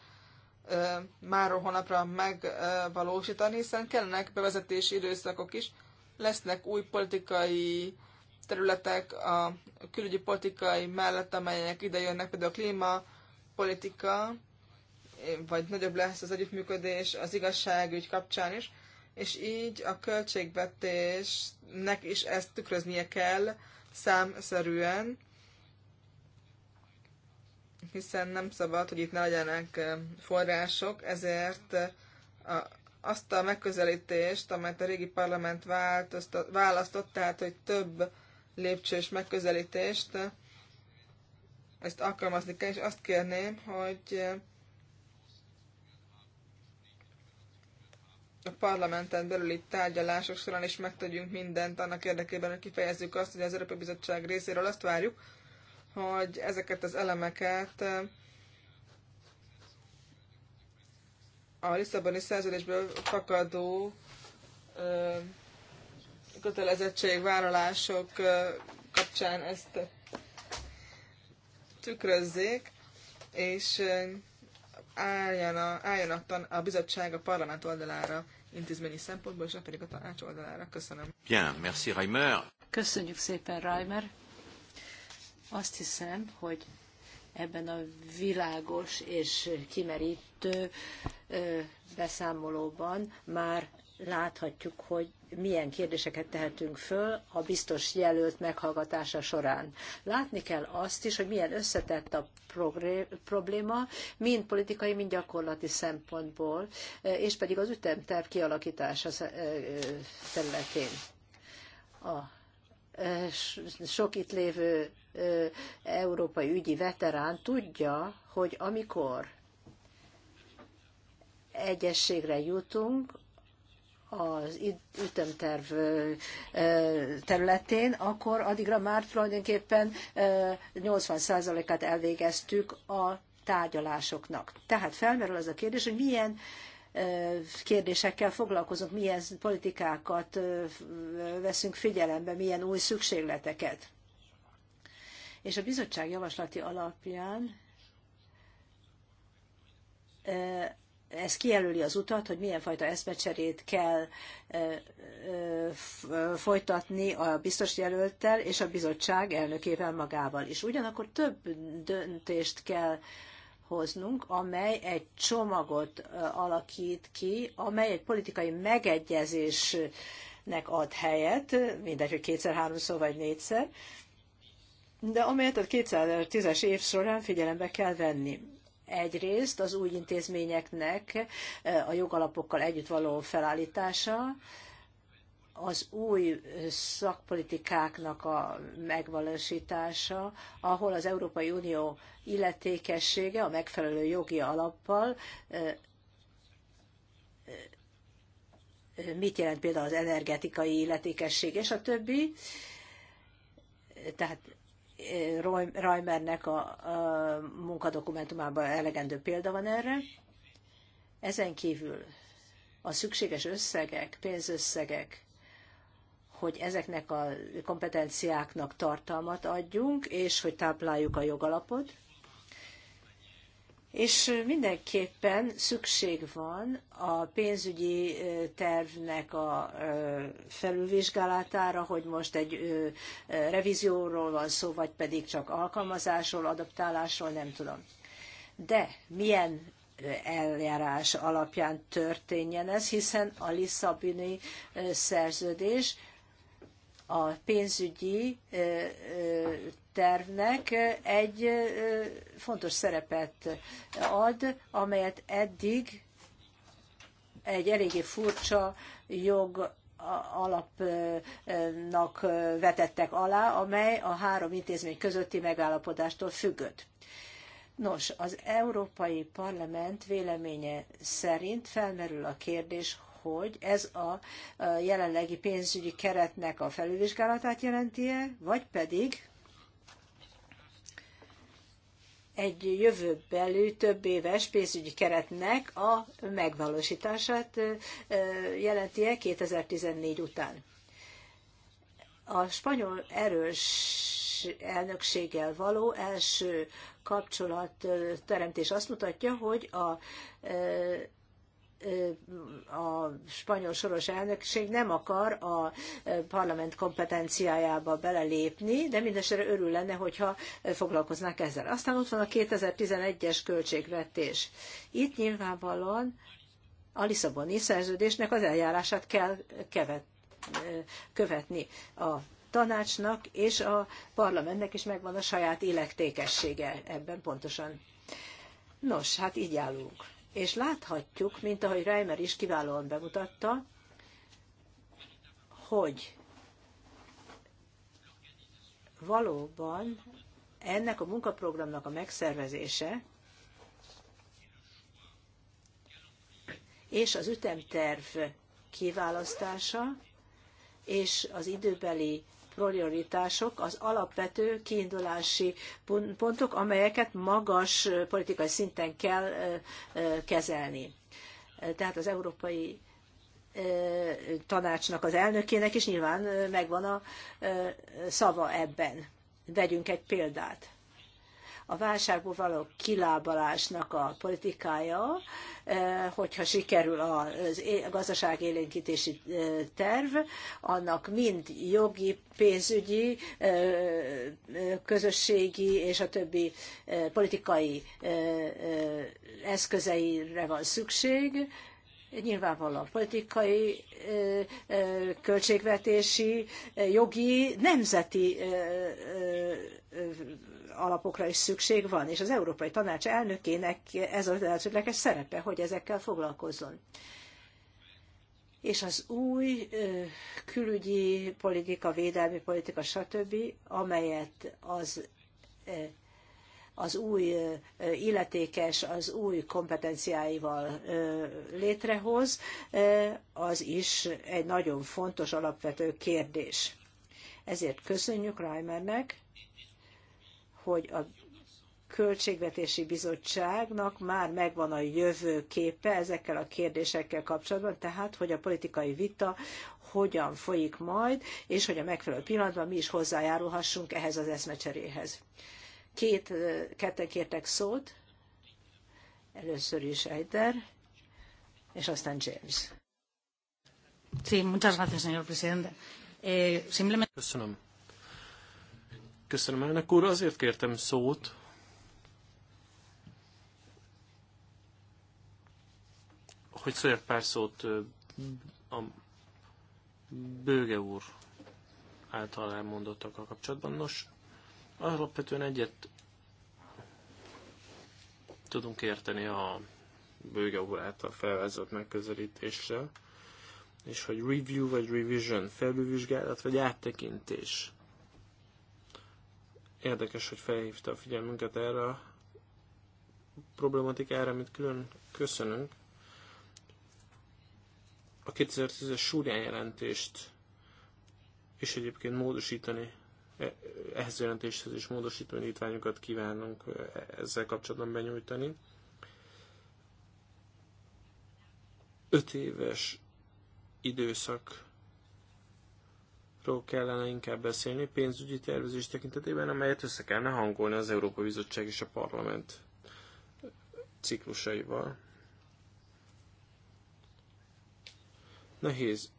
máról hónapra megvalósítani, hiszen kellenek bevezetési időszakok is, lesznek új politikai területek a külügyi politikai mellett, amelyek ide jönnek, például a klímapolitika, vagy nagyobb lesz az együttműködés az igazságügy kapcsán is és így a költségvetésnek is ezt tükröznie kell számszerűen, hiszen nem szabad, hogy itt ne legyenek források, ezért a, azt a megközelítést, amelyet a régi parlament választott, tehát hogy több lépcsős megközelítést, ezt alkalmazni kell, és azt kérném, hogy a parlamenten belüli tárgyalások során is megtegyünk mindent annak érdekében, hogy kifejezzük azt, hogy az Európai Bizottság részéről azt várjuk, hogy ezeket az elemeket eh, a Lisszaboni szerződésből fakadó eh, kötelezettségvállalások eh, kapcsán ezt tükrözzék, és álljon a, álljon a, tan, a bizottság a parlament oldalára intézményi szempontból, és ne pedig a tanács oldalára. Köszönöm. Bien, merci Reimer. Köszönjük szépen, Reimer. Azt hiszem, hogy ebben a világos és kimerítő beszámolóban már láthatjuk, hogy milyen kérdéseket tehetünk föl a biztos jelölt meghallgatása során. Látni kell azt is, hogy milyen összetett a probléma, mind politikai, mind gyakorlati szempontból, és pedig az ütemterv kialakítása területén. A sok itt lévő európai ügyi veterán tudja, hogy amikor egyességre jutunk, az ütemterv területén, akkor addigra már tulajdonképpen 80%-át elvégeztük a tárgyalásoknak. Tehát felmerül az a kérdés, hogy milyen kérdésekkel foglalkozunk, milyen politikákat veszünk figyelembe, milyen új szükségleteket. És a bizottság javaslati alapján ez kijelöli az utat, hogy milyen fajta eszmecserét kell folytatni a biztos jelölttel és a bizottság elnökével magával is. Ugyanakkor több döntést kell hoznunk, amely egy csomagot alakít ki, amely egy politikai megegyezésnek ad helyet, mindegy, hogy kétszer, háromszor vagy négyszer, de amelyet a 2010-es év során figyelembe kell venni egyrészt az új intézményeknek eh, a jogalapokkal együtt való felállítása, az új szakpolitikáknak a megvalósítása, ahol az Európai Unió illetékessége a megfelelő jogi alappal eh, eh, mit jelent például az energetikai illetékesség, és a többi. Tehát Reimernek a, a munkadokumentumában elegendő példa van erre. Ezen kívül a szükséges összegek, pénzösszegek, hogy ezeknek a kompetenciáknak tartalmat adjunk, és hogy tápláljuk a jogalapot, és mindenképpen szükség van a pénzügyi tervnek a felülvizsgálatára, hogy most egy revízióról van szó, vagy pedig csak alkalmazásról, adaptálásról, nem tudom. De milyen eljárás alapján történjen ez, hiszen a Lisszaboni szerződés a pénzügyi tervnek egy fontos szerepet ad, amelyet eddig egy eléggé furcsa jog alapnak vetettek alá, amely a három intézmény közötti megállapodástól függött. Nos, az Európai Parlament véleménye szerint felmerül a kérdés, hogy ez a jelenlegi pénzügyi keretnek a felülvizsgálatát jelenti-e, vagy pedig egy jövőbeli több éves pénzügyi keretnek a megvalósítását jelenti -e 2014 után. A spanyol erős elnökséggel való első kapcsolat teremtés azt mutatja, hogy a a spanyol soros elnökség nem akar a parlament kompetenciájába belelépni, de mindesetre örül lenne, hogyha foglalkoznák ezzel. Aztán ott van a 2011-es költségvetés. Itt nyilvánvalóan a Lisszaboni szerződésnek az eljárását kell kevet, követni. A tanácsnak és a parlamentnek is megvan a saját illetékessége ebben pontosan. Nos, hát így állunk. És láthatjuk, mint ahogy Reimer is kiválóan bemutatta, hogy valóban ennek a munkaprogramnak a megszervezése és az ütemterv kiválasztása és az időbeli prioritások az alapvető kiindulási pontok, amelyeket magas politikai szinten kell kezelni. Tehát az Európai Tanácsnak az elnökének is nyilván megvan a szava ebben. Vegyünk egy példát a válságból való kilábalásnak a politikája, eh, hogyha sikerül a gazdaság élénkítési eh, terv, annak mind jogi, pénzügyi, eh, közösségi és a többi politikai eszközeire van szükség, nyilvánvalóan politikai, költségvetési, jogi, nemzeti alapokra is szükség van, és az Európai Tanács elnökének ez az elsődleges szerepe, hogy ezekkel foglalkozzon. És az új külügyi politika, védelmi politika, stb., amelyet az az új illetékes, az új kompetenciáival létrehoz, az is egy nagyon fontos alapvető kérdés. Ezért köszönjük Reimernek, hogy a Költségvetési Bizottságnak már megvan a jövőképe ezekkel a kérdésekkel kapcsolatban, tehát hogy a politikai vita hogyan folyik majd, és hogy a megfelelő pillanatban mi is hozzájárulhassunk ehhez az eszmecseréhez. Két, kettek kértek szót. Először is Eider, és aztán James. Sí, muchas gracias, señor presidente. Eh, simplemente... Köszönöm. Köszönöm, elnök úr. Azért kértem szót, hogy szóljak pár szót a Bőge úr által elmondottak a kapcsolatban. Nos, Alapvetően egyet tudunk érteni a bőge által felvázolt megközelítéssel, és hogy review vagy revision, felülvizsgálat vagy áttekintés. Érdekes, hogy felhívta a figyelmünket erre a problematikára, amit külön köszönünk. A 2010-es súrján jelentést is egyébként módosítani ehhez jelentéshez is módosító indítványokat kívánunk eh, ezzel kapcsolatban benyújtani. Öt éves időszakról kellene inkább beszélni pénzügyi tervezés tekintetében, amelyet össze kellene hangolni az Európa Bizottság és a Parlament ciklusaival. Nehéz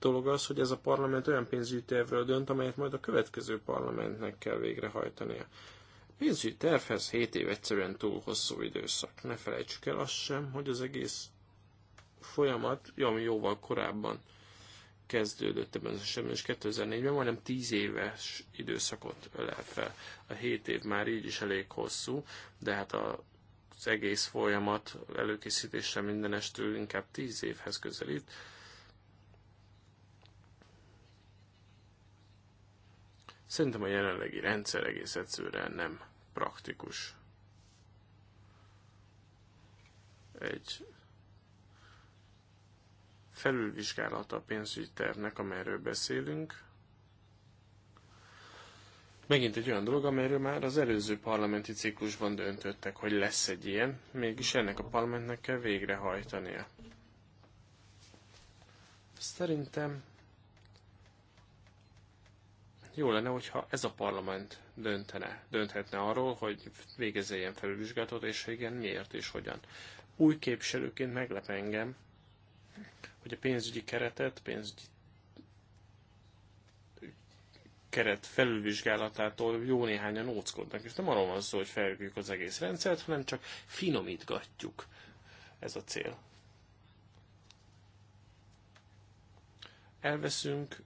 dolog az, hogy ez a parlament olyan pénzügyi tervről dönt, amelyet majd a következő parlamentnek kell végrehajtania. A pénzügyi tervhez 7 év egyszerűen túl hosszú időszak. Ne felejtsük el azt sem, hogy az egész folyamat, ami jóval korábban kezdődött ebben az esetben, és 2004-ben majdnem 10 éves időszakot ölel fel. A 7 év már így is elég hosszú, de hát a az egész folyamat előkészítése minden estől inkább 10 évhez közelít Szerintem a jelenlegi rendszer egész egyszerűen nem praktikus. Egy felülvizsgálata a pénzügyi tervnek, amelyről beszélünk, megint egy olyan dolog, amelyről már az előző parlamenti ciklusban döntöttek, hogy lesz egy ilyen, mégis ennek a parlamentnek kell végrehajtania. Szerintem jó lenne, hogyha ez a parlament döntene, dönthetne arról, hogy végezze ilyen felülvizsgálatot, és igen, miért és hogyan. Új képviselőként meglep engem, hogy a pénzügyi keretet, pénzügyi keret felülvizsgálatától jó néhányan óckodnak, és nem arról van szó, hogy felüljük az egész rendszert, hanem csak finomítgatjuk. Ez a cél. Elveszünk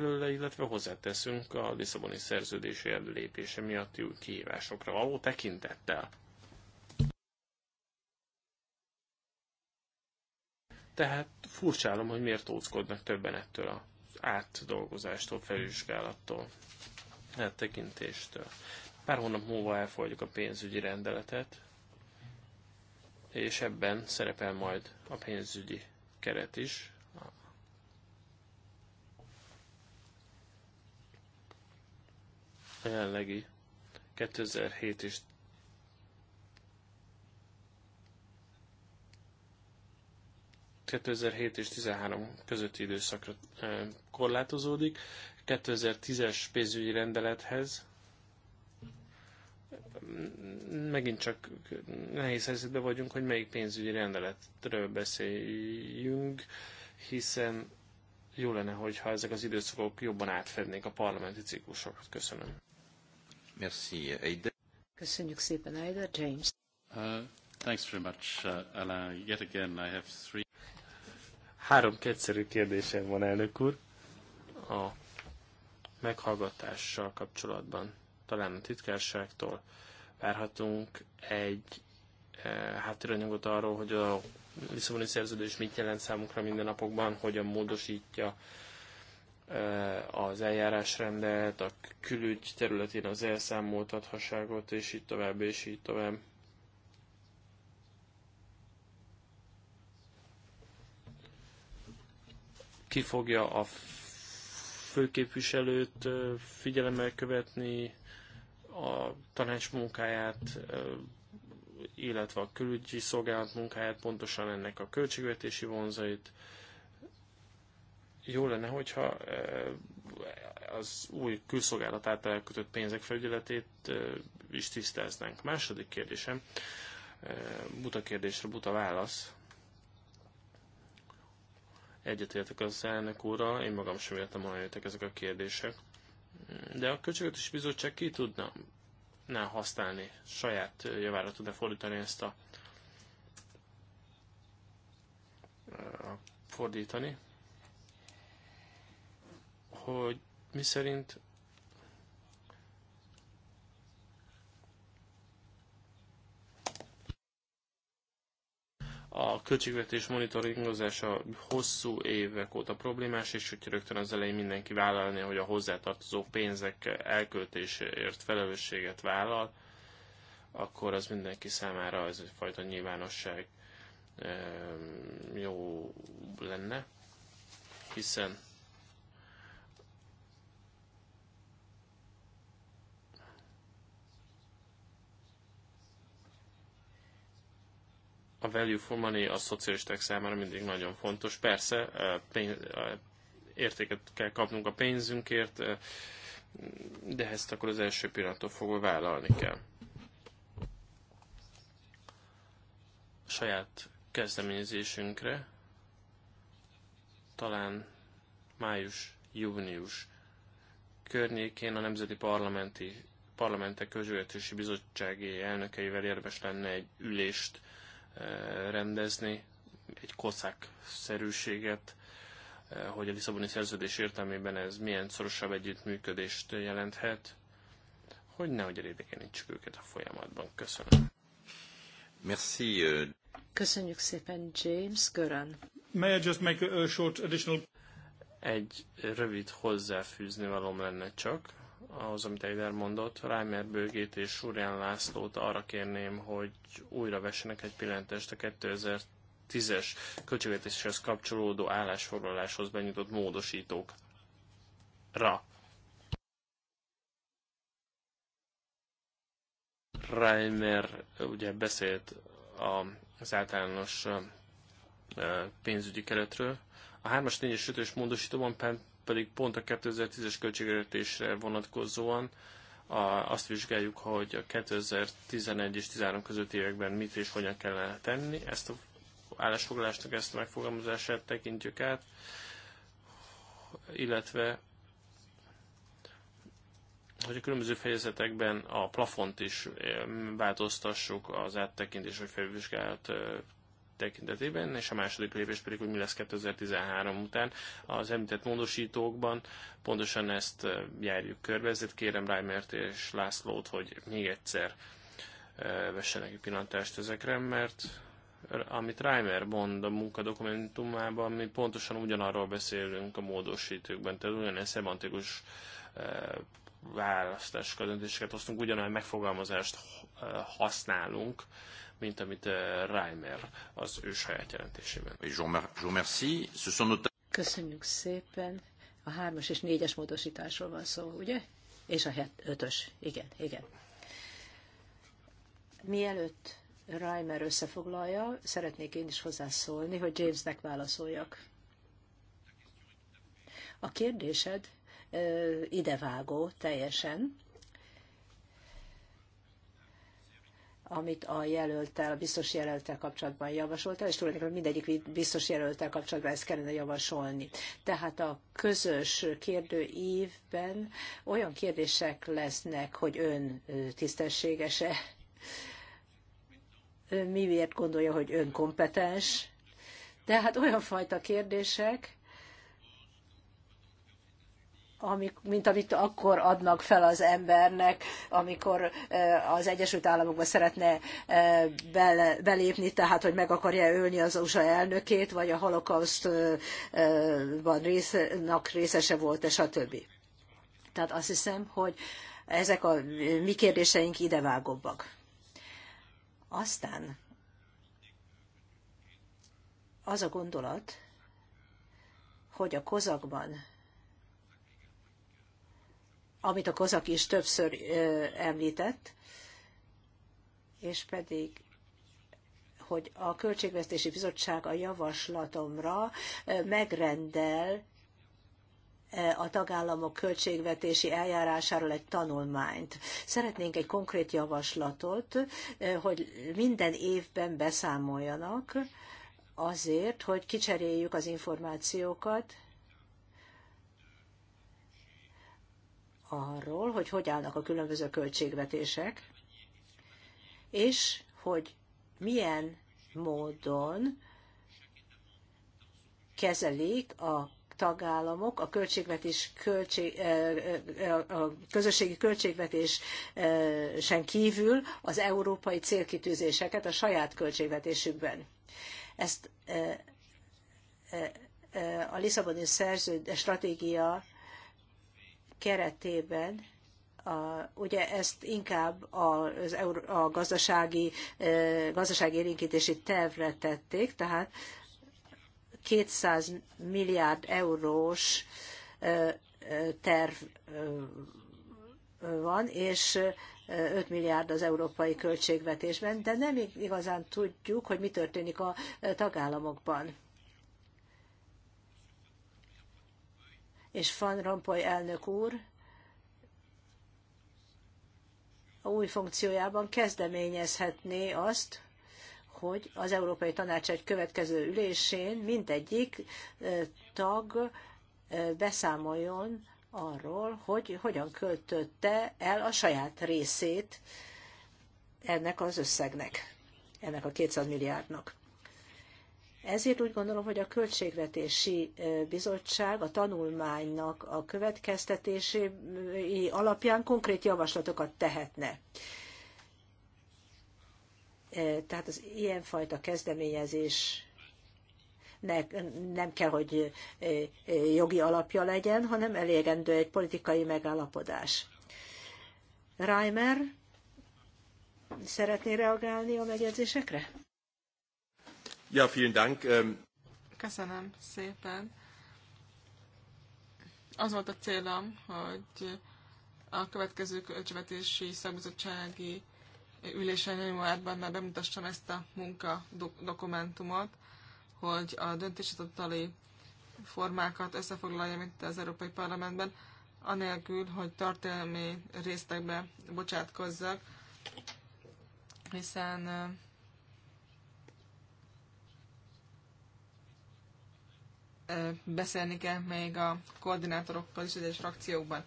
belőle, illetve hozzáteszünk a Lisszaboni szerződés lépése miatti új kihívásokra való tekintettel. Tehát furcsálom, hogy miért óckodnak többen ettől az átdolgozástól, felvizsgálattól, eltekintéstől. Pár hónap múlva elfogadjuk a pénzügyi rendeletet, és ebben szerepel majd a pénzügyi keret is, a jelenlegi 2007 és 2007 és 13 közötti időszakra korlátozódik. 2010-es pénzügyi rendelethez megint csak nehéz helyzetben vagyunk, hogy melyik pénzügyi rendeletről beszéljünk, hiszen jó lenne, hogyha ezek az időszakok jobban átfednék a parlamenti ciklusokat. Köszönöm. Merci, Eide. Köszönjük szépen, Eide. James. Uh, thanks very much, uh, Alain. Yet again, I have three... Három kétszerű kérdésem van, elnök úr. A meghallgatással kapcsolatban, talán a titkárságtól várhatunk egy eh, háttéranyagot arról, hogy a Lisszaboni szerződés mit jelent számunkra minden napokban, hogyan módosítja e, az eljárásrendet, a külügy területén az elszámoltathasságot, és így tovább, és így tovább. Ki fogja a főképviselőt e, figyelemmel követni, a tanács munkáját, e, illetve a külügyi szolgálat munkáját, pontosan ennek a költségvetési vonzait. Jó lenne, hogyha e, az új külszolgálat által elkötött pénzek felügyeletét e, is tisztáznánk. Második kérdésem, e, buta kérdésre buta válasz. Egyetértek az elnök úrral, én magam sem értem, hogy jöttek ezek a kérdések. De a Költségvetési Bizottság ki tudna nem használni, saját javára tud-e fordítani ezt a fordítani, hogy mi szerint a költségvetés monitoringozása hosszú évek óta problémás, és hogy rögtön az elején mindenki vállalni, hogy a hozzátartozó pénzek elköltéséért felelősséget vállal, akkor az mindenki számára ez egyfajta nyilvánosság ehm, jó lenne, hiszen a value for money a szocialisták számára mindig nagyon fontos. Persze eh, pénz, eh, értéket kell kapnunk a pénzünkért, eh, de ezt akkor az első pillanattól fogva vállalni kell. A saját kezdeményezésünkre talán május-június környékén a Nemzeti Parlamenti Parlamentek Közsületési Bizottsági elnökeivel érdemes lenne egy ülést Eh, rendezni, egy koszák-szerűséget, eh, hogy a Lisszaboni szerződés értelmében ez milyen szorosabb együttműködést jelenthet, hogy nehogy elidékenítsük őket a folyamatban. Köszönöm. Merci. Köszönjük szépen, James Göran. May I just make a short additional... Egy rövid hozzáfűzni valóm lenne csak ahhoz, amit Eider mondott. Reimer Bőgét és Surján Lászlót arra kérném, hogy újra vessenek egy pillanatest a 2010-es költségvetéshez kapcsolódó állásfoglaláshoz benyújtott módosítókra. Reimer ugye beszélt az általános pénzügyi keretről. A 3-as, 4-es, 5-ös módosítóban pedig pont a 2010-es költségvetésre vonatkozóan a, azt vizsgáljuk, hogy a 2011 és 13 közötti években mit és hogyan kellene tenni. Ezt a állásfoglalásnak ezt a megfogalmazását tekintjük át, illetve hogy a különböző fejezetekben a plafont is eh, változtassuk az áttekintés vagy felvizsgálat eh, tekintetében, és a második lépés pedig, hogy mi lesz 2013 után. Az említett módosítókban pontosan ezt járjuk körbe, ezért kérem Reimert és Lászlót, hogy még egyszer vessenek egy pillantást ezekre, mert amit Reimer mond a munkadokumentumában, mi pontosan ugyanarról beszélünk a módosítókban, tehát ugyanilyen szemantikus választásokat, döntéseket hoztunk, ugyanolyan megfogalmazást használunk, mint amit eh, Reimer az ő saját jelentésében. Köszönjük szépen. A hármas és négyes módosításról van szó, ugye? És a het, ötös. Igen, igen. Mielőtt Reimer összefoglalja, szeretnék én is hozzászólni, hogy Jamesnek válaszoljak. A kérdésed eh, idevágó teljesen, amit a jelöltel, a biztos jelöltel kapcsolatban javasoltál, és tulajdonképpen mindegyik biztos jelöltel kapcsolatban ezt kellene javasolni. Tehát a közös évben olyan kérdések lesznek, hogy ön tisztességese ön miért gondolja, hogy ön kompetens, tehát olyan fajta kérdések, amik, mint amit akkor adnak fel az embernek, amikor az Egyesült Államokba szeretne belépni, tehát hogy meg akarja ölni az USA elnökét, vagy a holokausztban résznak részese volt, és a többi. Tehát azt hiszem, hogy ezek a mi kérdéseink idevágóbbak. Aztán az a gondolat, hogy a kozakban amit a Kozak is többször említett, és pedig hogy a Költségvesztési Bizottság a javaslatomra megrendel a tagállamok költségvetési eljárásáról egy tanulmányt. Szeretnénk egy konkrét javaslatot, hogy minden évben beszámoljanak azért, hogy kicseréljük az információkat, arról, hogy hogy állnak a különböző költségvetések, és hogy milyen módon kezelik a tagállamok a költségvetés költség, a közösségi költségvetésen kívül az európai célkitűzéseket a saját költségvetésükben. Ezt a Lisszaboni szerződ stratégia keretében a, ugye ezt inkább az a gazdasági, e, gazdasági érintési tervre tették, tehát 200 milliárd eurós e, e, terv van, és 5 milliárd az európai költségvetésben, de nem igazán tudjuk, hogy mi történik a tagállamokban. és Van Rompuy elnök úr a új funkciójában kezdeményezhetné azt, hogy az Európai Tanács egy következő ülésén mindegyik tag beszámoljon arról, hogy hogyan költötte el a saját részét ennek az összegnek, ennek a 200 milliárdnak. Ezért úgy gondolom, hogy a Költségvetési Bizottság a tanulmánynak a következtetései alapján konkrét javaslatokat tehetne. Tehát az ilyenfajta kezdeményezés nem kell, hogy jogi alapja legyen, hanem elégendő egy politikai megállapodás. Reimer, szeretné reagálni a megjegyzésekre? Ja, vielen Dank. Ähm, Köszönöm szépen. Az volt a célom, hogy a következő költségvetési szakbizottsági ülésen januárban már bemutassam ezt a munkadokumentumot, hogy a döntéshozatali formákat összefoglalja, mint az Európai Parlamentben, anélkül, hogy tartalmi résztekbe bocsátkozzak, hiszen beszélni kell még a koordinátorokkal is, egyes frakciókban.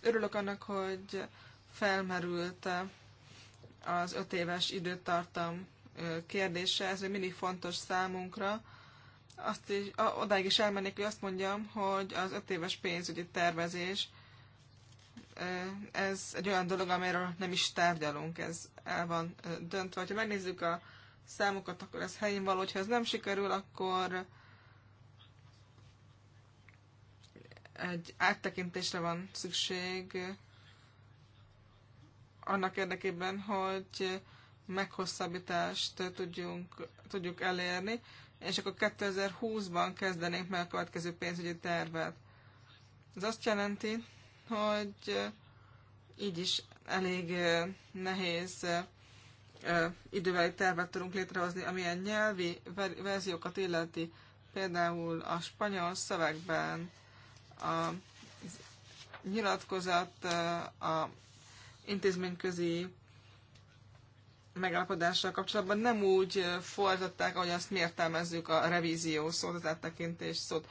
Örülök annak, hogy felmerült az öt éves időtartam kérdése, ez még mindig fontos számunkra. Azt is, odáig is elmennék, hogy azt mondjam, hogy az öt éves pénzügyi tervezés, ez egy olyan dolog, amiről nem is tárgyalunk, ez el van döntve. Ha megnézzük a számokat, akkor ez helyén való, ha ez nem sikerül, akkor egy áttekintésre van szükség annak érdekében, hogy meghosszabbítást tudjunk, tudjuk elérni, és akkor 2020-ban kezdenénk meg a következő pénzügyi tervet. Ez azt jelenti, hogy így is elég nehéz időbeli tervet tudunk létrehozni, amilyen nyelvi verziókat illeti, például a spanyol szövegben a nyilatkozat a intézményközi megállapodással kapcsolatban nem úgy fordították, ahogy azt mi értelmezzük a revízió szót, az áttekintés szót.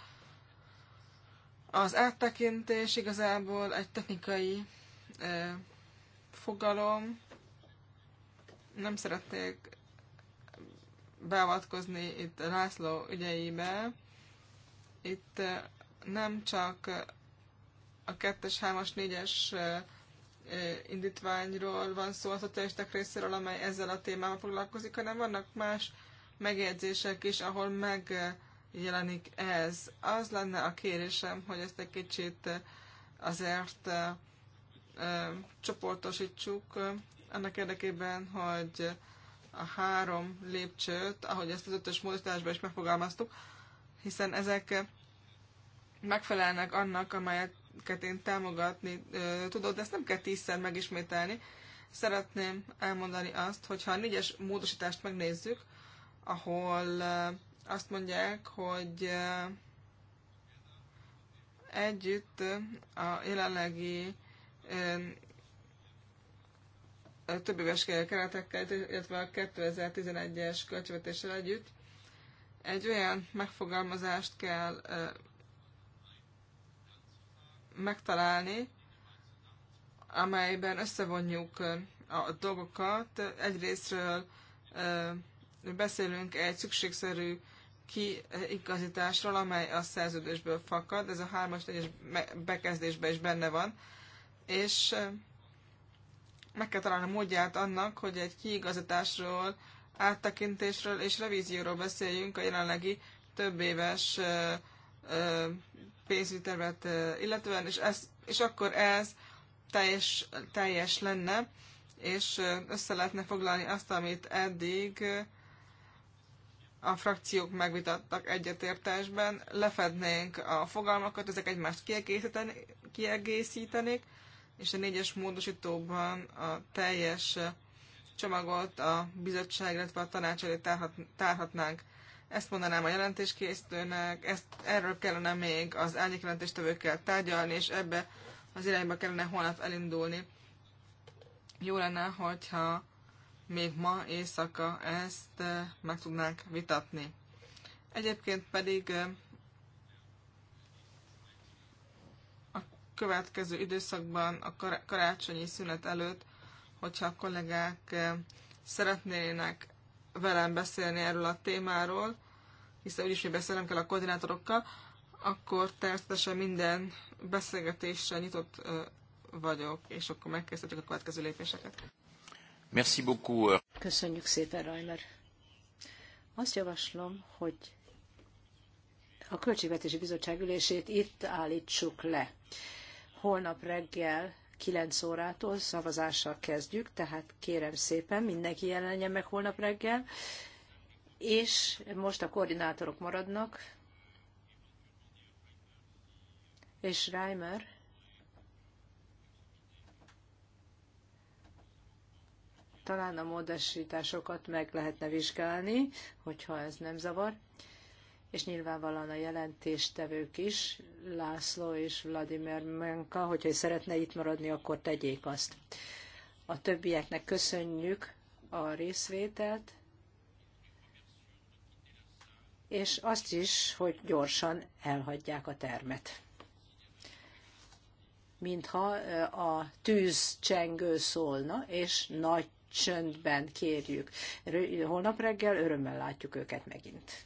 Az áttekintés igazából egy technikai eh, fogalom. Nem szeretnék beavatkozni itt László ügyeibe. Itt nem csak a 2-es, 3-as, 4-es indítványról van szó a szocialisták részéről, amely ezzel a témával foglalkozik, hanem vannak más megjegyzések is, ahol megjelenik ez. Az lenne a kérésem, hogy ezt egy kicsit azért csoportosítsuk annak érdekében, hogy a három lépcsőt, ahogy ezt az ötös módosításban is megfogalmaztuk, hiszen ezek megfelelnek annak, amelyeket én támogatni tudod, de ezt nem kell tízszer megismételni. Szeretném elmondani azt, hogy ha a négyes módosítást megnézzük, ahol azt mondják, hogy együtt a jelenlegi több éves keretekkel, illetve a 2011-es költségvetéssel együtt egy olyan megfogalmazást kell megtalálni, amelyben összevonjuk a dolgokat. Egyrésztről beszélünk egy szükségszerű kiigazításról, amely a szerződésből fakad, ez a hármas egyes bekezdésben is benne van, és meg kell találni a módját annak, hogy egy kiigazításról, áttekintésről és revízióról beszéljünk a jelenlegi több éves pénzügyi tervet illetően, és, ez, és akkor ez teljes, teljes lenne, és össze lehetne foglalni azt, amit eddig a frakciók megvitattak egyetértésben, lefednénk a fogalmakat, ezek egymást kiegészítenék, és a négyes módosítóban a teljes csomagot a bizottság, illetve a tanács elé tárhat, tárhatnánk. Ezt mondanám a jelentéskészítőnek, ezt, erről kellene még az jelentéstevőkkel tárgyalni, és ebbe az irányba kellene holnap elindulni. Jó lenne, hogyha még ma éjszaka ezt eh, meg tudnánk vitatni. Egyébként pedig eh, a következő időszakban, a karácsonyi szünet előtt, hogyha a kollégák eh, szeretnének velem beszélni erről a témáról, hiszen úgyis mi beszélnem kell a koordinátorokkal, akkor természetesen minden beszélgetésre nyitott vagyok, és akkor megkezdhetjük a következő lépéseket. Merci beaucoup. Köszönjük szépen, Rajmer. Azt javaslom, hogy a Költségvetési Bizottság ülését itt állítsuk le. Holnap reggel 9 órától szavazással kezdjük, tehát kérem szépen mindenki jelenjen meg holnap reggel, és most a koordinátorok maradnak, és Reimer. Talán a módosításokat meg lehetne vizsgálni, hogyha ez nem zavar és nyilvánvalóan a jelentéstevők is, László és Vladimir Menka, hogyha szeretne itt maradni, akkor tegyék azt. A többieknek köszönjük a részvételt, és azt is, hogy gyorsan elhagyják a termet. Mintha a tűz csengő szólna, és nagy csöndben kérjük. Holnap reggel örömmel látjuk őket megint.